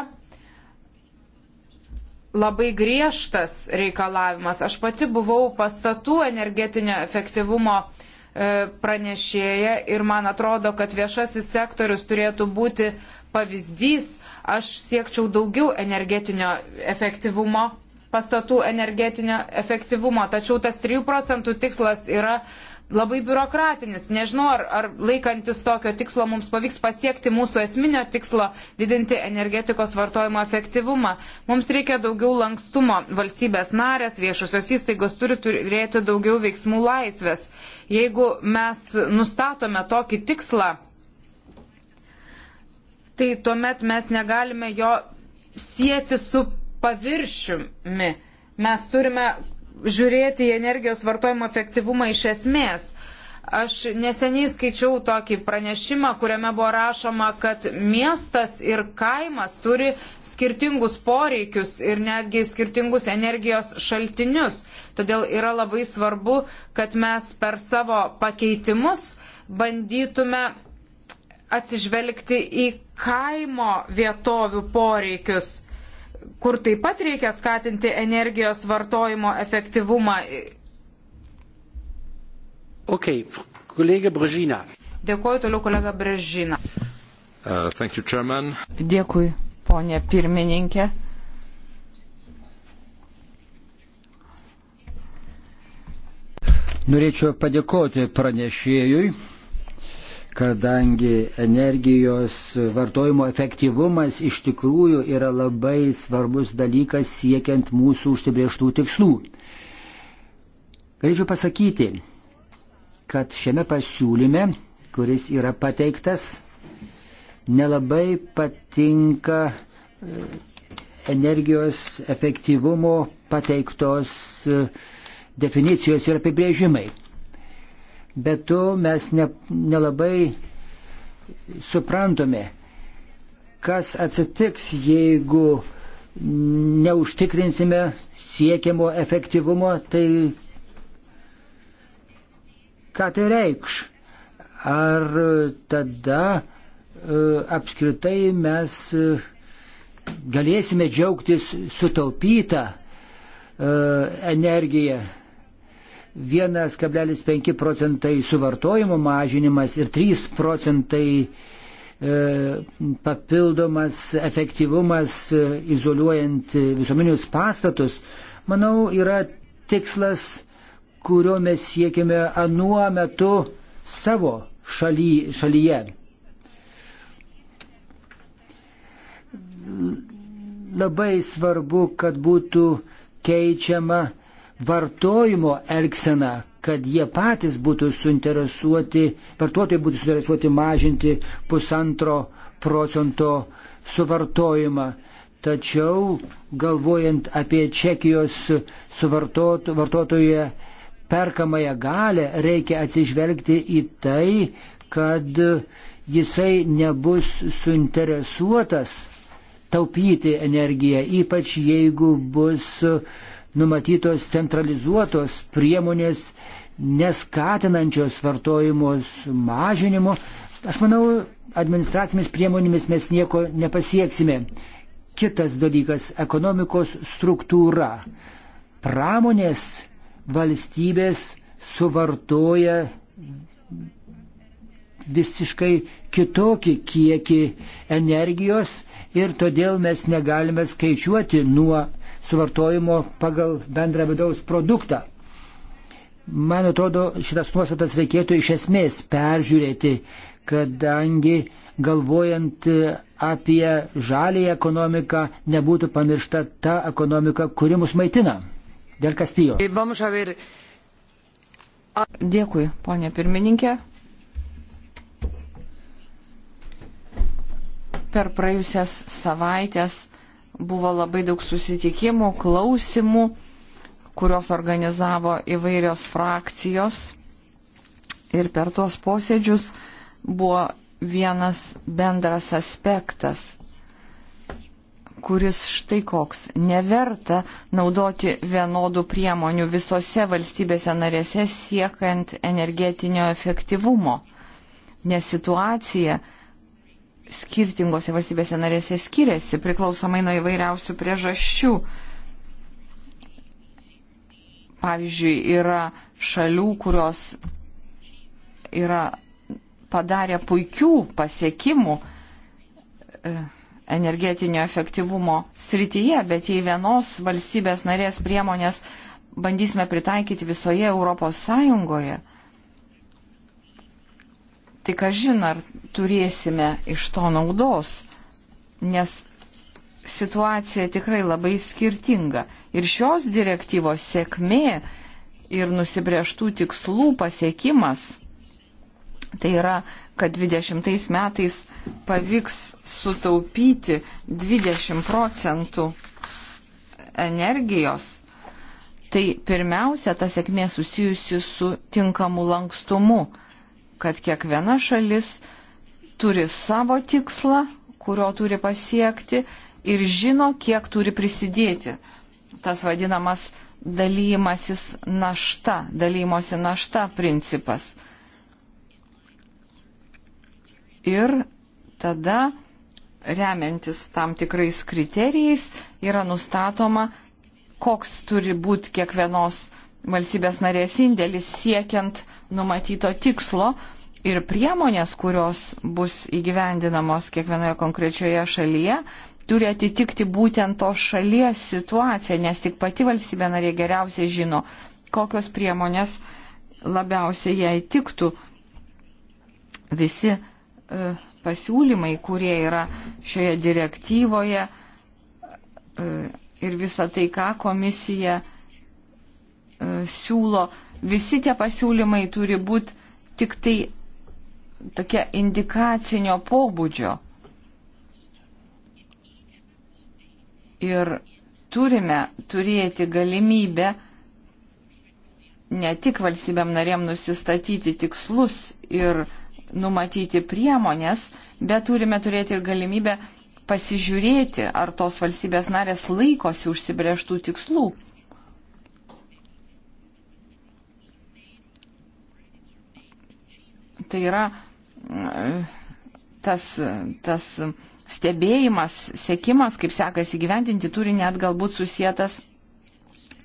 labai griežtas reikalavimas. Aš pati buvau pastatų energetinio efektyvumo e, pranešėja ir man atrodo, kad viešasis sektorius turėtų būti pavyzdys. Aš siekčiau daugiau energetinio efektyvumo pastatų energetinio efektyvumo. Tačiau tas 3 procentų tikslas yra labai biurokratinis. Nežinau, ar, ar laikantis tokio tikslo mums pavyks pasiekti mūsų esminio tikslo didinti energetikos vartojimo efektyvumą. Mums reikia daugiau lankstumo. Valstybės narės, viešosios įstaigos turi turėti daugiau veiksmų laisvės. Jeigu mes nustatome tokį tikslą, tai tuomet mes negalime jo sieti su paviršiumi. Mes turime žiūrėti į energijos vartojimo efektyvumą iš esmės. Aš neseniai skaičiau tokį pranešimą, kuriame buvo rašoma, kad miestas ir kaimas turi skirtingus poreikius ir netgi skirtingus energijos šaltinius. Todėl yra labai svarbu, kad mes per savo pakeitimus bandytume atsižvelgti į kaimo vietovių poreikius kur taip pat reikia skatinti energijos vartojimo efektyvumą. Okay, kolega Brežina. Dėkuoju toliau kolega Brežina. Uh, you, chairman. Dėkui, ponė pirmininkė. Norėčiau padėkoti pranešėjui kadangi energijos vartojimo efektyvumas iš tikrųjų yra labai svarbus dalykas siekiant mūsų užsibrieštų tikslų. Galėčiau pasakyti, kad šiame pasiūlyme, kuris yra pateiktas, nelabai patinka e, energijos efektyvumo pateiktos e, definicijos ir apibrėžimai bet to mes ne, nelabai suprantame, kas atsitiks, jeigu neužtikrinsime siekiamo efektyvumo, tai ką tai reikš? Ar tada e, apskritai mes e, galėsime džiaugtis sutaupytą e, energiją? 1,5 procentai suvartojimo mažinimas ir 3 procentai e, papildomas efektyvumas e, izoliuojant visuomenius pastatus, manau, yra tikslas, kurio mes siekime anuo metu savo šaly, šalyje. Labai svarbu, kad būtų keičiama vartojimo elgseną, kad jie patys būtų suinteresuoti, vartotojai būtų suinteresuoti mažinti pusantro procento suvartojimą. Tačiau galvojant apie Čekijos suvartotoje perkamąją galę, reikia atsižvelgti į tai, kad jisai nebus suinteresuotas taupyti energiją, ypač jeigu bus uh, numatytos centralizuotos priemonės neskatinančios vartojimo mažinimo. Aš manau, administracinėmis priemonėmis mes nieko nepasieksime. Kitas dalykas - ekonomikos struktūra. Pramonės valstybės suvartoja visiškai kitokį kiekį energijos ir todėl mes negalime skaičiuoti nuo suvartojimo pagal bendrą vidaus produktą. Man atrodo, šitas nuostatas reikėtų iš esmės peržiūrėti, kadangi galvojant apie žalį ekonomiką nebūtų pamiršta ta ekonomika, kuri mus maitina. Dėl Kastijo. Eh, ah. Dėkui, ponė pirmininkė. Per praėjusias savaitės Buvo labai daug susitikimų, klausimų, kurios organizavo įvairios frakcijos. Ir per tuos posėdžius buvo vienas bendras aspektas, kuris štai koks. Neverta naudoti vienodų priemonių visose valstybėse narėse siekant energetinio efektyvumo, nes situacija skirtingose valstybėse narėse skiriasi priklausomai nuo įvairiausių priežasčių. Pavyzdžiui, yra šalių, kurios yra padarė puikių pasiekimų e, energetinio efektyvumo srityje, bet jei vienos valstybės narės priemonės bandysime pritaikyti visoje Europos Sąjungoje, tik aš žin, ar turėsime iš to naudos, nes situacija tikrai labai skirtinga. Ir šios direktyvos sėkmė ir nusibrieštų tikslų pasiekimas, tai yra, kad 20 metais pavyks sutaupyti 20 procentų energijos, tai pirmiausia, ta sėkmė susijusi su tinkamu lankstumu kad kiekviena šalis turi savo tikslą, kurio turi pasiekti ir žino, kiek turi prisidėti. Tas vadinamas dalymasis našta, dalymosi našta principas. Ir tada, remiantis tam tikrais kriterijais, yra nustatoma, koks turi būti kiekvienos valstybės narės indėlis siekiant numatyto tikslo ir priemonės, kurios bus įgyvendinamos kiekvienoje konkrečioje šalyje, turi atitikti būtent to šalies situaciją, nes tik pati valstybė narė geriausiai žino, kokios priemonės labiausiai jai tiktų. Visi e, pasiūlymai, kurie yra šioje direktyvoje e, ir visa tai, ką komisija e, E, siūlo, visi tie pasiūlymai turi būti tik tai tokia indikacinio pobūdžio. Ir turime turėti galimybę ne tik valstybėm narėm nusistatyti tikslus ir numatyti priemonės, bet turime turėti ir galimybę pasižiūrėti, ar tos valstybės narės laikosi užsibrieštų tikslų. Tai yra tas, tas stebėjimas, sekimas, kaip sekasi gyventinti, turi net galbūt susijęs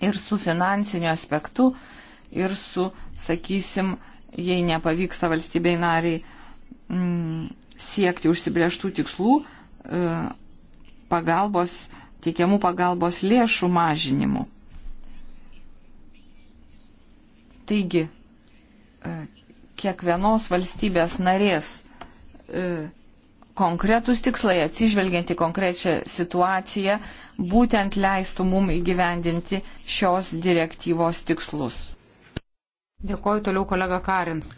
ir su finansiniu aspektu, ir su, sakysim, jei nepavyksta valstybei nariai m, mm, siekti užsibrieštų tikslų, e, pagalbos, teikiamų pagalbos lėšų mažinimu. Taigi, e, kiekvienos valstybės narės e, konkretus tikslai atsižvelgiant į konkrečią situaciją būtent leistų mum įgyvendinti šios direktyvos tikslus. Dėkuoju toliau kolega Karins.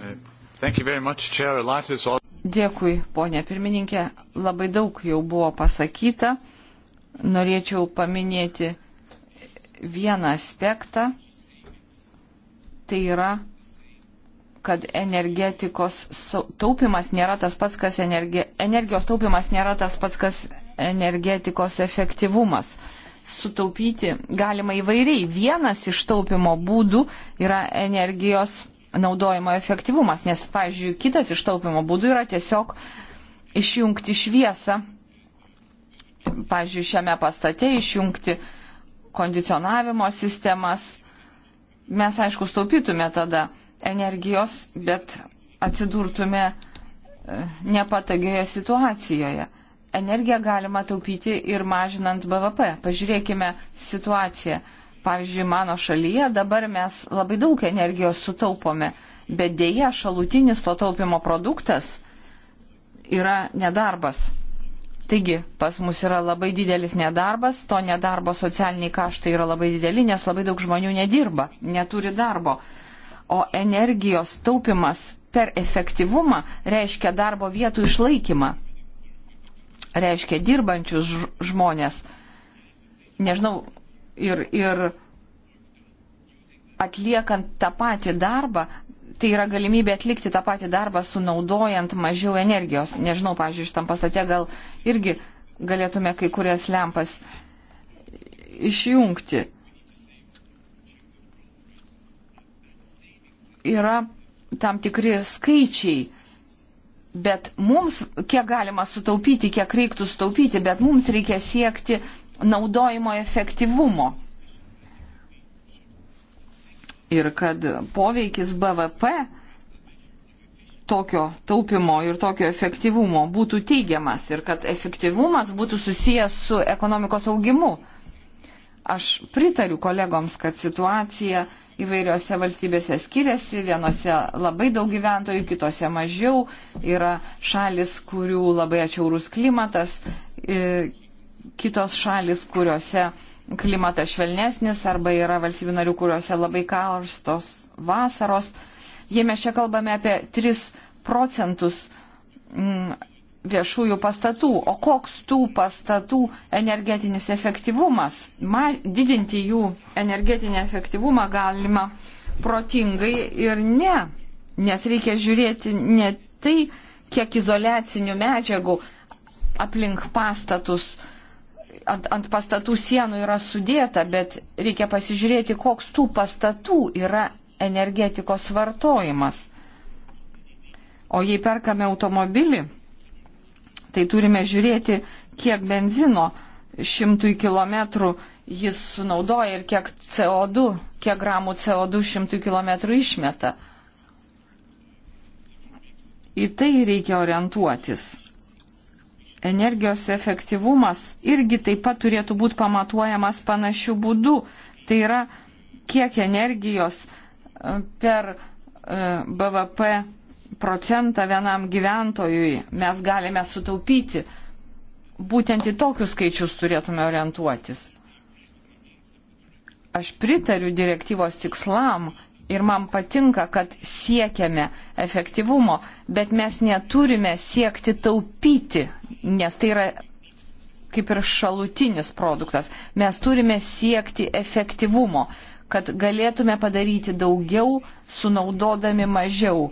Uh, much, Chair, all... Dėkui, ponė pirmininkė. Labai daug jau buvo pasakyta. Norėčiau paminėti vieną aspektą. Tai yra kad energetikos taupimas nėra tas pats, kas energi... energijos taupimas nėra tas pats, kas energetikos efektyvumas. Sutaupyti galima įvairiai. Vienas iš taupimo būdų yra energijos naudojimo efektyvumas, nes, pavyzdžiui, kitas iš taupimo būdų yra tiesiog išjungti šviesą, pavyzdžiui, šiame pastate išjungti kondicionavimo sistemas. Mes, aišku, staupytume tada energijos, bet atsidurtume e, nepatagioje situacijoje. Energiją galima taupyti ir mažinant BVP. Pažiūrėkime situaciją. Pavyzdžiui, mano šalyje dabar mes labai daug energijos sutaupome, bet dėja šalutinis to taupimo produktas yra nedarbas. Taigi, pas mus yra labai didelis nedarbas, to nedarbo socialiniai kaštai yra labai dideli, nes labai daug žmonių nedirba, neturi darbo o energijos taupimas per efektyvumą reiškia darbo vietų išlaikymą, reiškia dirbančius žmonės. Nežinau, ir, ir atliekant tą patį darbą, tai yra galimybė atlikti tą patį darbą sunaudojant mažiau energijos. Nežinau, pavyzdžiui, šitam pastate gal irgi galėtume kai kurias lempas išjungti. yra tam tikri skaičiai. Bet mums, kiek galima sutaupyti, kiek reiktų sutaupyti, bet mums reikia siekti naudojimo efektyvumo. Ir kad poveikis BVP tokio taupimo ir tokio efektyvumo būtų teigiamas ir kad efektyvumas būtų susijęs su ekonomikos augimu. Aš pritariu kolegoms, kad situacija įvairiose valstybėse skiriasi, vienose labai daug gyventojų, kitose mažiau, yra šalis, kurių labai atšiaurus klimatas, kitos šalis, kuriuose klimatas švelnesnis arba yra valstybių narių, kuriuose labai karštos vasaros. Jei mes čia kalbame apie 3 procentus viešųjų pastatų, o koks tų pastatų energetinis efektyvumas. Ma, didinti jų energetinį efektyvumą galima protingai ir ne, nes reikia žiūrėti ne tai, kiek izolacinių medžiagų aplink pastatus, ant, ant pastatų sienų yra sudėta, bet reikia pasižiūrėti, koks tų pastatų yra energetikos vartojimas. O jei perkame automobilį, tai turime žiūrėti, kiek benzino šimtui kilometrų jis sunaudoja ir kiek CO2, kiek gramų CO2 šimtui kilometrų išmeta. Į tai reikia orientuotis. Energijos efektyvumas irgi taip pat turėtų būti pamatuojamas panašių būdų. Tai yra, kiek energijos e, per e, BVP procentą vienam gyventojui mes galime sutaupyti. Būtent į tokius skaičius turėtume orientuotis. Aš pritariu direktyvos tikslam ir man patinka, kad siekiame efektyvumo, bet mes neturime siekti taupyti, nes tai yra kaip ir šalutinis produktas. Mes turime siekti efektyvumo, kad galėtume padaryti daugiau, sunaudodami mažiau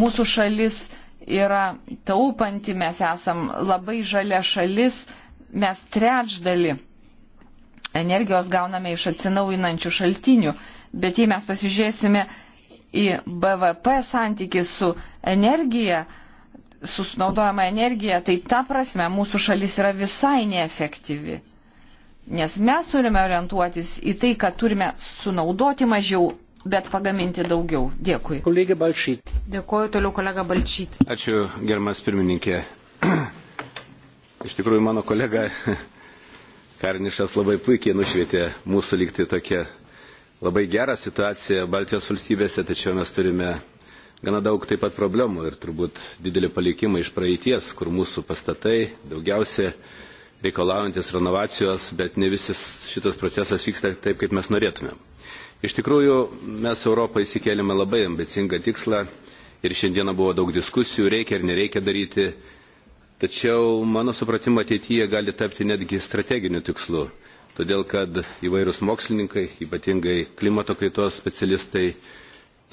Mūsų šalis yra taupanti, mes esam labai žalia šalis, mes trečdali energijos gauname iš atsinaujinančių šaltinių, bet jei mes pasižiūrėsime į BVP santykį su energija, susnaudojama energija, tai ta prasme mūsų šalis yra visai neefektyvi. Nes mes turime orientuotis į tai, kad turime sunaudoti mažiau, bet pagaminti daugiau. Dėkui. Kolegė Balčyt. Dėkuoju toliau kolega Balčyt. Ačiū, germas pirmininkė. Iš tikrųjų, mano kolega Karnišas labai puikiai nušvietė mūsų likti tokia labai gerą situaciją Baltijos valstybėse, tačiau mes turime gana daug taip pat problemų ir turbūt didelį palikimą iš praeities, kur mūsų pastatai daugiausia reikalaujantis renovacijos, bet ne visas šitas procesas vyksta taip, kaip mes norėtumėm. Iš tikrųjų, mes Europą įsikėlėme labai ambicingą tikslą ir šiandieną buvo daug diskusijų, reikia ar nereikia daryti. Tačiau, mano supratimo, ateityje gali tapti netgi strateginiu tikslu. Todėl, kad įvairūs mokslininkai, ypatingai klimato kaitos specialistai,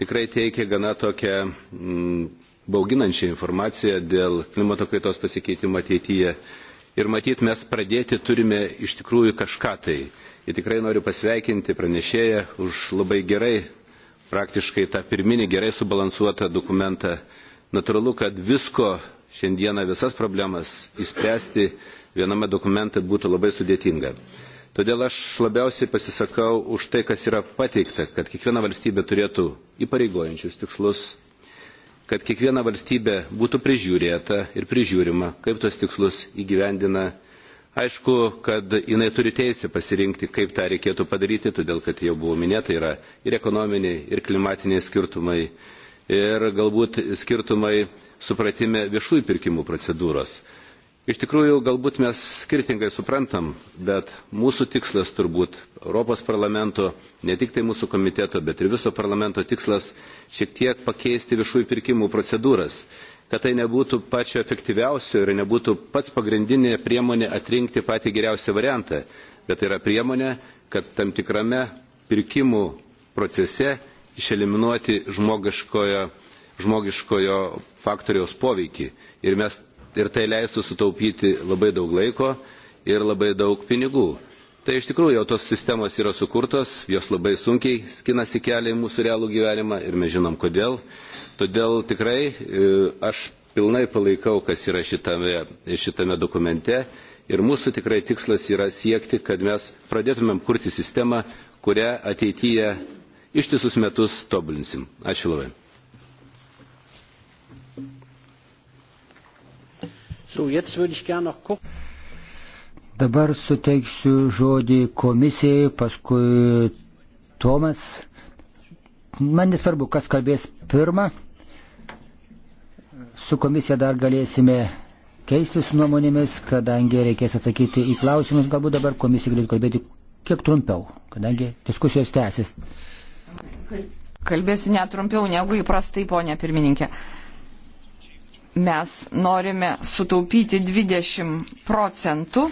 tikrai teikia gana tokią mm, bauginančią informaciją dėl klimato kaitos pasikeitimo ateityje. Ir matyt, mes pradėti turime iš tikrųjų kažką tai. Ir tikrai noriu pasveikinti pranešėją už labai gerai, praktiškai tą pirminį gerai subalansuotą dokumentą. Natūralu, kad visko šiandieną visas problemas įspręsti viename dokumente būtų labai sudėtinga. Todėl aš labiausiai pasisakau už tai, kas yra pateikta, kad kiekviena valstybė turėtų įpareigojančius tikslus, kad kiekviena valstybė būtų prižiūrėta ir prižiūrima, kaip tos tikslus įgyvendina Aišku, kad jinai turi teisę pasirinkti, kaip tą reikėtų padaryti, todėl kad jau buvo minėta, yra ir ekonominiai, ir klimatiniai skirtumai, ir galbūt skirtumai supratime viešųjų pirkimų procedūros. Iš tikrųjų, galbūt mes skirtingai suprantam, bet mūsų tikslas turbūt Europos parlamento, ne tik tai mūsų komiteto, bet ir viso parlamento tikslas šiek tiek pakeisti viešųjų pirkimų procedūras kad tai nebūtų pačio efektyviausio ir nebūtų pats pagrindinė priemonė atrinkti patį geriausią variantą, bet tai yra priemonė, kad tam tikrame pirkimų procese išeliminuoti žmogiškojo, žmogiškojo faktoriaus poveikį. Ir, mes, ir tai leistų sutaupyti labai daug laiko ir labai daug pinigų. Tai iš tikrųjų jau tos sistemos yra sukurtos, jos labai sunkiai skinasi kelią į mūsų realų gyvenimą ir mes žinom kodėl. Todėl tikrai e, aš pilnai palaikau, kas yra šitame, šitame dokumente ir mūsų tikrai tikslas yra siekti, kad mes pradėtumėm kurti sistemą, kurią ateityje ištisus metus tobulinsim. Ačiū labai. So, jetzt würde ich gerne noch gucken. Dabar suteiksiu žodį komisijai, paskui Tomas. Man nesvarbu, kas kalbės pirmą. Su komisija dar galėsime keistis nuomonėmis, kadangi reikės atsakyti į klausimus. Galbūt dabar komisija galėtų kalbėti kiek trumpiau, kadangi diskusijos tęsis. Kalbėsiu netrumpiau negu įprastai, ponė pirmininkė. Mes norime sutaupyti 20 procentų.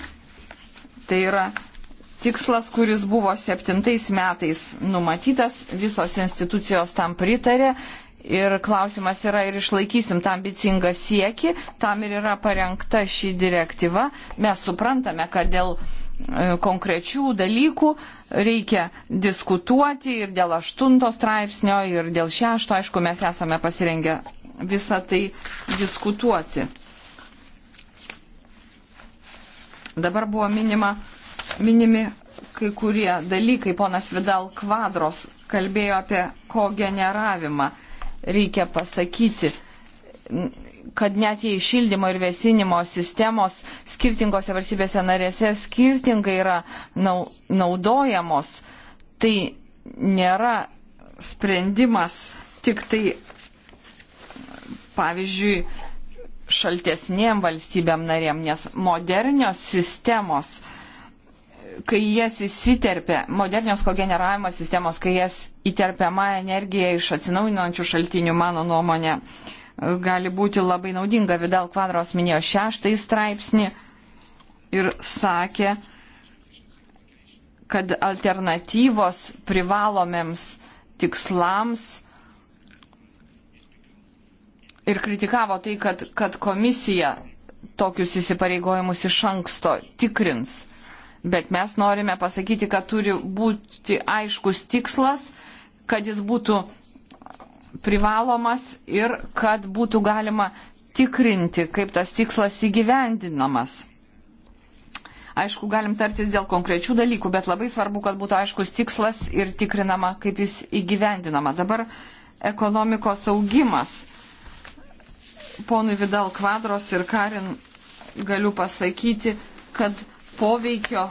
Tai yra tikslas, kuris buvo septintais metais numatytas, visos institucijos tam pritarė Ir klausimas yra, ir išlaikysim tą ambicingą siekį, tam ir yra parengta ši direktyva. Mes suprantame, kad dėl e, konkrečių dalykų reikia diskutuoti ir dėl aštunto straipsnio, ir dėl šešto, aišku, mes esame pasirengę visą tai diskutuoti. Dabar buvo minima, minimi kai kurie dalykai, ponas Vidal Kvadros kalbėjo apie kogeneravimą. generavimą reikia pasakyti, kad net jei šildymo ir vėsinimo sistemos skirtingose valstybėse narėse skirtingai yra naudojamos, tai nėra sprendimas tik tai, pavyzdžiui, šaltesniem valstybėm narėm, nes modernios sistemos kai jas įsiterpia, modernios kogeneravimo sistemos, kai jas įterpiama energija iš atsinaujinančių šaltinių, mano nuomonė, gali būti labai naudinga. Vidal Kvadros minėjo šeštąjį straipsnį ir sakė, kad alternatyvos privalomiems tikslams ir kritikavo tai, kad, kad komisija tokius įsipareigojimus iš anksto tikrins. Bet mes norime pasakyti, kad turi būti aiškus tikslas, kad jis būtų privalomas ir kad būtų galima tikrinti, kaip tas tikslas įgyvendinamas. Aišku, galim tartis dėl konkrečių dalykų, bet labai svarbu, kad būtų aiškus tikslas ir tikrinama, kaip jis įgyvendinama. Dabar ekonomikos augimas. Ponui Vidal Kvadros ir Karin galiu pasakyti, kad poveikio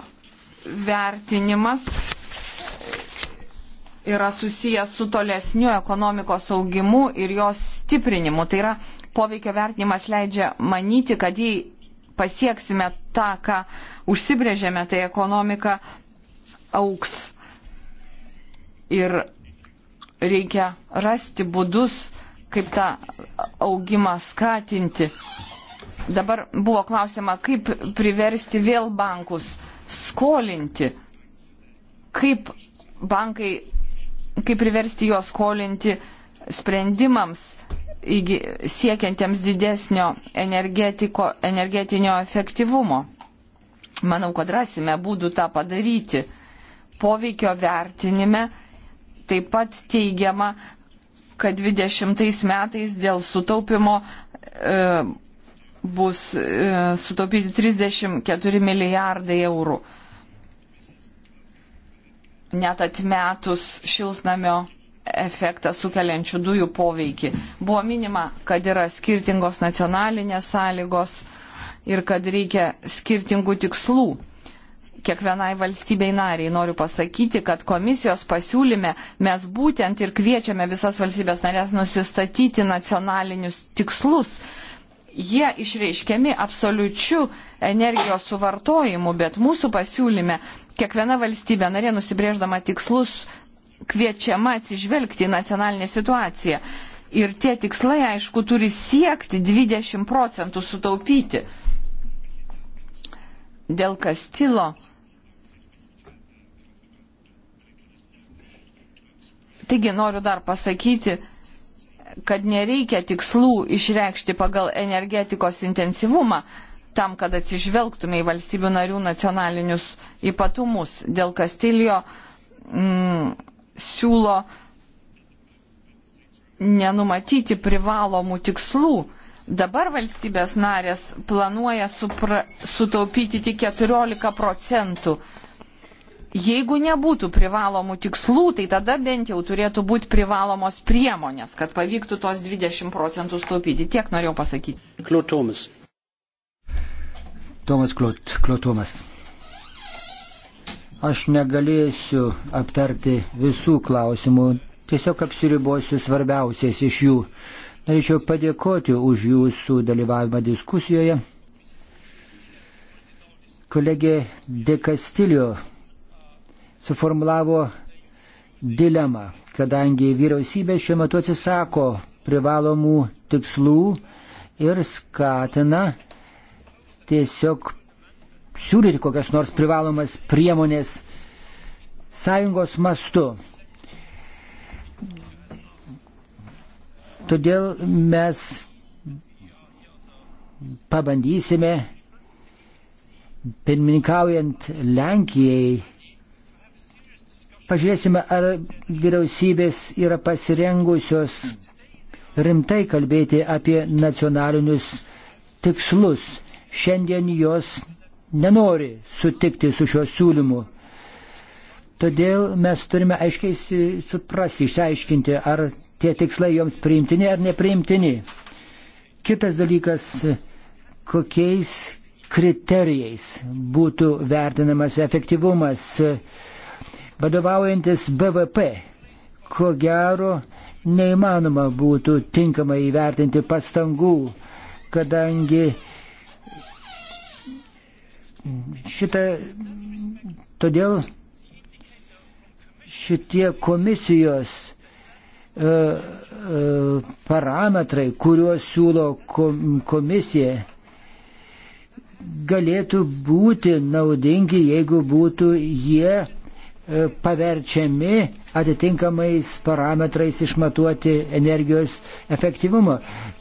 vertinimas yra susijęs su tolesniu ekonomikos augimu ir jos stiprinimu. Tai yra poveikio vertinimas leidžia manyti, kad jei pasieksime tą, ką užsibrėžėme, tai ekonomika auks. Ir reikia rasti būdus, kaip tą augimą skatinti. Dabar buvo klausima, kaip priversti vėl bankus skolinti, kaip bankai, kaip priversti juos skolinti sprendimams siekiantiems didesnio energetinio efektyvumo. Manau, kad rasime būdų tą padaryti. Poveikio vertinime taip pat teigiama, kad 20 metais dėl sutaupimo e, bus e, sutaupyti 34 milijardai eurų. Net atmetus šiltnamio efektą sukeliančių dujų poveikį. Buvo minima, kad yra skirtingos nacionalinės sąlygos ir kad reikia skirtingų tikslų. Kiekvienai valstybei nariai noriu pasakyti, kad komisijos pasiūlyme mes būtent ir kviečiame visas valstybės narės nusistatyti nacionalinius tikslus jie išreiškiami absoliučiu energijos suvartojimu, bet mūsų pasiūlyme kiekviena valstybė narė nusibrėždama tikslus kviečiama atsižvelgti į nacionalinę situaciją. Ir tie tikslai, aišku, turi siekti 20 procentų sutaupyti. Dėl kastilo. Taigi noriu dar pasakyti, kad nereikia tikslų išreikšti pagal energetikos intensyvumą tam, kad atsižvelgtume į valstybių narių nacionalinius ypatumus. Dėl Kastilio mm, siūlo nenumatyti privalomų tikslų. Dabar valstybės narės planuoja supra, sutaupyti tik 14 procentų Jeigu nebūtų privalomų tikslų, tai tada bent jau turėtų būti privalomos priemonės, kad pavyktų tos 20 procentų staupyti. Tiek norėjau pasakyti. Klotomas. Tomas Klot, Klotomas. Aš negalėsiu aptarti visų klausimų, tiesiog apsiribosiu svarbiausiais iš jų. Norėčiau padėkoti už jūsų dalyvavimą diskusijoje. Kolegė De Castillo suformulavo dilemą, kadangi vyriausybė šiuo metu atsisako privalomų tikslų ir skatina tiesiog siūlyti kokias nors privalomas priemonės sąjungos mastu. Todėl mes pabandysime, pirmininkaujant Lenkijai, Pažiūrėsime, ar vyriausybės yra pasirengusios rimtai kalbėti apie nacionalinius tikslus. Šiandien jos nenori sutikti su šiuo siūlymu. Todėl mes turime aiškiai suprasti, išsiaiškinti, ar tie tikslai joms priimtini ar nepriimtini. Kitas dalykas, kokiais kriterijais būtų vertinamas efektyvumas Vadovaujantis BVP, ko gero, neįmanoma būtų tinkamai įvertinti pastangų, kadangi šitą todėl šitie komisijos e, e, parametrai, kuriuos siūlo komisija, galėtų būti naudingi, jeigu būtų jie E, paverčiami atitinkamais parametrais išmatuoti energijos efektyvumą.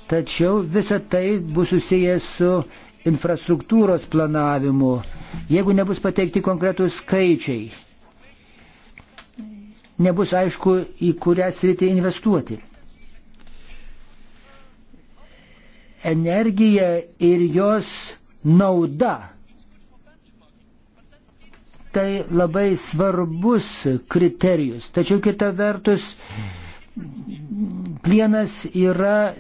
Tačiau visa tai bus susijęs su infrastruktūros planavimu, jeigu nebus pateikti konkretūs skaičiai. Nebus aišku, į kurią sritį investuoti. Energija ir jos nauda tai labai svarbus kriterijus. Tačiau kita vertus, plienas yra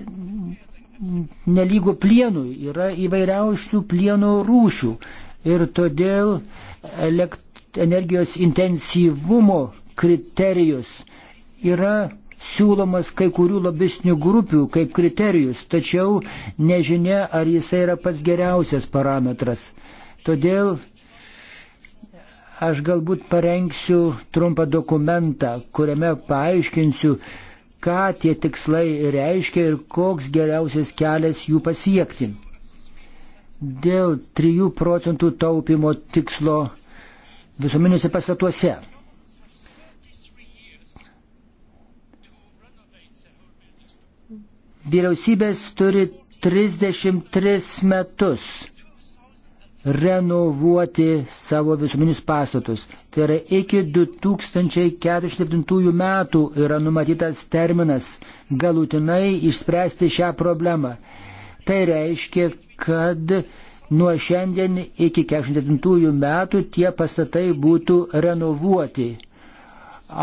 nelygų plienų, yra įvairiausių plieno rūšių ir todėl energijos intensyvumo kriterijus yra siūlomas kai kurių lobistinių grupių kaip kriterijus, tačiau nežinia, ar jisai yra pats geriausias parametras. Todėl Aš galbūt parengsiu trumpą dokumentą, kuriame paaiškinsiu, ką tie tikslai reiškia ir koks geriausias kelias jų pasiekti. Dėl 3 procentų taupimo tikslo visuomenėse pastatuose. Vyriausybės turi 33 metus renovuoti savo visuomenius pastatus. Tai yra iki 2047 metų yra numatytas terminas galutinai išspręsti šią problemą. Tai reiškia, kad nuo šiandien iki 49 metų tie pastatai būtų renovuoti.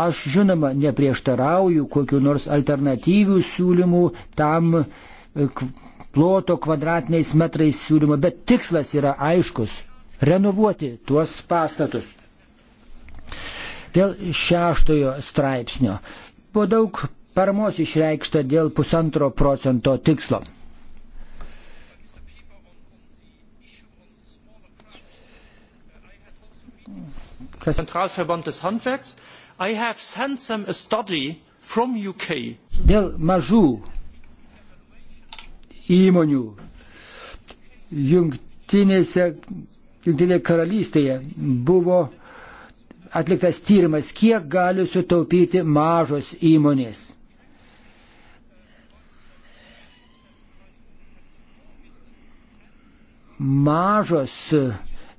Aš žinoma neprieštarauju kokiu nors alternatyvių siūlymų tam e, ploto kvadratiniais metrais siūlymo, bet tikslas yra aiškus - renovuoti tuos pastatus. Dėl šeštojo straipsnio buvo daug paramos išreikšta dėl pusantro procento tikslo. Kas... Centralverband des Handwerks. I have sent them a study from UK. Dėl mažų įmonių. Jungtinėse, Jungtinėje karalystėje buvo atliktas tyrimas, kiek gali sutaupyti mažos įmonės. Mažos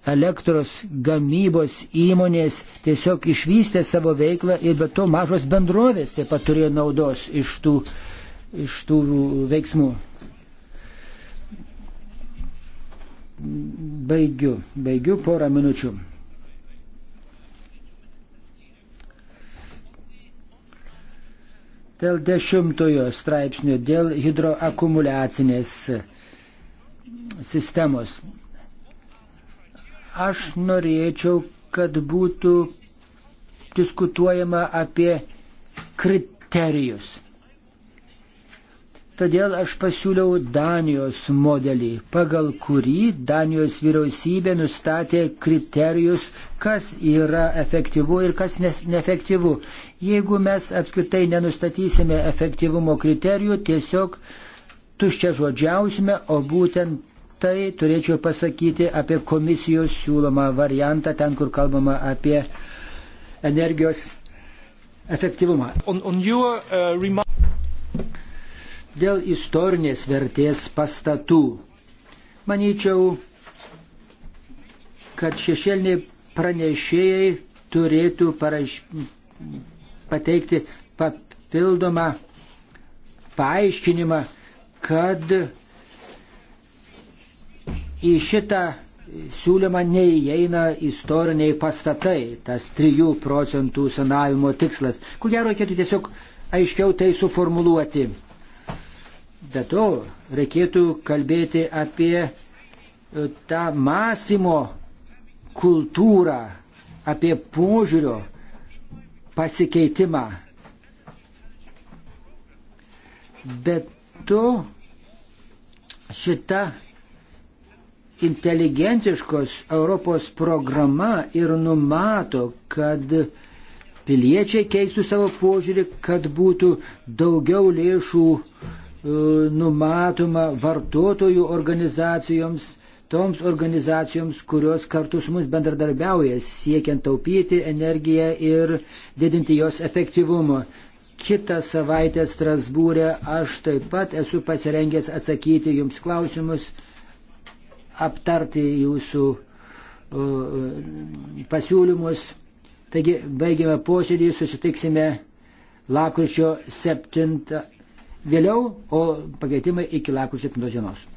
elektros gamybos įmonės tiesiog išvystė savo veiklą ir be to mažos bendrovės taip pat turėjo naudos iš tų, iš tų veiksmų. baigiu, baigiu porą minučių. Dėl dešimtojo straipsnio, dėl hidroakumuliacinės sistemos. Aš norėčiau, kad būtų diskutuojama apie kriterijus. Todėl aš pasiūliau Danijos modelį, pagal kurį Danijos vyriausybė nustatė kriterijus, kas yra efektyvu ir kas neefektyvu. Jeigu mes apskritai nenustatysime efektyvumo kriterijų, tiesiog tuščia žodžiausime, o būtent tai turėčiau pasakyti apie komisijos siūlomą variantą, ten kur kalbama apie energijos efektyvumą. On, on your, uh, Dėl istorinės vertės pastatų. Manyčiau, kad šešėliniai pranešėjai turėtų paraš... pateikti papildomą paaiškinimą, kad į šitą siūlymą neįeina istoriniai pastatai, tas 3 procentų senavimo tikslas. Ko gero reikėtų tiesiog aiškiau tai suformuluoti. Be to, reikėtų kalbėti apie e, tą mąstymo kultūrą, apie požiūrio pasikeitimą. Bet tu šita inteligentiškos Europos programa ir numato, kad piliečiai keistų savo požiūrį, kad būtų daugiau lėšų E, numatoma vartotojų organizacijoms, toms organizacijoms, kurios kartu su mus bendradarbiauja, siekiant taupyti energiją ir didinti jos efektyvumą. Kitą savaitę Strasbūrė aš taip pat esu pasirengęs atsakyti jums klausimus, aptarti jūsų e, e, pasiūlymus. Taigi, baigime posėdį, susitiksime lakryčio 7 vėliau, o pakeitimai iki lapkričio 7 dienos.